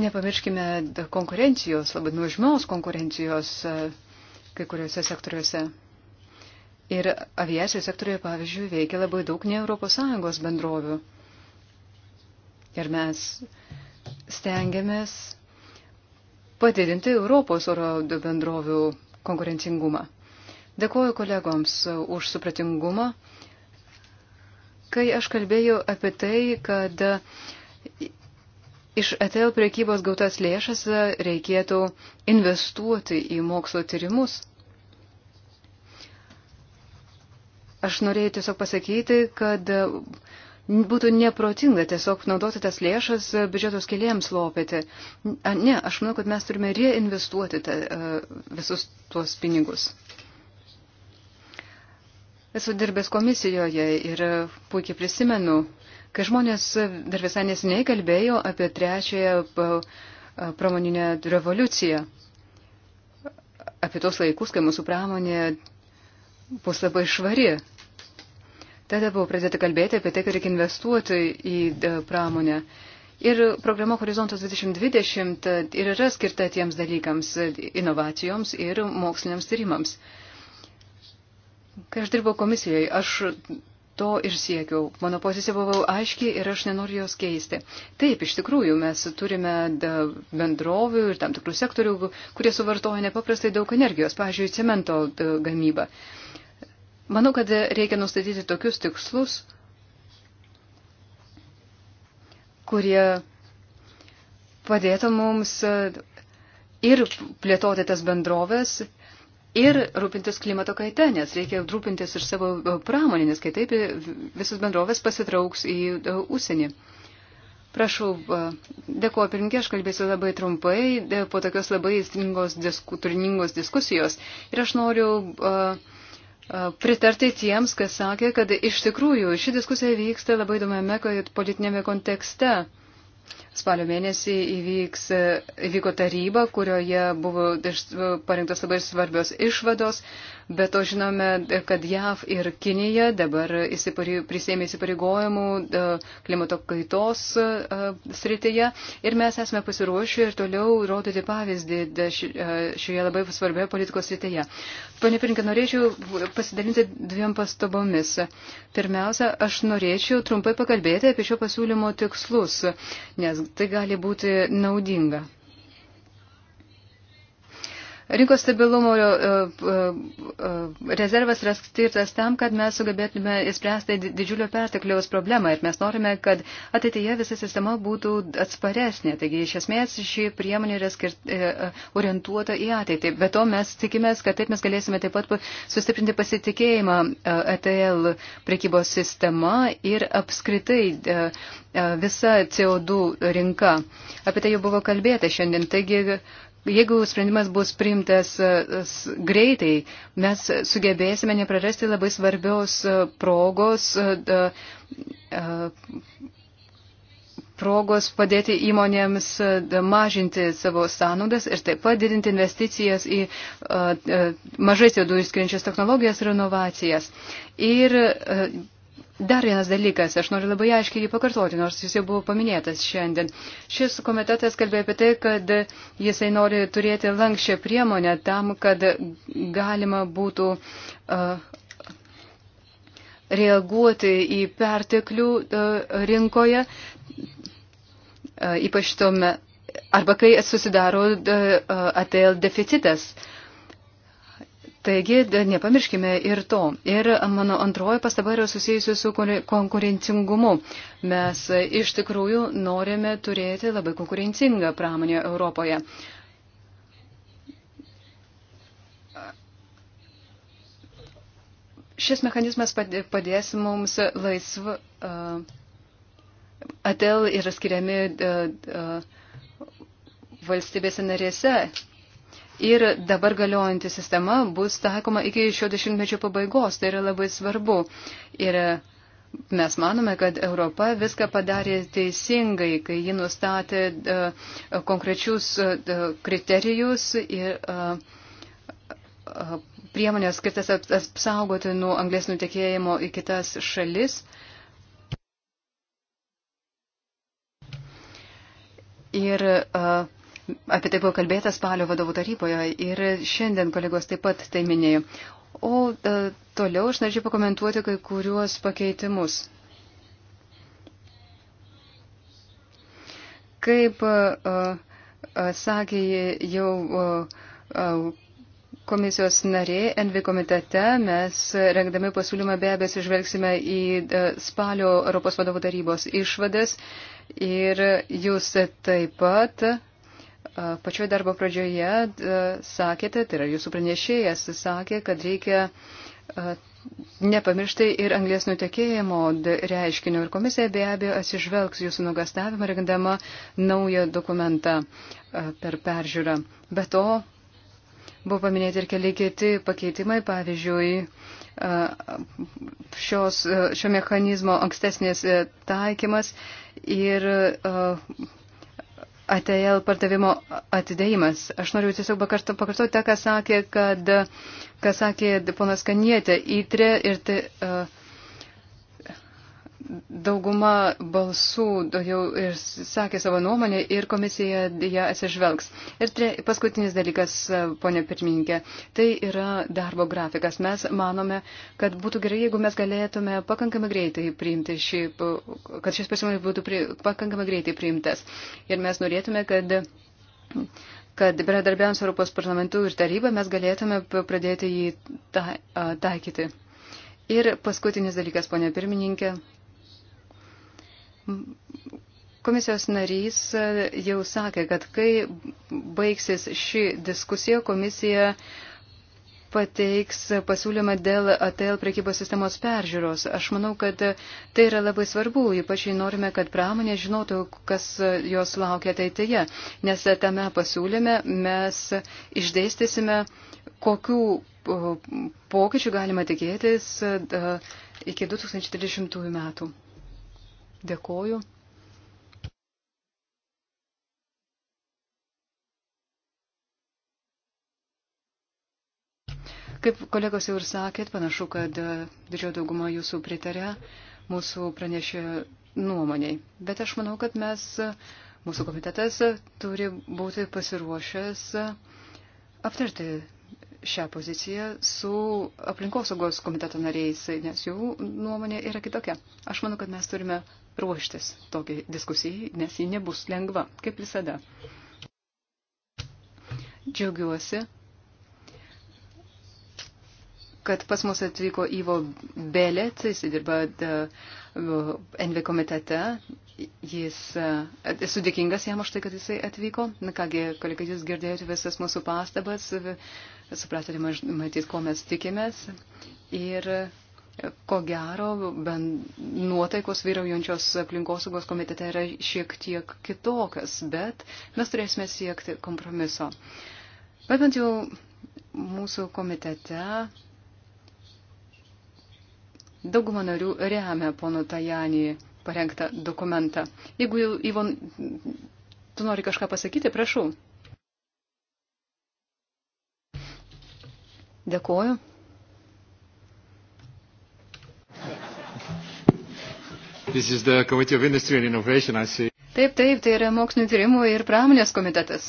Nepamirškime konkurencijos, labai nuožmios konkurencijos kai kuriuose sektoriuose. Ir aviacijos sektoriuje, pavyzdžiui, veikia labai daug ne ES bendrovių. Ir mes stengiamės padidinti Europos oro bendrovių konkurencingumą. Dėkuoju kolegoms už supratingumą. Kai aš kalbėjau apie tai, kad iš ETL priekybos gautas lėšas reikėtų investuoti į mokslo tyrimus, aš norėjau tiesiog pasakyti, kad būtų neprotinga tiesiog naudoti tas lėšas e, biudžetos keliems lopyti. Ne, aš manau, kad mes turime reinvestuoti ta, e, visus tuos pinigus. Esu dirbęs komisijoje ir puikiai prisimenu, kai žmonės dar visai nesiniai kalbėjo apie trečiąją e, pramoninę revoliuciją. Apie tos laikus, kai mūsų pramonė bus labai švari. Tada buvo pradėta kalbėti apie tai, kad reikia investuoti į e, pramonę. Ir programa Horizontas 2020 e, ir yra skirta tiems dalykams e, - inovacijoms ir moksliniams tyrimams. Kai aš dirbau komisijoje, aš to ir siekiau. Mano pozicija buvo aiški ir aš nenoriu jos keisti. Taip, iš tikrųjų, mes turime bendrovių ir tam tikrų sektorių, kurie suvartoja nepaprastai daug energijos, pavyzdžiui, cemento gamyba. Manau, kad reikia nustatyti tokius tikslus, kurie padėtų mums ir plėtoti tas bendrovės, ir rūpintis klimato kaita, nes reikia rūpintis ir savo pramonį, nes kitaip visas bendrovės pasitrauks į ūsienį. Prašau, dėkuoju pirmininkė, aš kalbėsiu labai trumpai, po tokios labai turningos diskusijos. Ir aš noriu uh, pritarti tiems, kas sakė, kad iš tikrųjų ši diskusija vyksta labai įdomiame politinėme kontekste. Spalio mėnesį įvyks, įvyko taryba, kurioje buvo parengtos labai svarbios išvados, Bet to žinome, kad JAV ir Kinija dabar prisėmė įsipareigojimų e, klimato kaitos e, srityje ir mes esame pasiruošę ir toliau rodyti pavyzdį e, šioje labai svarbioje politikos srityje. Pane Pirinka, norėčiau pasidalinti dviem pastabomis. Pirmiausia, aš norėčiau trumpai pakalbėti apie šio pasiūlymo tikslus, nes tai gali būti naudinga. Rinkos stabilumo e, e, e, rezervas yra skirtas tam, kad mes sugebėtume įspręsti didžiulio pertekliaus problemą ir mes norime, kad ateityje visa sistema būtų atsparesnė. Taigi, iš esmės, ši priemonė yra skirt, orientuota į ateitį. Be to, mes tikimės, kad taip mes galėsime taip pat sustiprinti pasitikėjimą ATL prekybos sistema ir apskritai visa CO2 rinka. Apie tai jau buvo kalbėta šiandien. Taigi, jeigu sprendimas bus priimtas e, greitai, mes sugebėsime neprarasti labai svarbios e, progos e, progos padėti įmonėms mažinti savo sąnaudas ir taip pat didinti investicijas į mažai CO2 išskrinčias technologijas ir inovacijas. Ir Dar vienas dalykas, aš noriu labai aiškiai jį pakartoti, nors jis jau buvo paminėtas šiandien. Šis komitetas kalbėjo apie tai, kad jisai nori turėti lankščią priemonę tam, kad galima būtų uh, reaguoti į perteklių uh, rinkoje, uh, ypač tome, arba kai susidaro uh, ATL deficitas. Uh, Taigi, nepamirškime ir to. Ir mano antroji pastaba yra susijusi su konkurencingumu. Mes e, iš tikrųjų norime turėti labai konkurencingą pramonę Europoje. Šis mechanizmas padės mums laisv. E, Atel yra skiriami e, valstybėse narėse ir dabar galiojanti sistema bus taikoma iki šio dešimtmečio pabaigos. Tai yra labai svarbu. Ir mes manome, kad Europa viską padarė teisingai, kai ji nustatė uh, konkrečius uh, kriterijus ir uh, priemonės skirtas apsaugoti nuo anglės nutekėjimo į kitas šalis. Ir uh, apie tai buvo kalbėta spalio vadovų taryboje ir šiandien kolegos taip pat tai minėjo. O da, e, toliau aš norėčiau pakomentuoti kai kuriuos pakeitimus. Kaip uh, uh, sakė jau uh, uh, komisijos narė, NV komitete, mes rengdami pasiūlymą be abejo išvelgsime į spalio Europos vadovų tarybos išvadas ir jūs taip pat Pačioje darbo pradžioje sakėte, tai yra jūsų pranešėjas, sakė, kad reikia nepamiršti ir anglės nutekėjimo reiškinio. Ir komisija be abejo atsižvelgs jūsų nugastavimą, rengdama naują dokumentą per peržiūrą. Be to, buvo paminėti ir keli kiti pakeitimai, pavyzdžiui, šios, šio mechanizmo ankstesnės e, taikymas ir uh, ATL pardavimo atidėjimas. Aš noriu tiesiog pakartoti tą, ką sakė, kad, ką sakė ponas Kanietė, įtrė ir tai. Uh, dauguma balsų jau ir sakė savo nuomonę ir komisija ją atsižvelgs. Ir tre, paskutinis dalykas, ponė pirmininkė, tai yra darbo grafikas. Mes manome, kad būtų gerai, jeigu mes galėtume pakankamai greitai priimti šį, kad šis pasiūlymas būtų pri, pakankamai greitai priimtas. Ir mes norėtume, kad kad bendradarbiavant su Europos parlamentu ir taryba mes galėtume pradėti jį ta, taikyti. Ir paskutinis dalykas, ponė pirmininkė, Komisijos narys e, jau sakė, kad kai baigsis ši diskusija, komisija pateiks pasiūlymą dėl ATL prekybos sistemos peržiūros. Aš manau, kad tai yra labai svarbu, ypač jei norime, kad pramonė žinotų, kas jos laukia ateityje, nes tame pasiūlyme mes išdėstysime, kokių pokyčių galima tikėtis e, iki 2030 metų. Dėkoju. Kaip kolegos jau ir sakėt, panašu, kad e, didžioji dauguma jūsų pritarė mūsų pranešė nuomoniai. Bet aš manau, kad mes, e, mūsų komitetas, e, turi būti pasiruošęs aptarti šią poziciją su aplinkosaugos komiteto nariais, nes jų nuomonė yra kitokia. Aš manau, kad mes turime ruoštis tokiai diskusijai, nes ji nebus lengva, kaip visada. Džiaugiuosi, kad pas mus atvyko Ivo Belet, jis dirba NV komitete, jis, esu dėkingas jam už tai, kad jisai atvyko. Na kągi, kolega, jūs girdėjote visas mūsų pastabas, supratote, matyt, ko mes tikimės. Ir ko gero, bent nuotaikos vyraujančios aplinkosaugos komitete yra šiek tiek kitokas, bet mes turėsime siekti kompromiso. Bet bent jau mūsų komitete dauguma narių remia pono Tajanį parengtą dokumentą. Jeigu, Ivon, tu nori kažką pasakyti, prašau. Dėkuoju. Taip, taip, tai yra mokslinio tyrimų ir pramonės komitetas.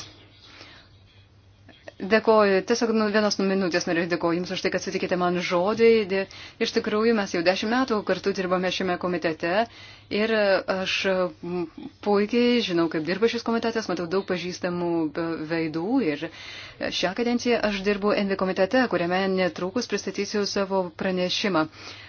Dėkoju, tiesiog nu, vienos nu, minutės noriu dėkoju Jums už tai, kad sutikite man žodį. Iš tikrųjų, mes jau dešimt metų kartu dirbame šiame komitete ir aš puikiai žinau, kaip dirba šis komitetas, matau daug pažįstamų veidų ir šią kadenciją aš dirbu NV komitete, kuriame netrukus pristatysiu savo pranešimą. Uh,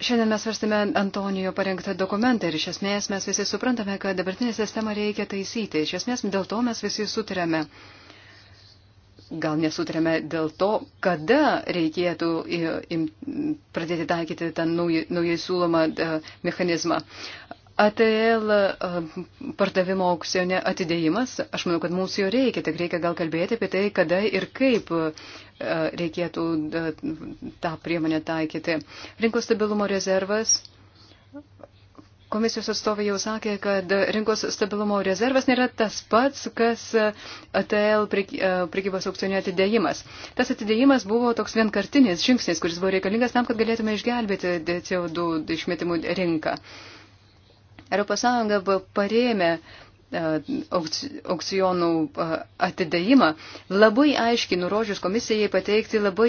Šiandien mes svarstame Antonijo parengtą dokumentą ir iš esmės mes visi suprantame, kad dabartinę sistemą reikia taisyti. Iš esmės dėl to mes visi sutarėme. Gal nesutarėme dėl to, kada reikėtų pradėti taikyti tą naujai, naujai siūlomą e, mechanizmą. ATL pardavimo aukcione atidėjimas, aš manau, kad mums jo reikia, tik reikia gal kalbėti apie tai, kada ir kaip reikėtų tą priemonę taikyti. Rinkos stabilumo rezervas. Komisijos atstovai jau sakė, kad rinkos stabilumo rezervas nėra tas pats, kas ATL prekybos aukcione atidėjimas. Tas atidėjimas buvo toks vienkartinis žingsnis, kuris buvo reikalingas tam, kad galėtume išgelbėti CO2 išmetimų rinką. Uh, ES parėmė e, aukcionų e, atidėjimą, labai aiškiai nurodžius komisijai pateikti labai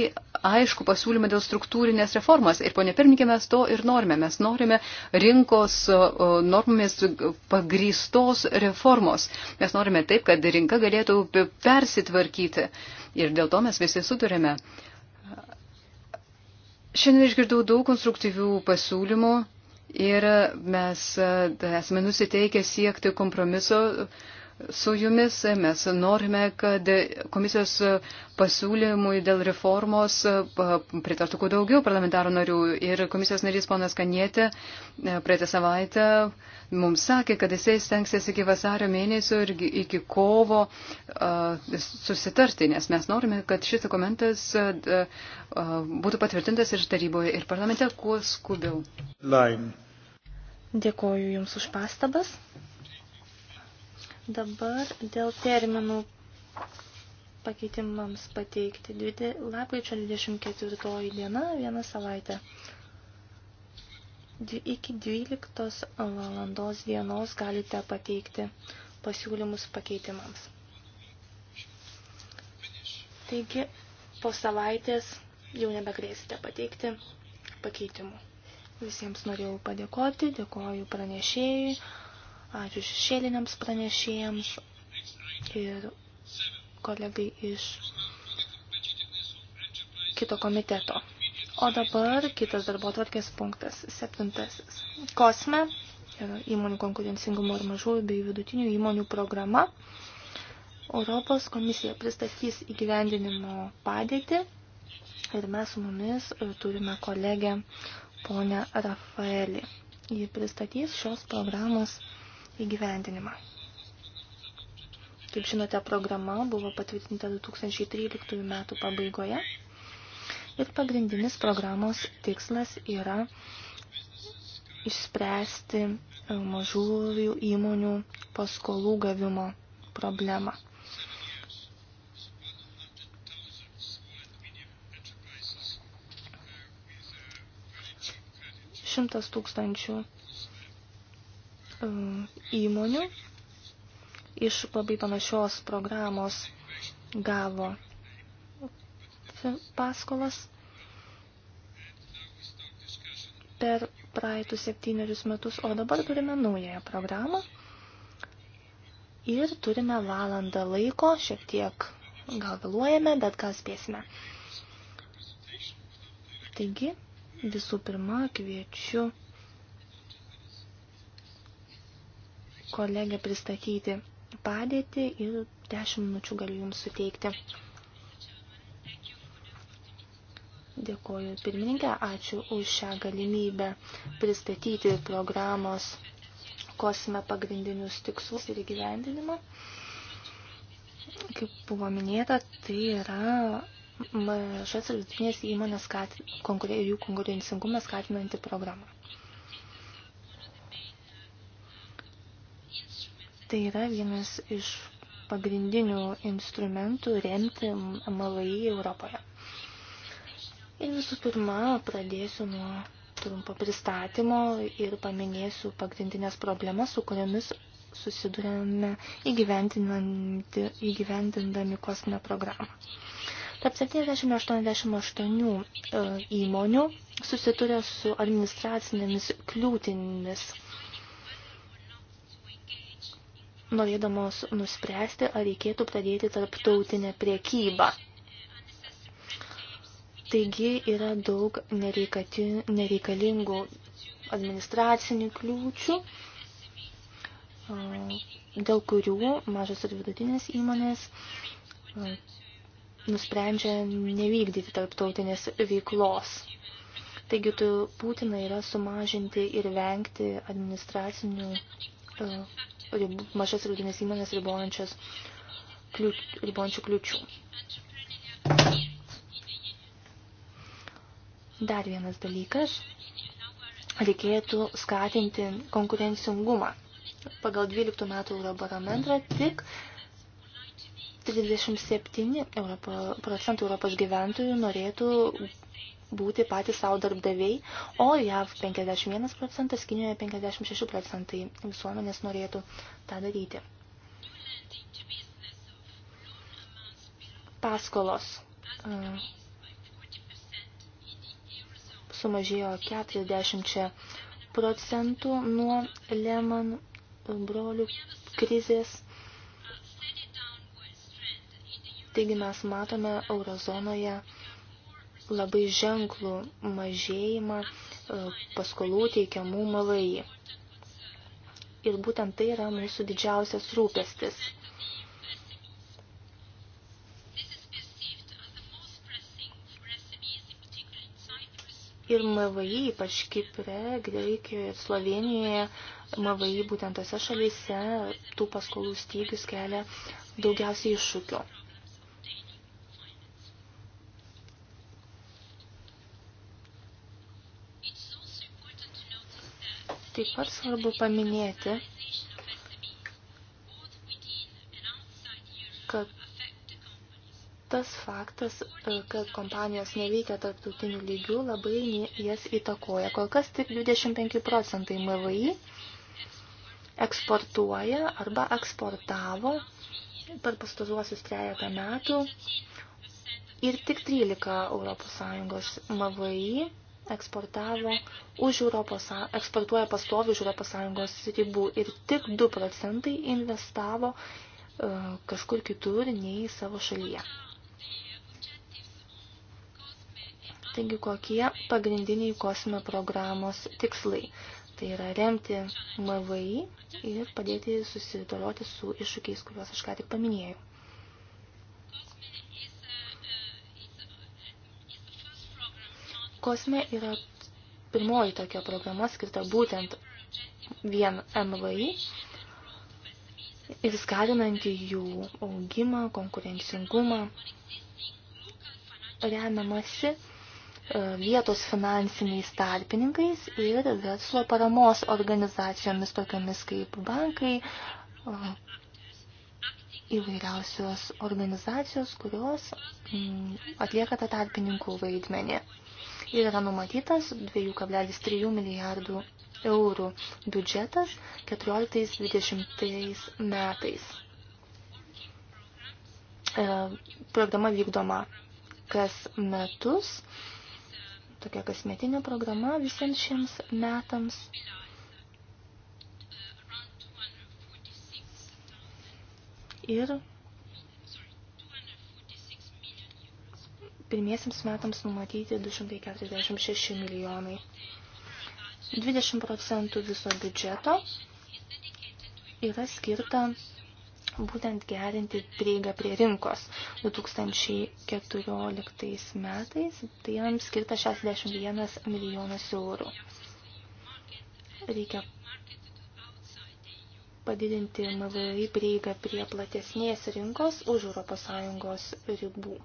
aišku pasiūlymą dėl struktūrinės reformos. Ir ponė pirmininkė, mes to ir norime. Mes norime rinkos e, normomis pagrystos reformos. Mes norime taip, kad rinka galėtų persitvarkyti. Ir dėl to mes visi suturime. Šiandien išgirdau daug konstruktyvių pasiūlymų ir mes e, esame nusiteikę siekti kompromiso su jumis. Mes norime, kad komisijos pasiūlymui dėl reformos e, pritartų kuo daugiau parlamentarų narių. Ir komisijos narys ponas Kanietė e, praeitą savaitę mums sakė, kad jisai stengsis iki vasario mėnesio ir iki kovo e, susitarti, nes mes norime, kad šis dokumentas būtų patvirtintas ir taryboje, ir parlamente kuo skubiau. Laim. Dėkoju Jums už pastabas. Dabar dėl terminų pakeitimams pateikti. Lapkričio 24 diena, viena savaitė. Iki 12 valandos dienos galite pateikti pasiūlymus pakeitimams. Taigi, po savaitės jau nebegrėsite pateikti pakeitimų. Visiems norėjau padėkoti, dėkoju pranešėjai ačiū šešėliniams pranešėjams ir kolegai iš kito komiteto. O dabar kitas darbo tvarkės punktas, septintasis. Kosme, įmonių konkurencingumo ir mažųjų bei vidutinių įmonių programa. Europos komisija pristatys įgyvendinimo padėtį ir mes su mumis turime kolegę ponę Rafaelį. Ji pristatys šios programos įgyvendinimą. Kaip žinote, programa buvo patvirtinta 2013 metų pabaigoje ir pagrindinis programos tikslas yra išspręsti e, mažųjų įmonių paskolų gavimo problemą. Šimtas tūkstančių E, įmonių iš labai panašios programos gavo paskolas. Per praeitus septynerius metus, o dabar turime naująją programą ir turime valandą laiko, šiek tiek gal vėluojame, bet gal spėsime. Taigi, visų pirma, kviečiu kolegę pristatyti padėtį ir 10 minučių galiu jums suteikti. Dėkoju pirmininkę, ačiū už šią galimybę pristatyti programos kosime pagrindinius tikslus ir įgyvendinimą. Kaip buvo minėta, tai yra mažas vidutinės įmonės skat... jų konkurencingumas skatinanti programa. Tai yra vienas iš pagrindinių instrumentų remti MLI Europoje. Ir visų pirma, pradėsiu nuo trumpo pristatymo ir paminėsiu pagrindinės problemas, su kuriomis susidurėme įgyvendindami kosminę programą. Tarp 70-88 e, įmonių susiturė su administracinėmis kliūtimis – norėdamos nuspręsti, ar reikėtų pradėti tarptautinę priekybą. Taigi yra daug nereikalingų administracinių kliūčių, dėl kurių mažos ir vidutinės įmonės nusprendžia nevykdyti tarptautinės veiklos. Taigi būtina yra sumažinti ir vengti administracinių rib, mažas ir vidinės įmonės ribojančias kliuč, ribojančių kliučių. Dar vienas dalykas. Reikėtų skatinti konkurencingumą. Pagal 12 metų eurobarometrą tik 37 Europo, procentų Europos gyventojų norėtų būti patys savo darbdaviai, o JAV 51 procentas, Kinijoje 56 procentai visuomenės norėtų tą daryti. Paskolos e, sumažėjo 40 procentų nuo Lehman brolių krizės. Taigi mes matome eurozonoje labai ženklų mažėjimą e, paskolų teikiamų malai. Ir būtent tai yra mūsų didžiausias rūpestis. Ir MVI, ypač Kipre, Graikijoje ir Slovenijoje, MVI būtent tose šalyse tų paskolų stygius kelia daugiausiai iššūkio. taip pat svarbu paminėti, kad tas faktas, e, kad kompanijos neveikia tarptautinių lygių, labai jas įtakoja. Kol kas tik 25 procentai MVI eksportuoja arba eksportavo per pastaruosius trejata metų ir tik 13 ES MVI eksportavo už Europos, eksportuoja pastovi už Europos Sąjungos ribų ir tik 2 procentai investavo uh, kažkur kitur nei savo šalyje. Taigi kokie pagrindiniai kosme programos tikslai? Tai yra remti MVI ir padėti susidoroti su iššūkiais, kuriuos aš ką tik paminėjau. Kosme yra pirmoji tokia programa skirta būtent vien MVI ir skatinanti jų augimą, konkurencingumą, remiamasi e, vietos finansiniais tarpininkais ir verslo paramos organizacijomis tokiamis kaip bankai, e, įvairiausios organizacijos, kurios mm, atlieka tą tarpininkų vaidmenį ir yra numatytas 2,3 milijardų eurų biudžetas 14-20 metais. E, programa vykdoma kas metus, tokia kasmetinė programa visiems šiems metams. Ir pirmiesiams metams numatyti 246 milijonai. 20 procentų viso biudžeto yra skirta būtent gerinti prieigą prie rinkos. 2014 metais tai jam skirta 61 milijonas eurų. Reikia padidinti MVI prieigą prie platesnės rinkos už ES ribų.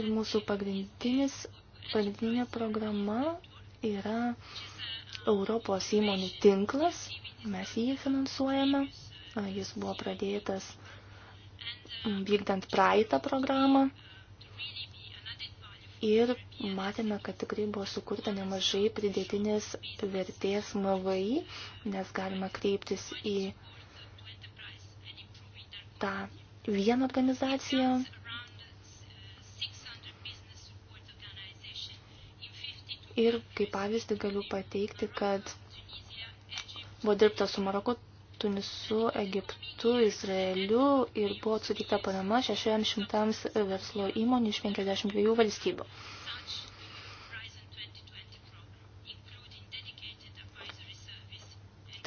Ir mūsų pagrindinis, pagrindinė programa yra Europos įmonių tinklas. Mes jį finansuojame. Jis buvo pradėtas vykdant praeitą programą. Ir matėme, kad tikrai buvo sukurta nemažai pridėtinės vertės MVI, nes galima kreiptis į tą vieną organizaciją, Ir kaip pavyzdį galiu pateikti, kad buvo dirbta su Maroku, Tunisu, Egiptu, Izraeliu ir buvo suteikta parama 600 verslo įmonių iš 52 valstybių.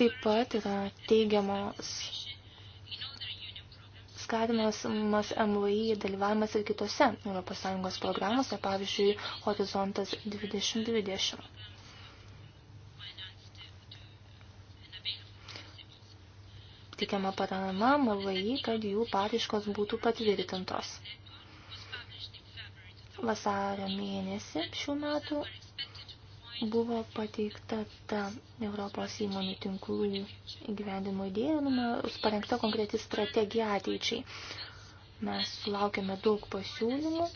Taip pat yra teigiamos skatinamas MVI dalyvavimas ir kitose ES programose, pavyzdžiui, Horizontas 2020. Tikiama parama MVI, kad jų pariškos būtų patvirtintos. Vasario mėnesį šių metų buvo pateikta ta Europos įmonių tinklų įgyvendimo idėja, parengta konkreti strategija ateičiai. Mes sulaukėme daug pasiūlymų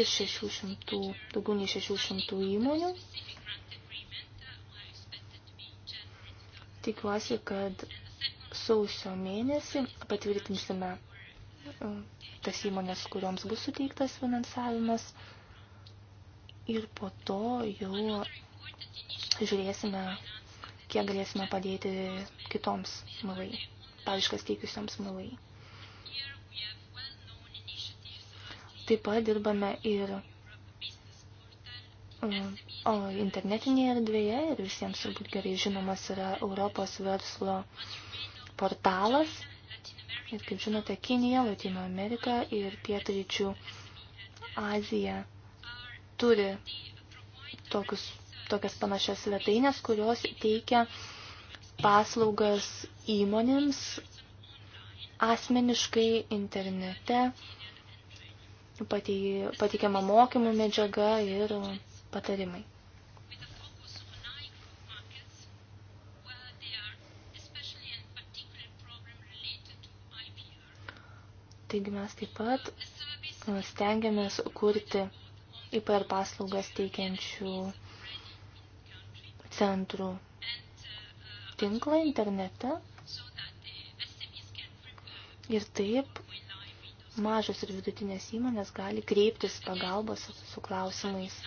iš 600, daugiau nei 600 įmonių. Tikiuosi, kad sausio mėnesį patvirtinsime uh, tas įmonės, kurioms bus suteiktas finansavimas ir po to jau žiūrėsime, kiek galėsime padėti kitoms MVI, paaiškas teikiusioms MVI. Taip pat dirbame ir e, o, internetinėje erdvėje ir visiems turbūt gerai žinomas yra Europos verslo portalas. Ir kaip žinote, Kinija, Latino Amerika ir Pietryčių Azija – turi tokius, tokias panašias svetainės, kurios teikia paslaugas įmonėms asmeniškai internete pateikiama mokymų medžiaga ir patarimai. Taigi mes taip pat uh, stengiamės kurti IPR paslaugas teikiančių centrų tinklą internete. Ir taip mažos ir vidutinės įmonės gali kreiptis pagalbos su klausimais.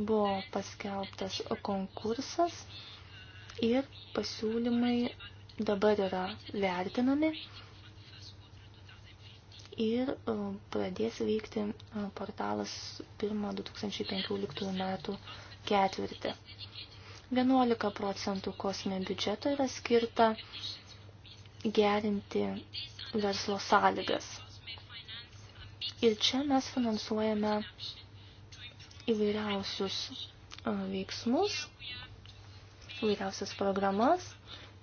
Buvo paskelbtas konkursas ir pasiūlymai dabar yra vertinami ir e, pradės veikti e, portalas 1-2015 metų ketvirtį. 11 procentų kosminio biudžeto yra skirta gerinti verslo sąlygas. Ir čia mes finansuojame įvairiausius e, veiksmus, įvairiausias programas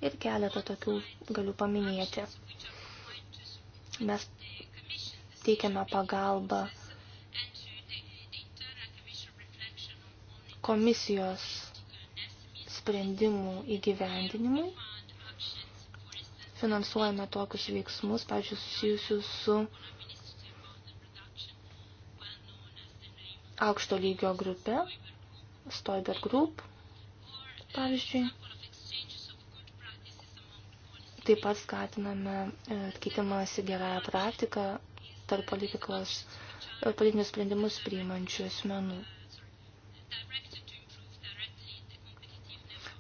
ir keletą tokių galiu paminėti. Mes teikiame pagalbą komisijos sprendimų įgyvendinimui. Finansuojame tokius veiksmus, pavyzdžiui, susijusius su aukšto lygio grupe, Stoiber Group, pavyzdžiui. Taip pat skatiname e, keitimąsi gerąją praktiką tarp politikos, e, politinius sprendimus priimančių asmenų.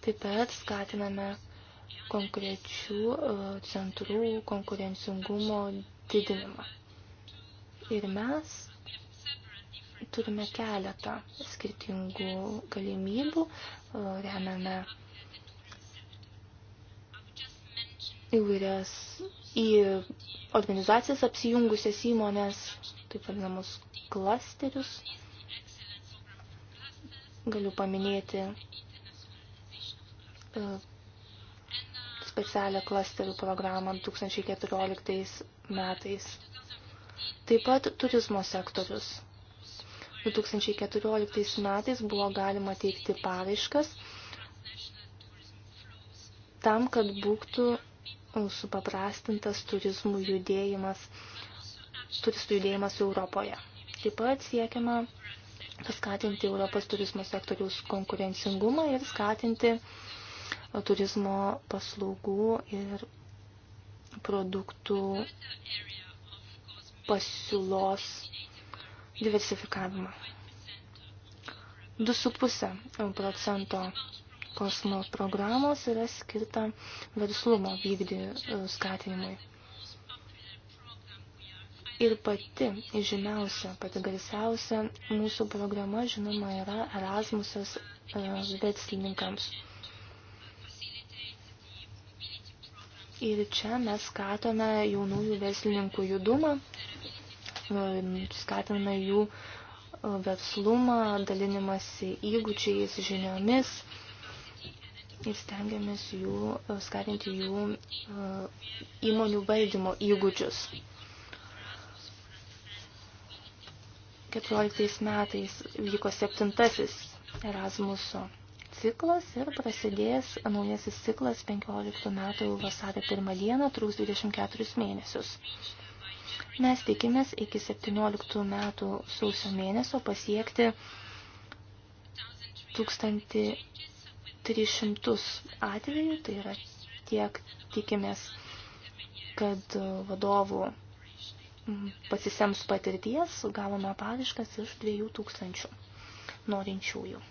Taip pat skatiname konkrečių e, centrų konkurencingumo didinimą. Ir mes turime keletą skirtingų galimybių, e, remiame įvairias į organizacijas apsijungusias įmonės, taip vadinamus klasterius. Galiu paminėti e, specialią klasterių programą 2014 metais. Taip pat turizmo sektorius. 2014 metais buvo galima teikti paraiškas tam, kad būtų supaprastintas turizmų judėjimas, turistų judėjimas Europoje. Taip pat siekiama paskatinti Europos turizmo sektoriaus konkurencingumą ir skatinti e, turizmo paslaugų ir produktų pasiūlos diversifikavimą. 2,5 procento kosmo programos yra skirta verslumo vykdy e, skatinimui. Ir pati žymiausia, pati garsiausia mūsų programa, žinoma, yra Erasmusas e, verslininkams. Ir čia mes skatome jaunųjų verslininkų judumą, e, skatiname jų verslumą, dalinimasi įgūdžiais, žiniomis ir stengiamės jų, e, skatinti jų e, įmonių valdymo įgūdžius. 14 metais vyko septintasis Erasmuso ciklas ir prasidės naujasis ciklas 15 metų vasario 1 dieną, trūks 24 mėnesius. Mes tikimės iki 17 metų sausio mėnesio pasiekti 1000 300 atvejų, tai yra tiek tikimės, kad vadovų mm, pasisems patirties, gavome paraiškas iš 2000 norinčiųjų.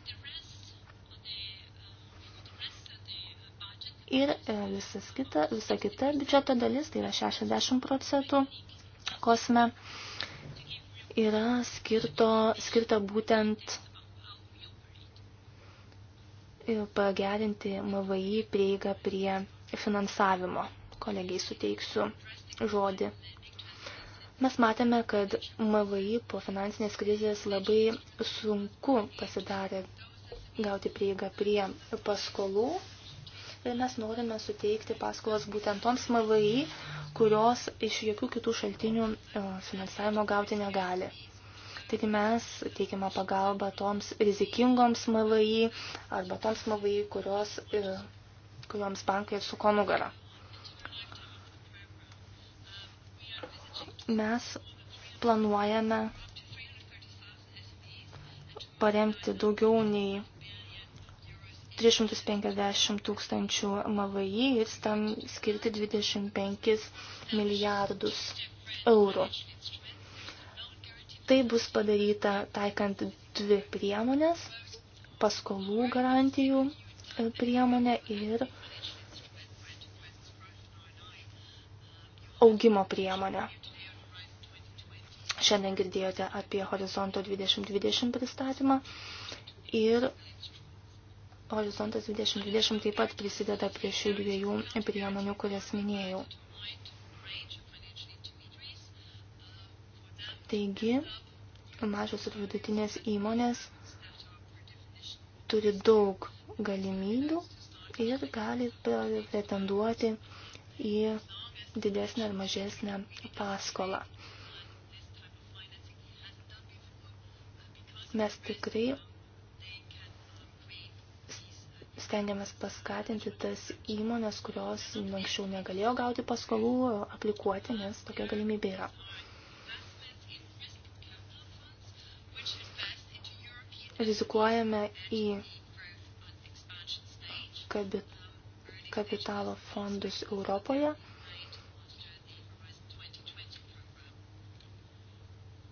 Ir e, visas kita, visa kita biudžeto dalis, tai yra 60 procentų kosme, yra skirto, skirta būtent pagerinti MVI prieigą prie finansavimo. Kolegiai suteiksiu žodį. Mes matėme, kad MVI po finansinės krizės labai sunku pasidarė gauti prieigą prie paskolų ir mes norime suteikti paskolas būtent toms MVI, kurios iš jokių kitų šaltinių e, finansavimo gauti negali. Taigi mes teikiame pagalbą toms rizikingoms MVI arba toms MVI, kurios, e, kurioms bankai atsuko nugarą. Mes planuojame paremti daugiau nei 350 tūkstančių MVI ir tam skirti 25 milijardus eurų. Tai bus padaryta taikant dvi priemonės – paskolų garantijų e, priemonė ir augimo priemonė. Šiandien girdėjote apie Horizonto 2020 pristatymą ir Horizontas 2020 taip pat prisideda prie šių dviejų priemonių, kurias minėjau. Taigi, mažos ir vidutinės įmonės turi daug galimybių ir gali pretenduoti į didesnę ar mažesnę paskolą. Mes tikrai stengiamės paskatinti tas įmonės, kurios anksčiau negalėjo gauti paskolų, aplikuoti, nes tokia galimybė yra. rizikuojame į kapitalo fondus Europoje.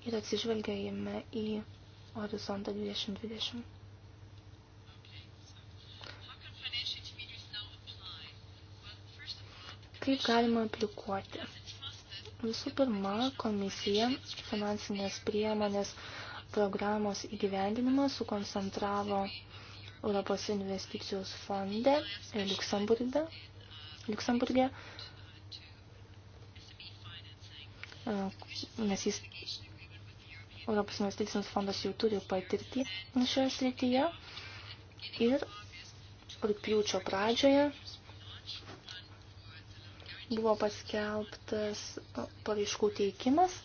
ir atsižvelgėjame į horizontą 2020. Kaip galima aplikuoti? Visų pirma, komisija finansinės priemonės uh, programos įgyvendinimą sukoncentravo Europos investicijos fonde e, Luksemburge, Luksemburge nes jis Europos investicinis fondas jau turi patirtį šioje srityje ir rūpjūčio pradžioje buvo paskelbtas paraiškų teikimas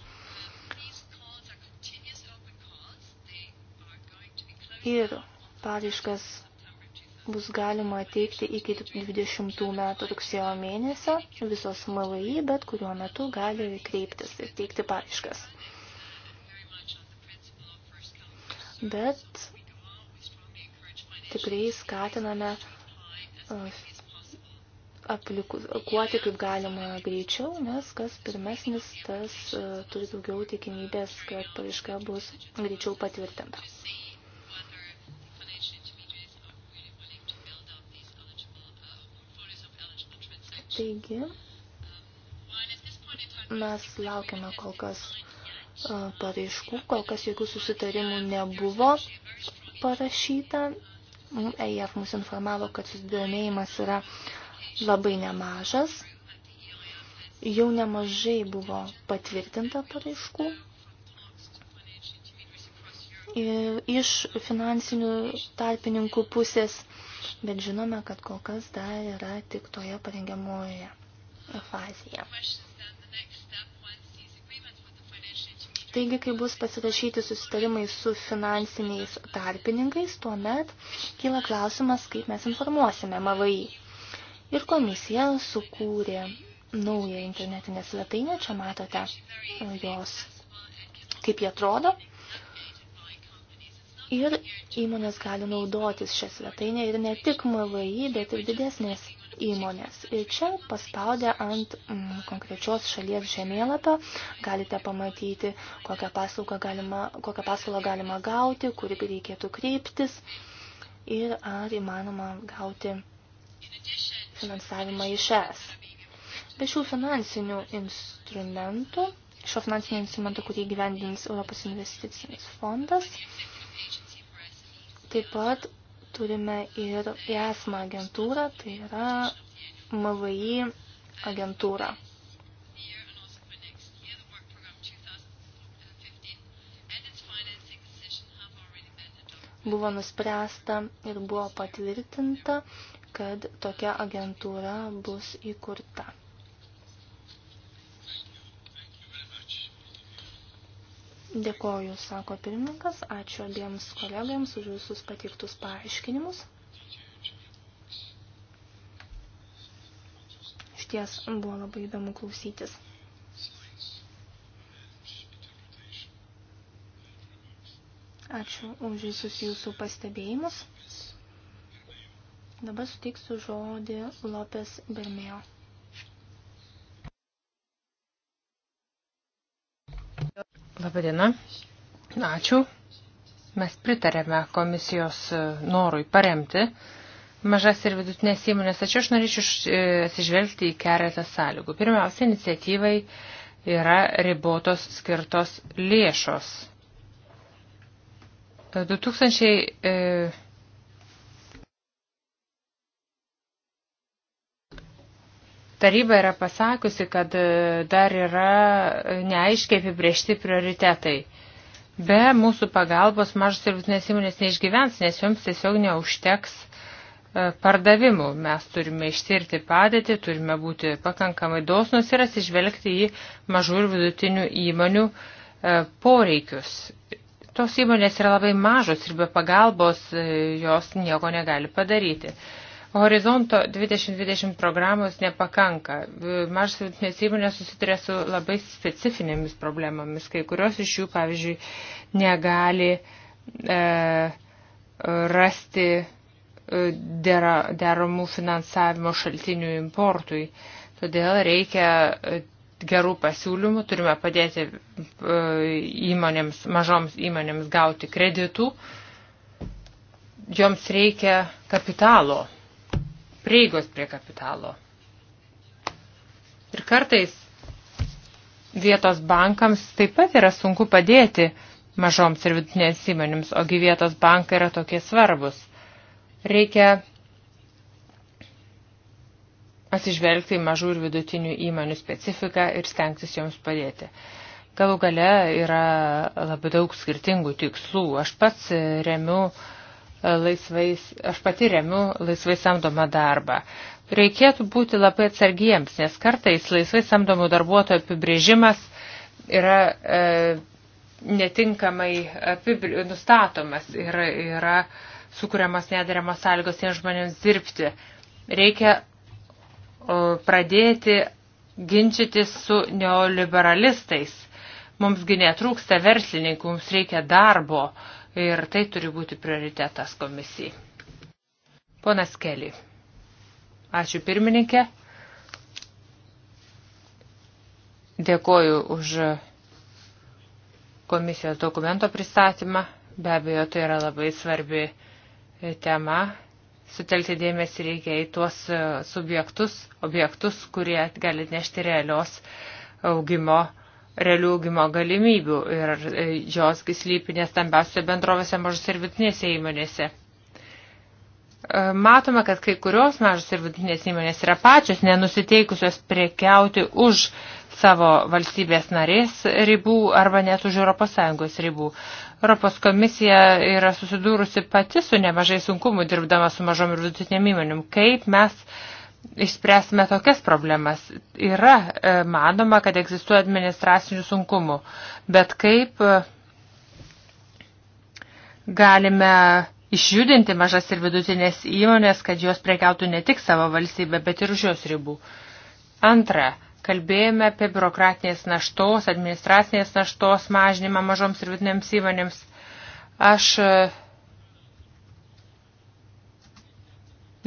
ir paraiškas bus galima teikti iki 20 metų rugsėjo mėnesio. Visos MLI bet kuriuo metu gali kreiptis ir teikti paraiškas. Bet tikrai skatiname aplikuoti kaip galima greičiau, nes kas pirmesnis, tas turi daugiau tikimybės, kad paraiška bus greičiau patvirtinta. Taigi, mes laukiame kol kas pareiškų, kol kas jokių susitarimų nebuvo parašyta. EIF mus informavo, kad susidomėjimas yra labai nemažas. Jau nemažai buvo patvirtinta paraiškų. Iš finansinių tarpininkų pusės bet žinome, kad kol kas dar yra tik toje parengiamoje fazėje. Taigi, kai bus pasirašyti susitarimai su finansiniais tarpininkais, tuomet kyla klausimas, kaip mes informuosime MVI. Ir komisija sukūrė naują internetinę svetainę, čia matote jos, kaip jie atrodo ir įmonės gali naudotis šią svetainę ir ne tik MVI, bet ir didesnės įmonės. Ir čia paspaudę ant mm, konkrečios šalies žemėlapio galite pamatyti, kokią paslaugą galima, kokią paslaugą galima gauti, kur reikėtų kreiptis ir ar įmanoma gauti finansavimą iš es. Be šių finansinių instrumentų, šio finansinio instrumento, kurį gyvendins Europos investicinis fondas, Taip pat turime ir ESMA agentūrą, tai yra MVI agentūra. Buvo nuspręsta ir buvo patvirtinta, kad tokia agentūra bus įkurta. Dėkoju, sako pirmininkas, ačiū abiems kolegams už visus patiktus paaiškinimus. Šties buvo labai įdomu klausytis. Ačiū už visus jūsų pastebėjimus. Dabar suteiksiu žodį Lopes Bermėjo. Labadiena. Ačiū. Mes pritarėme komisijos e, norui paremti mažas ir vidutinės įmonės, tačiau aš norėčiau e, atsižvelgti į keletą sąlygų. Pirmiausia, iniciatyvai yra ribotos skirtos lėšos. 2000 e, Taryba yra pasakusi, kad e, dar yra e, neaiškiai apibriešti prioritetai. Be mūsų pagalbos mažos ir vidutinės įmonės neišgyvens, nes joms tiesiog neužteks e, pardavimų. Mes turime ištirti padėtį, turime būti pakankamai dosnus ir atsižvelgti į mažų ir vidutinių įmonių poreikius. Tos įmonės yra labai mažos ir be pagalbos jos nieko negali padaryti. Horizonto 2020 programos nepakanka. Mažas vidutinės įmonės susiduria su labai specifinėmis problemomis. Kai kurios iš jų, pavyzdžiui, negali e, rasti e, dera, deramų finansavimo šaltinių importui. Todėl reikia e, gerų pasiūlymų, turime padėti e, įmonėms, mažoms įmonėms gauti kreditų, joms reikia kapitalo prieigos prie kapitalo. Ir kartais vietos bankams taip pat yra sunku padėti mažoms ir vidutinėms įmonėms, ogi vietos bankai yra tokie svarbus. Reikia atsižvelgti į mažų ir vidutinių įmonių specifiką ir stengtis joms padėti. Galų gale yra labai daug skirtingų tikslų. Aš pats remiu uh, laisvais, aš pati remiu laisvai samdomą darbą. Reikėtų būti labai atsargiems, nes kartais laisvai samdomų darbuotojų apibrėžimas yra e, netinkamai apibri, nustatomas ir yra sukūriamas nedariamos sąlygos tiems žmonėms dirbti. Reikia o, pradėti ginčytis su neoliberalistais. Mumsgi netrūksta verslininkų, mums reikia darbo. E, ir tai turi būti prioritetas komisijai. Ponas Keli. Ačiū pirmininkė. Dėkoju už komisijos dokumento pristatymą. Be abejo, tai yra labai svarbi tema. Sutelkti dėmesį reikia į tuos subjektus, objektus, kurie gali nešti realios augimo uh, realių augimo galimybių ir e, jos slypi nestambiausiose bendrovėse mažose ir vidutinėse įmonėse. E, matome, kad kai kurios mažos ir vidutinės įmonės yra pačios nenusiteikusios prekiauti už savo valstybės narės ribų arba net už ES ribų. Europos komisija yra susidūrusi pati su nemažai sunkumu dirbdama su mažom ir vidutinėm įmonėm. Kaip mes uh, išspręsime tokias problemas. Yra e, manoma, kad egzistuoja administracinių sunkumų, bet kaip e, galime išjudinti mažas ir vidutinės įmonės, kad jos prekiautų ne tik savo valstybę, bet ir už jos ribų. Antra, kalbėjome apie biurokratinės naštos, administracinės naštos mažinimą mažoms ir vidutinėms įmonėms. Aš e,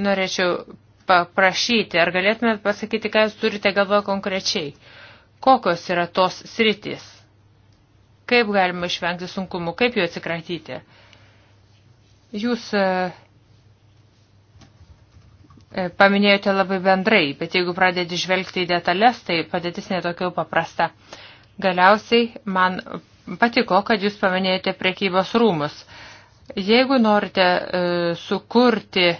norėčiau paprašyti, ar galėtumėt pasakyti, ką jūs turite galvoje konkrečiai? Kokios yra tos sritys? Kaip galima išvengti sunkumų? Kaip jų atsikratyti? Jūs e, e, paminėjote labai bendrai, bet jeigu pradedi žvelgti į detalės, tai padėtis netokiau paprasta. Galiausiai man patiko, kad jūs paminėjote prekybos rūmus. Jeigu norite e, sukurti e,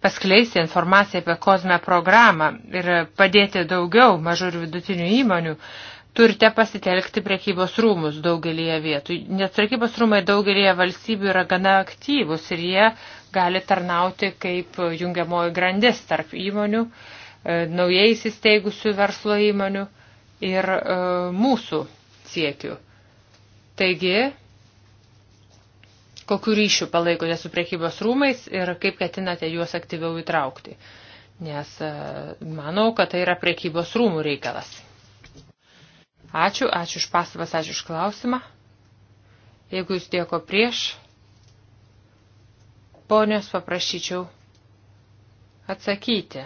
paskleisti informaciją apie kozmę programą ir padėti daugiau mažų ir vidutinių įmonių, turite pasitelkti prekybos rūmus daugelįje vietų. Nes prekybos rūmai daugelįje valstybių yra gana aktyvus ir jie gali tarnauti kaip jungiamoji grandis tarp įmonių, e, naujai įsisteigusių verslo įmonių ir e, mūsų siekių. Taigi, kokiu ryšiu palaikote su priekybos rūmais ir kaip ketinate juos aktyviau įtraukti. Nes e, manau, kad tai yra priekybos rūmų reikalas. Ačiū, ačiū už pastabas, ačiū už klausimą. Jeigu jūs dėko prieš, ponios paprašyčiau atsakyti.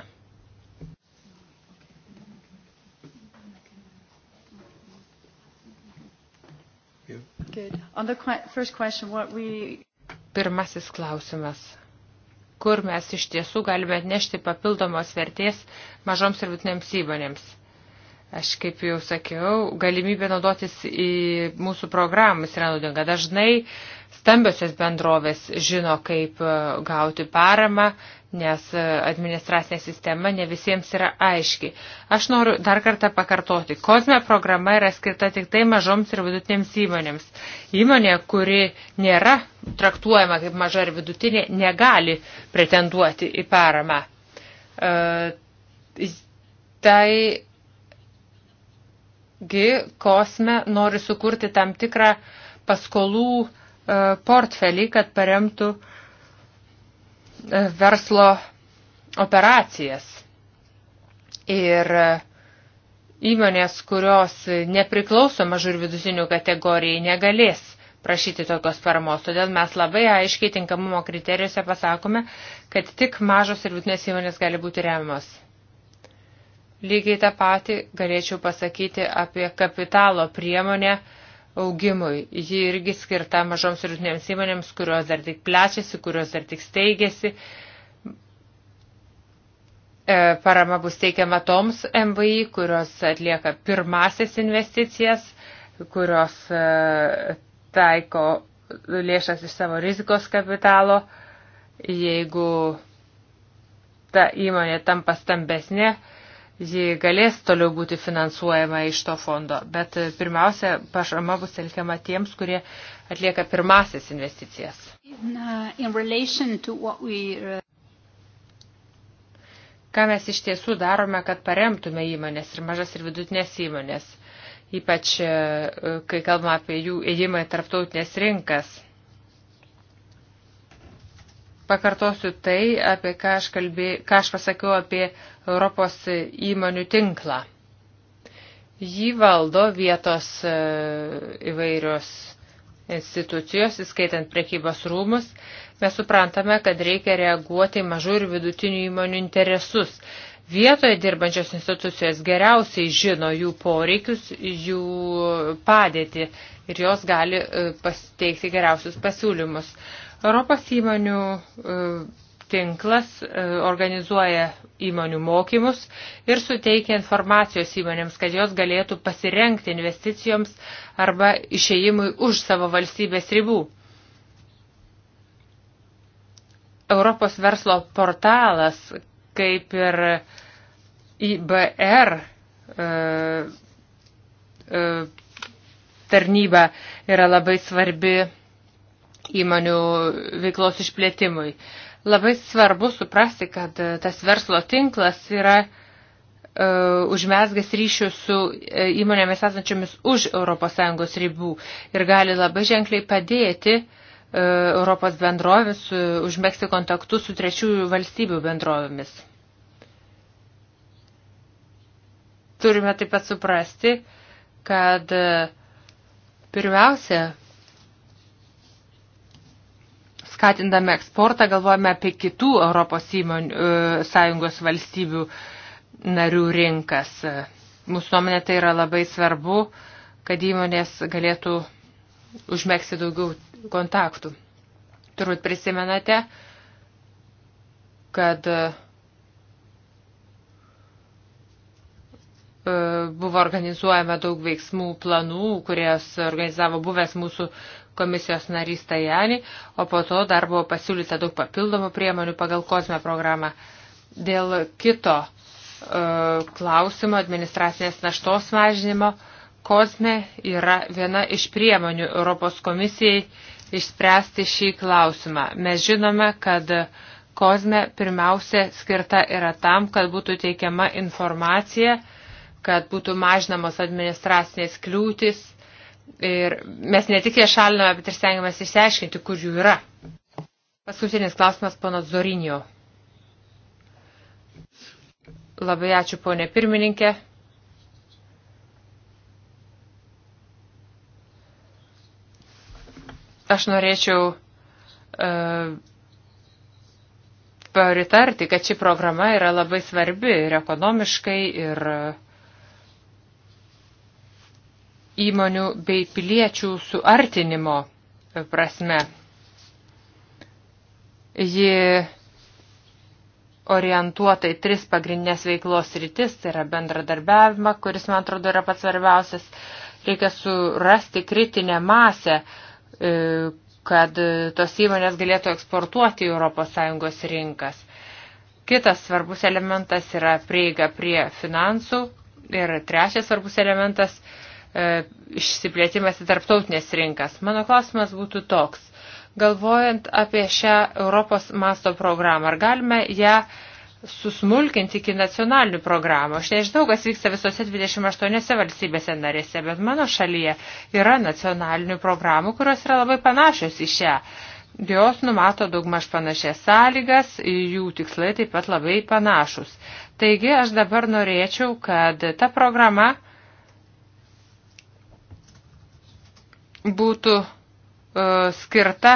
Good. On the first question, what we... Pirmasis klausimas. Kur mes iš tiesų galime atnešti papildomos vertės mažoms ir vidutinėms įmonėms? Aš kaip jau sakiau, galimybė naudotis į mūsų programas yra naudinga. Dažnai stambiosios bendrovės žino, kaip e, gauti paramą nes e, administracinė sistema ne visiems yra aiški. Aš noriu dar kartą pakartoti. Kozme programa yra skirta tik tai mažoms ir vidutinėms įmonėms. Įmonė, kuri nėra traktuojama kaip maža ir vidutinė, negali pretenduoti į paramą. E, taigi Kosme nori sukurti tam tikrą paskolų e, portfelį, kad paremtų e, verslo operacijas. Ir įmonės, kurios nepriklauso mažų ir vidutinių kategorijai, negalės prašyti tokios paramos. Todėl mes labai aiškiai tinkamumo kriterijuose pasakome, kad tik mažos ir vidutinės įmonės gali būti remiamos. Lygiai tą patį galėčiau pasakyti apie kapitalo priemonę, augimui. Ji irgi skirta mažoms ir vidutinėms įmonėms, kurios dar tik plečiasi, kurios dar tik steigėsi. E, parama bus teikiama toms MVI, kurios atlieka pirmasis investicijas, kurios e, taiko lėšas iš savo rizikos kapitalo. Jeigu ta įmonė tampa stambesnė, ji galės toliau būti finansuojama iš to fondo, bet e, pirmiausia, pašarma bus telkiama tiems, kurie atlieka pirmasis investicijas. In, uh, in we... Uh, Ką mes iš tiesų darome, kad paremtume įmonės ir mažas ir vidutinės įmonės, ypač e, e, kai kalbame apie jų įėjimą į tarptautinės rinkas pakartosiu tai, apie ką aš, kalbė, ką aš pasakiau apie Europos įmonių tinklą. Jį valdo vietos e, įvairios institucijos, įskaitant prekybos rūmus. Mes suprantame, kad reikia reaguoti į mažų ir vidutinių įmonių interesus. Vietoje dirbančios institucijos geriausiai žino jų poreikius, jų padėtį ir jos gali e, pasteikti geriausius pasiūlymus. Europos įmonių e, tinklas e, organizuoja įmonių mokymus ir suteikia informacijos įmonėms, kad jos galėtų pasirenkti investicijoms arba išėjimui už savo valstybės ribų. Europos verslo portalas, kaip ir IBR e, tarnyba, yra labai svarbi įmonių veiklos išplėtimui. Labai svarbu suprasti, kad e, tas verslo tinklas yra uh, e, užmesgas ryšių su e, įmonėmis esančiomis už ES ribų ir gali labai ženkliai padėti uh, Europos bendrovės uh, užmėgsti kontaktus su trečiųjų valstybių bendrovėmis. Turime taip pat suprasti, kad uh, pirmiausia skatindami eksportą galvojame apie kitų Europos įmonių e, sąjungos valstybių narių rinkas. E, mūsų nuomonė tai yra labai svarbu, kad įmonės galėtų užmėgsti daugiau kontaktų. Turbūt prisimenate, kad e, buvo organizuojama daug veiksmų planų, kurias organizavo buvęs mūsų komisijos narys Tajani, o po to dar buvo pasiūlyta daug papildomų priemonių pagal kosmę programą. Dėl kito e, klausimo administracinės naštos mažinimo kosme yra viena iš priemonių Europos komisijai išspręsti šį klausimą. Mes žinome, kad Kozme pirmiausia skirta yra tam, kad būtų teikiama informacija, kad būtų mažinamos administracinės kliūtis Ir mes ne tik ją šaliname, bet ir stengiamės išsiaiškinti, kur jų yra. Paskutinis klausimas, ponas Zorinio. Labai ačiū, ponė pirmininkė. Aš norėčiau uh, paritarti, kad ši programa yra labai svarbi ir ekonomiškai, ir uh, įmonių bei piliečių suartinimo prasme. Ji orientuota į tris pagrindinės veiklos rytis, tai yra bendradarbiavimą, kuris, man atrodo, yra pats svarbiausias. Reikia surasti kritinę masę, e, kad tos įmonės galėtų eksportuoti į ES rinkas. Kitas svarbus elementas yra prieiga prie finansų ir trečias svarbus elementas – E, išsiplėtimas į tarptautinės rinkas. Mano klausimas būtų toks. Galvojant apie šią Europos masto programą, ar galime ją susmulkinti iki nacionalinių programų. Aš nežinau, kas vyksta visose 28 valstybėse narėse, bet mano šalyje yra nacionalinių programų, kurios yra labai panašios į šią. Jos numato daugmaž panašias sąlygas, jų tikslai taip pat labai panašus. Taigi aš dabar norėčiau, kad ta programa būtų e, skirta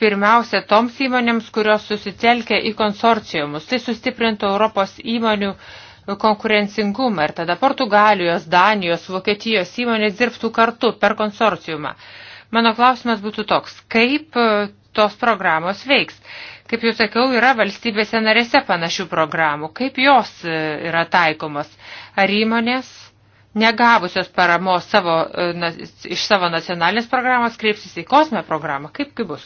pirmiausia toms įmonėms, kurios susitelkia į konsorcijumus. Tai sustiprintų Europos įmonių konkurencingumą ir tada Portugalijos, Danijos, Vokietijos įmonės dirbtų kartu per konsorciumą. Mano klausimas būtų toks, kaip e, tos programos veiks? Kaip jau sakiau, yra valstybėse narėse panašių programų. Kaip jos e, yra taikomos? Ar įmonės negavusios paramos savo, e, na, iš savo nacionalinės programos kreipsis į kosmę programą. Kaip kaip bus?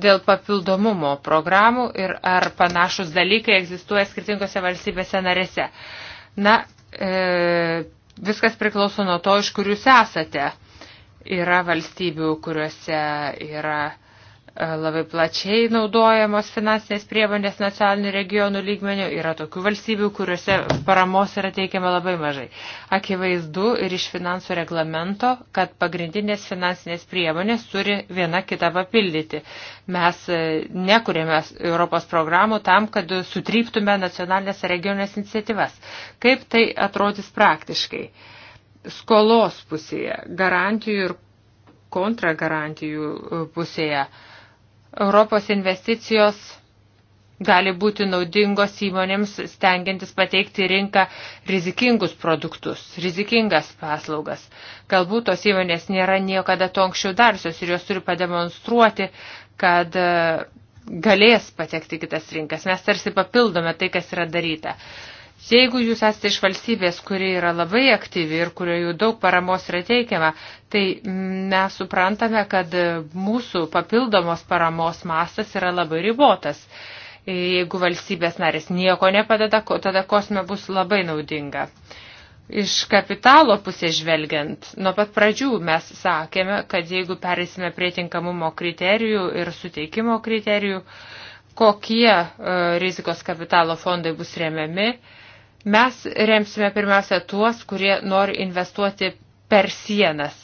Dėl papildomumo programų ir ar panašus dalykai egzistuoja skirtingose valstybėse narėse. Na, e, viskas priklauso nuo to, iš kur jūs esate. Yra valstybių, kuriuose yra E, labai plačiai naudojamos finansinės priemonės nacionalinių regionų lygmenių. Yra tokių valstybių, kuriuose paramos yra teikiama labai mažai. Akivaizdu ir iš finansų reglamento, kad pagrindinės finansinės priemonės turi viena kitą papildyti. Mes e, nekūrėme Europos programų tam, kad sutryptume nacionalinės regionės iniciatyvas. Kaip tai atrodys praktiškai? Skolos pusėje, garantijų ir kontragarantijų e, pusėje. Uh, Europos investicijos gali būti naudingos įmonėms stengiantis pateikti rinką rizikingus produktus, rizikingas paslaugas. Galbūt tos įmonės nėra niekada to anksčiau darsios ir jos turi pademonstruoti, kad e, galės patekti kitas rinkas. Mes tarsi papildome tai, kas yra daryta. Jeigu jūs esate iš valstybės, kuri yra labai aktyvi ir kurioje daug paramos yra teikiama, tai mes suprantame, kad mūsų papildomos paramos mastas yra labai ribotas. Jeigu valstybės narės nieko nepadeda, tada kosme bus labai naudinga. Iš kapitalo pusės žvelgiant, nuo pat pradžių mes sakėme, kad jeigu perėsime prie tinkamumo kriterijų ir suteikimo kriterijų, kokie e, rizikos kapitalo fondai bus remiami, e, Mes remsime pirmiausia tuos, kurie nori investuoti per sienas,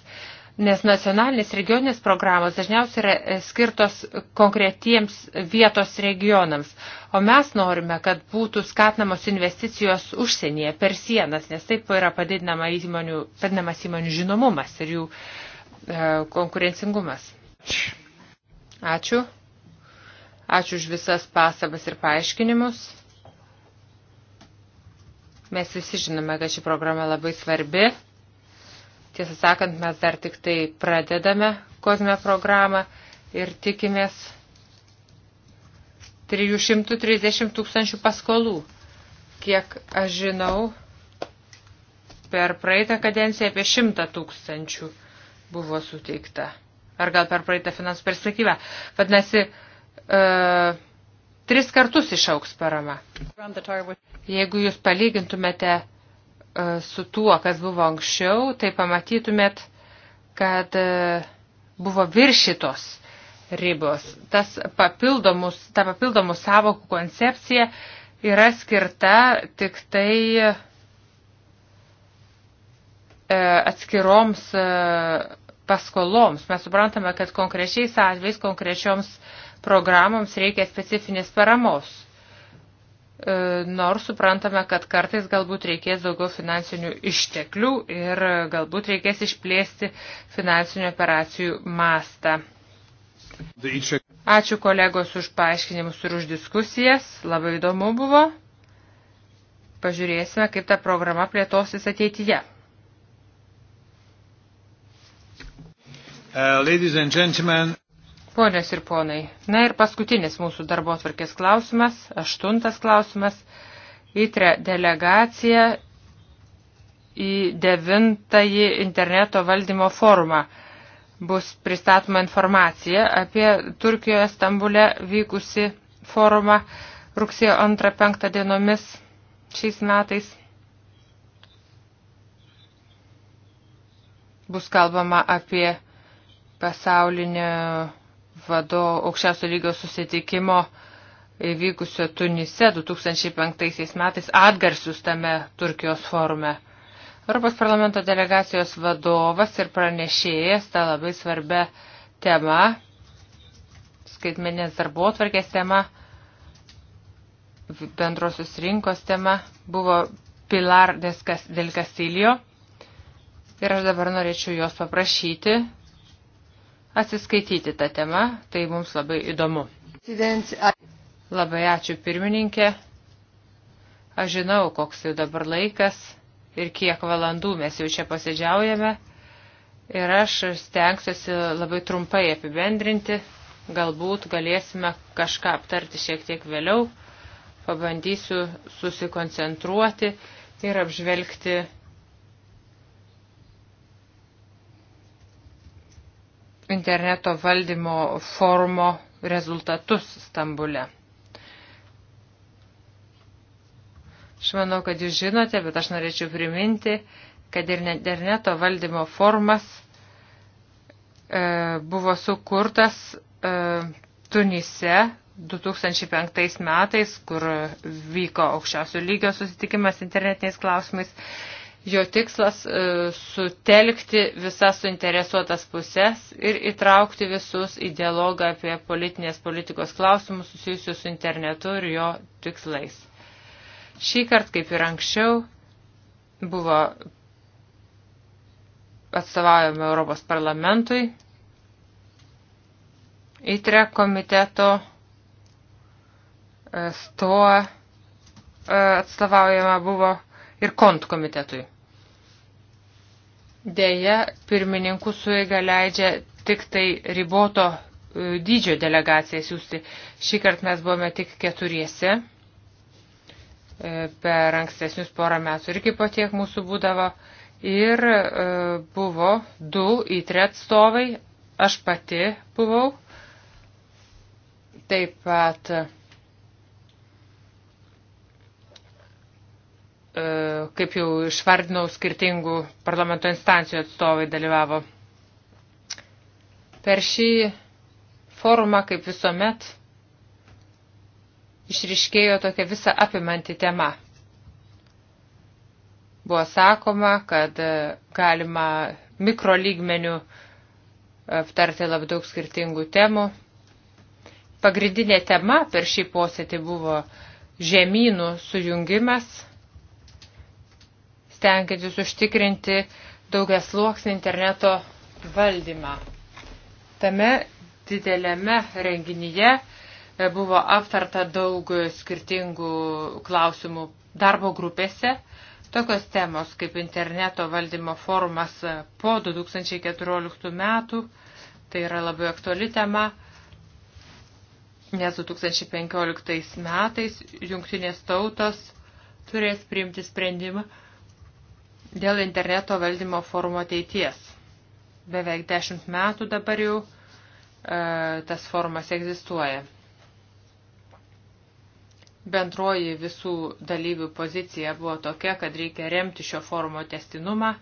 nes nacionalinės regioninės programos dažniausiai yra e, skirtos konkretiems vietos regionams, o mes norime, kad būtų skatinamos investicijos užsienyje per sienas, nes taip yra padidinama įmonių, padidinamas įmonių žinomumas ir jų e, konkurencingumas. Ačiū. Ačiū už visas pasabas ir paaiškinimus. Mes visi žinome, kad ši programa labai svarbi. Tiesą sakant, mes dar tik tai pradedame kozmę programą ir tikimės 330 tūkstančių paskolų. Kiek aš žinau, per praeitą kadenciją apie 100 tūkstančių buvo suteikta. Ar gal per praeitą finansų perspektyvą. Vadinasi, e, tris kartus išauks parama. Jeigu jūs palygintumėte e, su tuo, kas buvo anksčiau, tai pamatytumėt, kad e, buvo viršytos ribos. Tas papildomus, ta papildomų savokų koncepcija yra skirta tik tai e, atskiroms paskoloms. Mes suprantame, kad konkrečiais atvejais, konkrečioms programoms reikia specifinės paramos. E, nors suprantame, kad kartais galbūt reikės daugiau finansinių išteklių ir galbūt reikės išplėsti finansinių operacijų mastą. Ačiū kolegos už paaiškinimus ir už diskusijas, labai įdomu buvo. Pažiūrėsime, kaip ta programa plėtosis ateityje. Uh, ladies and gentlemen. Ponios ir ponai, na ir paskutinis mūsų darbo atvarkės klausimas, aštuntas klausimas, įtre delegacija į devintąjį interneto valdymo forumą. Bus pristatoma informacija apie Turkijoje Stambule vykusi forumą rugsėjo 2-5 dienomis šiais metais. Bus kalbama apie pasaulinio vado aukščiausio lygio susitikimo įvykusio Tunise 2005 metais atgarsius tame Turkijos forume. Europos parlamento delegacijos vadovas ir pranešėjas tą labai svarbę temą, skaitmenės darbo atvarkės tema, bendrosios rinkos tema, buvo Pilar del Castillo. Ir aš dabar norėčiau jos paprašyti atsiskaityti tą temą, tai mums labai įdomu. Labai ačiū pirmininkė. Aš žinau, koks jau dabar laikas ir kiek valandų mes jau čia posėdžiaujame. Ir aš stengsiuosi labai trumpai apibendrinti. Galbūt galėsime kažką aptarti šiek tiek vėliau. Pabandysiu susikoncentruoti ir apžvelgti interneto valdymo forumo rezultatus Stambule. Aš manau, kad jūs žinote, bet aš norėčiau priminti, kad ir interneto valdymo formas e, buvo sukurtas e, Tunise 2005 metais, kur vyko aukščiausio lygio susitikimas internetiniais klausimais. E, Jo tikslas e, sutelkti visas suinteresuotas pusės ir įtraukti visus į dialogą apie politinės politikos klausimus susijusius su internetu ir jo tikslais. Šį kartą, kaip ir anksčiau, buvo atstovaujami Europos parlamentui, ITRE komiteto e, stoa e, atstovaujama buvo ir kont komitetui. Deja, pirmininkų suėga leidžia tik tai riboto e, dydžio delegaciją siūsti. Šį kartą mes buvome tik keturiese e, per ankstesnius porą metų irgi po tiek mūsų būdavo. Ir e, buvo du įtre atstovai, aš pati buvau, taip pat E, kaip jau išvardinau, skirtingų parlamento instancijų atstovai dalyvavo. Per šį forumą, kaip visuomet, išriškėjo tokia visa apimanti tema. Buvo sakoma, kad e, galima mikrolygmenių aptarti labai daug skirtingų temų. Pagrindinė tema per šį posėdį buvo žemynų sujungimas – stengiantis užtikrinti daugias sluoksnį interneto valdymą. Tame didelėme renginyje e, buvo aptarta daug skirtingų klausimų darbo grupėse. Tokios temos kaip interneto valdymo forumas po 2014 metų, tai yra labai aktuali tema, nes 2015 metais jungtinės tautos turės priimti sprendimą dėl interneto valdymo forumo ateities. Beveik dešimt metų dabar jau e, tas forumas egzistuoja. Bendroji visų dalyvių pozicija buvo tokia, kad reikia remti šio forumo testinumą,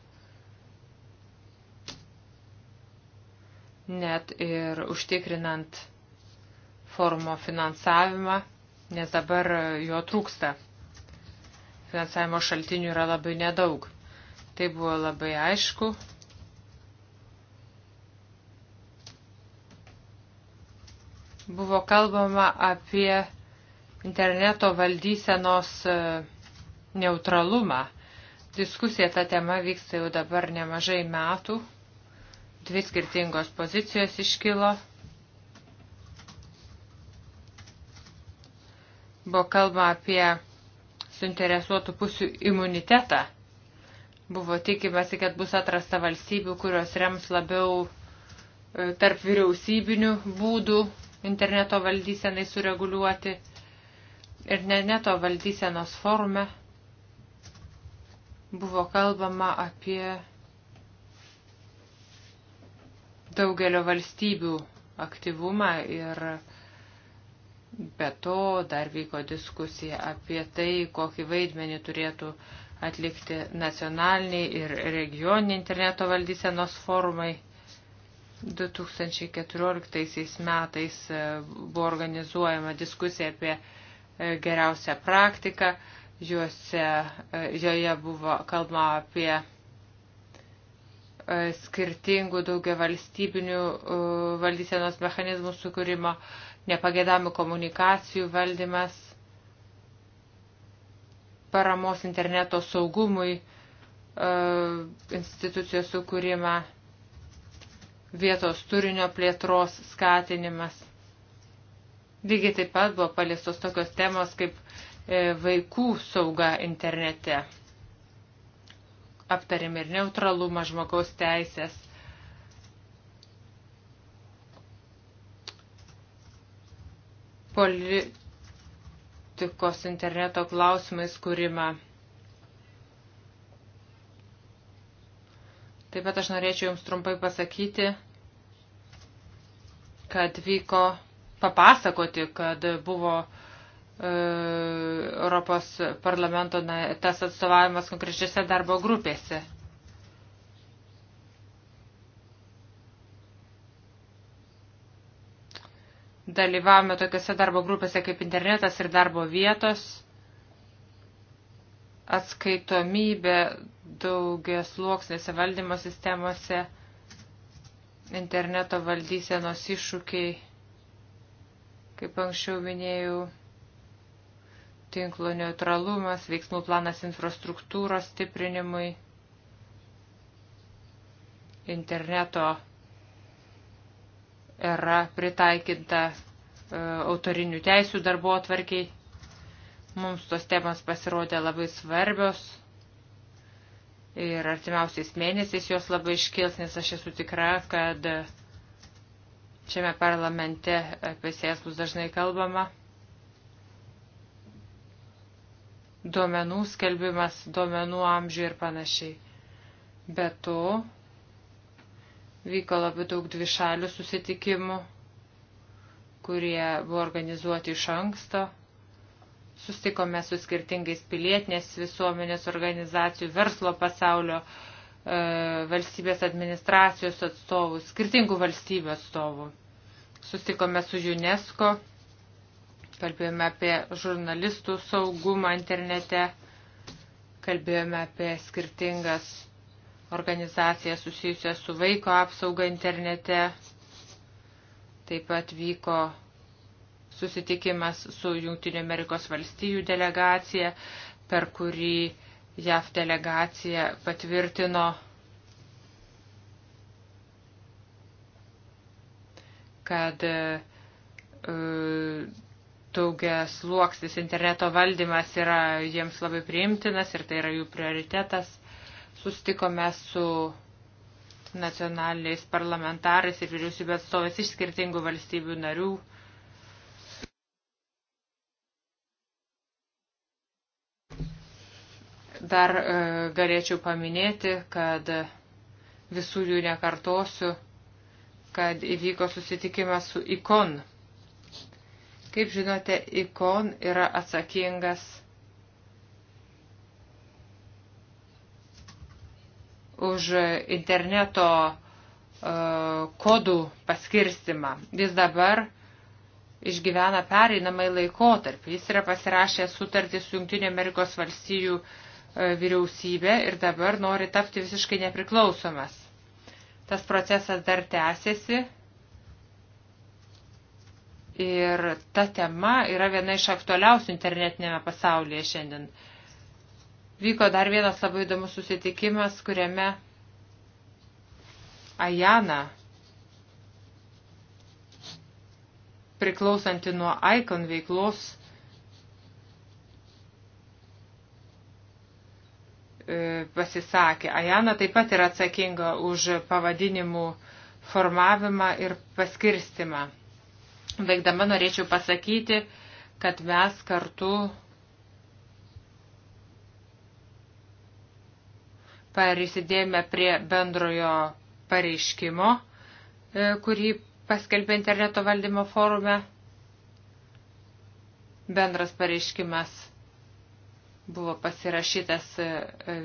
net ir užtikrinant forumo finansavimą, nes dabar jo trūksta. Finansavimo šaltinių yra labai nedaug. Tai buvo labai aišku. Buvo kalbama apie interneto valdysenos e, neutralumą. Diskusija tą temą vyksta jau dabar nemažai metų. Dvi skirtingos pozicijos iškilo. Buvo kalba apie suinteresuotų pusių imunitetą Buvo tikimasi, kad bus atrasta valstybių, kurios rems labiau e, tarp vyriausybinių būdų interneto valdysenai sureguliuoti ir neneto valdysenos forume buvo kalbama apie daugelio valstybių aktyvumą ir be to dar vyko diskusija apie tai, kokį vaidmenį turėtų atlikti nacionaliniai ir regioniniai interneto valdysenos formai. 2014 metais e, buvo organizuojama diskusija apie e, geriausią praktiką, juose, e, joje buvo kalbama apie skirtingų daugia valstybinių valdysenos mechanizmų sukūrimo, nepagėdami komunikacijų valdymas, paramos interneto saugumui e, institucijos sukūrimą, vietos turinio plėtros skatinimas. Lygiai taip pat buvo paliestos tokios temos kaip e, vaikų sauga internete. Aptarėm ir neutralumą žmogaus teisės. Poli politikos interneto klausimais kūrimą. Taip pat aš norėčiau Jums trumpai pasakyti, kad vyko papasakoti, kad buvo e, Europos parlamento na, tas atstovavimas konkrečiose darbo grupėse. Dalyvavome tokiuose darbo grupėse kaip internetas ir darbo vietos, atskaitomybė daugias luoksnėse valdymo sistemose, interneto valdysenos iššūkiai, kaip anksčiau minėjau, tinklo neutralumas, veiksmų planas infrastruktūros stiprinimui, interneto yra pritaikyta e, autorinių teisių darbo atvarkiai. Mums tos temas pasirodė labai svarbios ir artimiausiais mėnesiais jos labai iškils, nes aš esu tikra, kad šiame parlamente apie sės bus dažnai kalbama. Duomenų skelbimas, duomenų amžių ir panašiai. Be to, Vyko labai daug dvišalių susitikimų, kurie buvo organizuoti iš anksto. Sustikome su skirtingais pilietinės visuomenės organizacijų, verslo pasaulio, e, valstybės administracijos atstovų, skirtingų valstybių atstovų. Sustikome su UNESCO, kalbėjome apie žurnalistų saugumą internete, kalbėjome apie skirtingas organizaciją susijusią su vaiko apsauga internete. Taip pat vyko susitikimas su Junktinio Amerikos valstijų delegacija, per kurį JAV delegacija patvirtino, kad e, daugias luoksis interneto valdymas yra jiems labai priimtinas ir tai yra jų prioritetas sustikome su nacionaliniais parlamentarais ir vyriausybės atstovės iš skirtingų valstybių narių. Dar e, galėčiau paminėti, kad visų jų nekartosiu, kad įvyko susitikimas su ikon. Kaip žinote, ikon yra atsakingas už interneto e, kodų paskirstimą. Jis dabar išgyvena pereinamai laikotarpį. Jis yra pasirašęs sutartį su Junktinio Amerikos valstijų e, vyriausybė ir dabar nori tapti visiškai nepriklausomas. Tas procesas dar tęsiasi ir ta tema yra viena iš aktualiausių internetinėme pasaulyje šiandien. Uh, Vyko dar vienas labai įdomus susitikimas, kuriame Ajana, priklausanti nuo ICON veiklos, e, pasisakė. Ajana taip pat yra atsakinga už pavadinimų formavimą ir paskirstimą. Veikdama norėčiau pasakyti, kad mes kartu parisidėjome prie bendrojo pareiškimo, e, kurį paskelbė interneto valdymo forume. Bendras pareiškimas buvo pasirašytas e,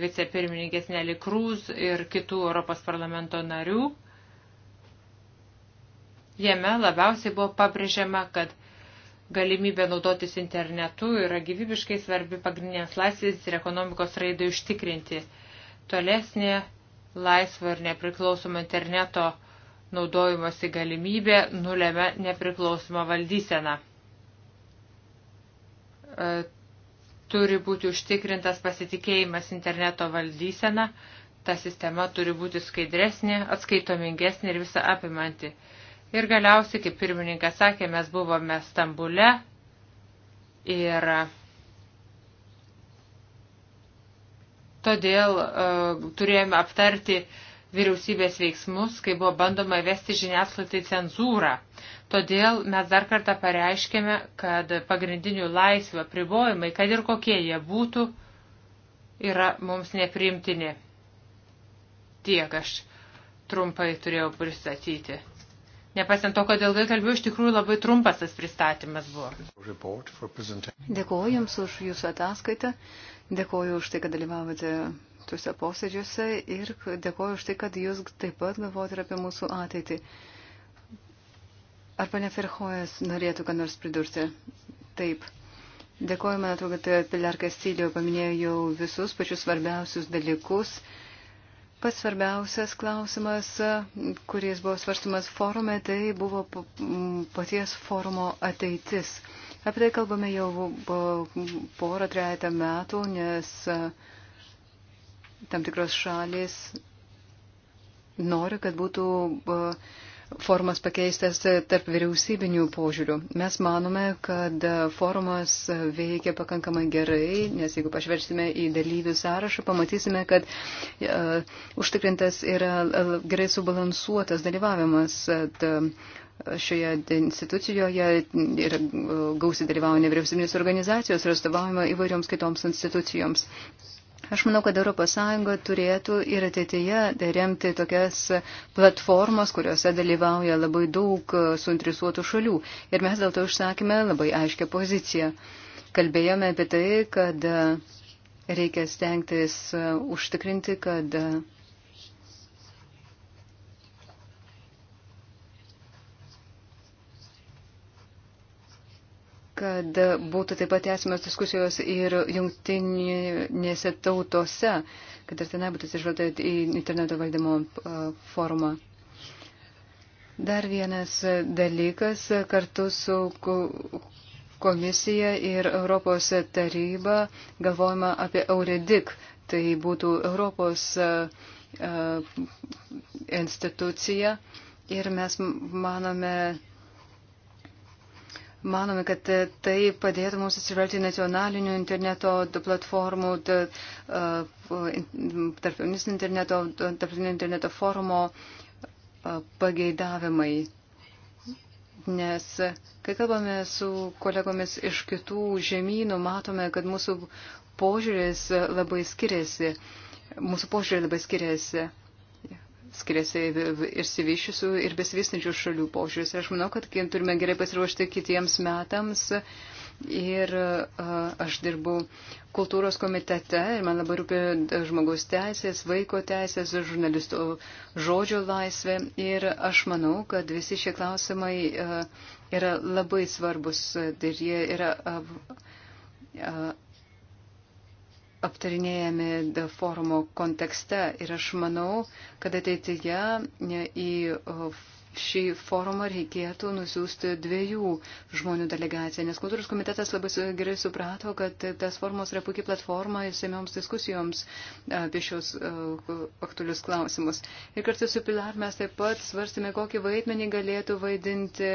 vicepirmininkės Nelly Cruz ir kitų Europos parlamento narių. Jame labiausiai buvo pabrėžiama, kad galimybė naudotis internetu yra gyvybiškai svarbi pagrindinės laisvės ir ekonomikos raidai užtikrinti. Tolesnė laisvo ir nepriklausomo interneto naudojimosi galimybė nulėmė nepriklausomą valdyseną. E, turi būti užtikrintas pasitikėjimas interneto valdysena, ta sistema turi būti skaidresnė, atskaitomingesnė ir visą apimanti. Ir galiausiai, kaip pirmininkas sakė, mes buvome Stambule ir Todėl uh, turėjome aptarti vyriausybės veiksmus, kai buvo bandoma įvesti žiniasklaidai cenzūrą. Todėl mes dar kartą pareiškėme, kad pagrindinių laisvių apribojimai, kad ir kokie jie būtų, yra mums nepriimtini. Tiek aš trumpai turėjau pristatyti. Nepasiant to, kad ilgai kalbėjau, iš tikrųjų labai trumpas tas pristatymas buvo. Dėkuoju Jums už Jūsų ataskaitą, dėkuoju už tai, kad dalyvavote tuose posėdžiuose ir dėkuoju už tai, kad Jūs taip pat galvojate ir apie mūsų ateitį. Ar pane Ferhojas norėtų ką nors pridurti? Taip. Dėkuoju, man atrodo, kad Pilar Kastilio paminėjo jau visus pačius svarbiausius dalykus. Pats svarbiausias klausimas, kuris buvo svarstumas forume, tai buvo paties forumo ateitis. Apie tai kalbame jau porą trejata metų, nes tam tikros šalis nori, kad būtų uh, formas pakeistas tarp vyriausybinių požiūrių. Mes manome, kad forumas veikia pakankamai gerai, nes jeigu pažvelgsime į dalyvių sąrašą, pamatysime, kad uh, užtikrintas yra e, gerai subalansuotas dalyvavimas. Uh, šioje institucijoje ir gausiai dalyvauja nevyriausybinės organizacijos ir atstovaujama įvairioms kitoms institucijoms. Aš manau, kad ES turėtų ir ateityje remti tokias platformas, kuriuose dalyvauja labai daug e, suinteresuotų šalių. Ir mes dėl to išsakėme labai aiškę poziciją. Kalbėjome apie tai, kad e, reikia stengtis e, užtikrinti, kad kad būtų taip pat esamos diskusijos ir jungtinėse tautose, kad ir tenai būtų atsižvelgta į interneto valdymo formą. Dar vienas dalykas kartu su komisija ir Europos taryba galvojama apie Euridik. Tai būtų Europos institucija ir mes manome, Manome, kad e, tai padėtų mums atsižvelgti nacionalinių interneto platformų, e, tarptautinis interneto, tarptautinio interneto forumo e, pageidavimai. Nes kai kalbame su kolegomis iš kitų žemynų, matome, kad mūsų požiūris labai skiriasi. Mūsų požiūrė labai skiriasi skiriasi išsivyščiusių ir besivystančių šalių požiūris. Ir aš manau, kad turime gerai pasiruošti kitiems metams. Ir aš dirbu kultūros komitete ir man labai rūpi žmogaus teisės, vaiko teisės, žurnalistų žodžio laisvė. Ir aš manau, kad visi šie klausimai yra labai svarbus ir jie yra aptarinėjami forumo kontekste ir aš manau, kad ateityje e, į šį forumą reikėtų nusiųsti dviejų žmonių delegaciją, nes kultūros komitetas labai gerai suprato, kad tas formas yra puikia platforma įsamioms diskusijoms e, apie šios e, aktualius klausimus. Ir kartu su Pilar mes taip pat svarstėme, kokį vaidmenį galėtų vaidinti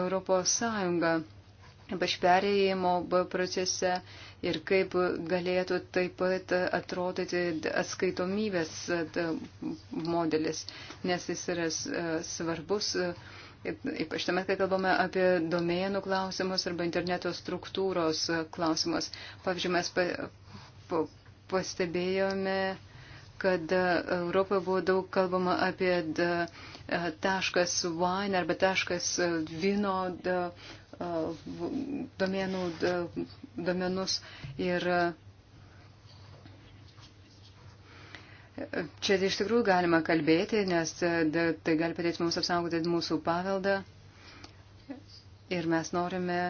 Europos Sąjunga ypač perėjimo procese ir kaip galėtų taip pat atrodyti atskaitomybės modelis, nes jis yra svarbus. Ypač tuomet, kai kalbame apie domėnų klausimus arba interneto struktūros klausimus. Pavyzdžiui, mes pa, pa, pastebėjome, kad Europoje buvo daug kalbama apie da, taškas wine arba taškas vino da, domenų, domenus ir čia iš tikrųjų galima kalbėti, nes tai gali padėti mums apsaugoti mūsų paveldą ir mes norime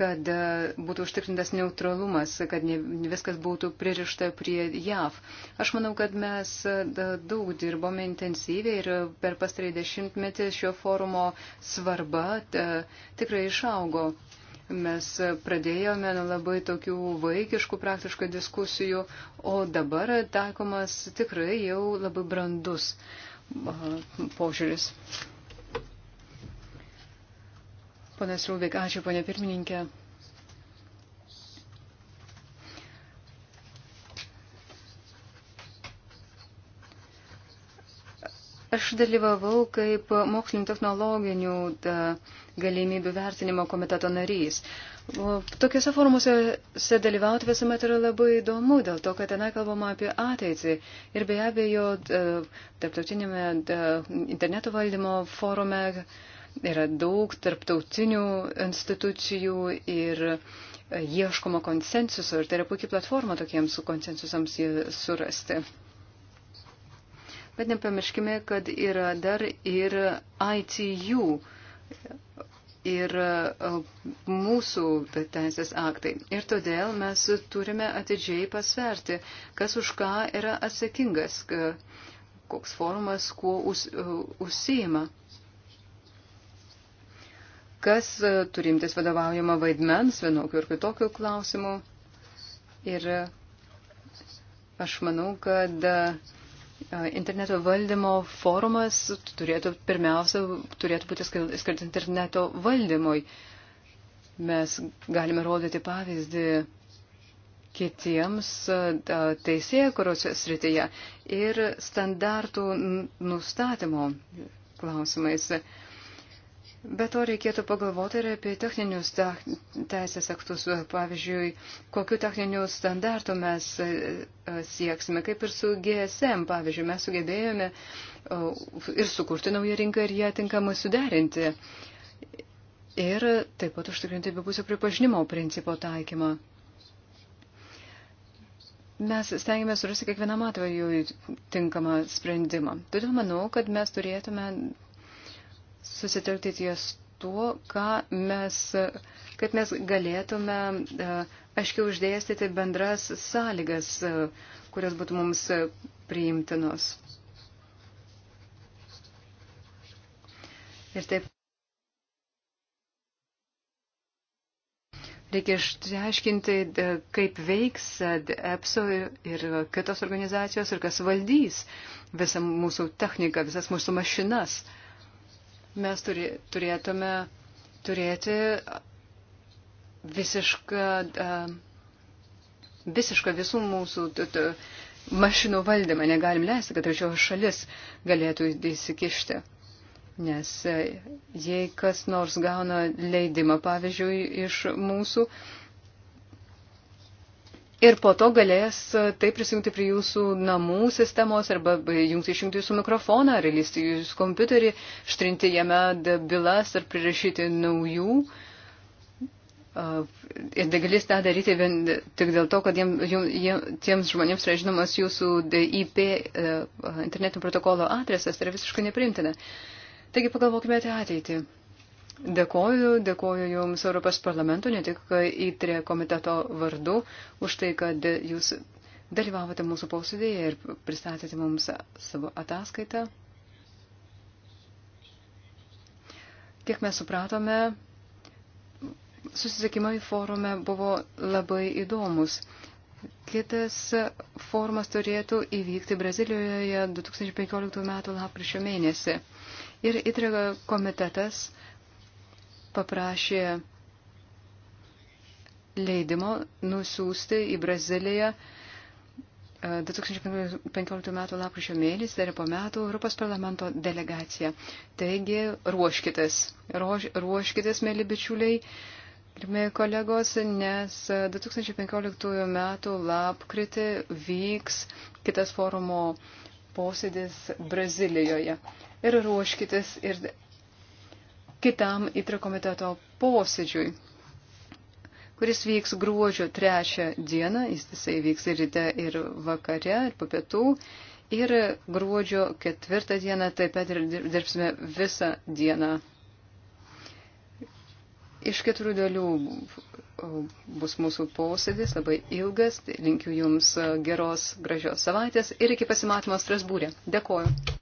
kad e, būtų užtikrintas neutralumas, kad ne viskas būtų pririšta prie JAV. Aš manau, kad mes e, daug dirbome intensyviai ir per pastarį dešimtmetį šio forumo svarba e, tikrai išaugo. Mes pradėjome nuo labai tokių vaikiškų praktiškai diskusijų, o dabar taikomas tikrai jau labai brandus požiūris. Ponas Rūbik, ačiū, ponė pirmininkė. Aš dalyvavau kaip mokslinio technologinių da, galimybių vertinimo komiteto narys. O tokiuose forumuose dalyvauti visuomet yra labai įdomu, dėl to, kad tenai kalbama apie ateitį. Ir be abejo, tarptautinėme interneto valdymo forume Yra daug tarptautinių institucijų ir e, ieškoma konsensuso ir tai yra puikia platforma tokiems konsensusams surasti. Bet nepamirškime, kad yra dar ir ITU ir e, mūsų teisės aktai. Ir todėl mes turime atidžiai pasverti, kas už ką yra atsakingas, koks forumas kuo užsieima. Us, e, kas e, turimtis vadovaujama vaidmens vienokių ir kitokių klausimų. Ir aš manau, kad e, interneto valdymo forumas turėtų pirmiausia turėtų būti skirtas interneto valdymui. Mes galime rodyti pavyzdį kitiems e, teisėkuros srityje ir standartų nustatymo klausimais. Be to reikėtų pagalvoti ir apie techninius teisės aktus, pavyzdžiui, kokiu techniniu standartu mes e, e, sieksime, kaip ir su GSM, pavyzdžiui, mes sugebėjome ir sukurti naują rinką ir ją tinkamai suderinti. Ir taip pat užtikrinti abipusio pripažinimo principo taikymą. Mes stengiamės surasti kiekvienam atveju tinkamą sprendimą. Todėl manau, kad mes turėtume susitelkti ties tuo, ką mes, kaip mes galėtume e, aiškiau uždėstyti bendras sąlygas, e, kurios būtų mums priimtinos. Ir taip. Reikia išsiaiškinti, e, kaip veiks EPSO ir kitos organizacijos ir kas valdys visą mūsų techniką, visas mūsų mašinas. Uh, mes turėtume turėti visišką, e, visišką visų mūsų mašinų valdymą. Negalim leisti, kad trečios šalis galėtų įsikišti. Nes e, jei kas nors gauna leidimą, pavyzdžiui, iš mūsų, ir po to galės e, taip prisijungti prie jūsų namų sistemos arba jungti išjungti jūsų mikrofoną ar įlysti jūsų kompiuterį, štrinti jame bylas ar prirašyti naujų. Ir galės tą daryti vien, tik dėl to, kad jiem, jiem, tiems žmonėms yra žinomas jūsų IP e, internetinio protokolo adresas, tai yra visiškai neprimtina. Taigi pagalvokime apie ateitį. Dėkoju, dėkoju Jums Europos parlamento, ne tik įtrė e komiteto vardu, už tai, kad Jūs dalyvavote mūsų posėdėje ir pristatėte mums savo ataskaitą. Kiek mes supratome, susisekimai forume buvo labai įdomus. Kitas formas turėtų įvykti Brazilijoje 2015 m. lapkričio mėnesį. Ir įtrėga e komitetas paprašė leidimo nusiųsti į Braziliją 2015 e, m. lapkričio mėnesį, dar po metų, Europos parlamento delegacija. Taigi, ruoškitės, ruoš, ruoškitės, mėly bičiuliai, gerbėjai kolegos, nes 2015 m. lapkritį vyks kitas forumo posėdis Brazilijoje. Ir ruoškitės ir kitam įtrio komiteto posėdžiui, kuris vyks gruodžio trečią dieną, jis jisai vyks ir ryte, ir vakare, ir po pietų, ir gruodžio ketvirtą dieną taip pat ir dirbsime visą dieną. Iš keturių dalių bus mūsų posėdis, labai ilgas, linkiu Jums geros, gražios savaitės ir iki pasimatymo Strasbūrė. Dėkoju.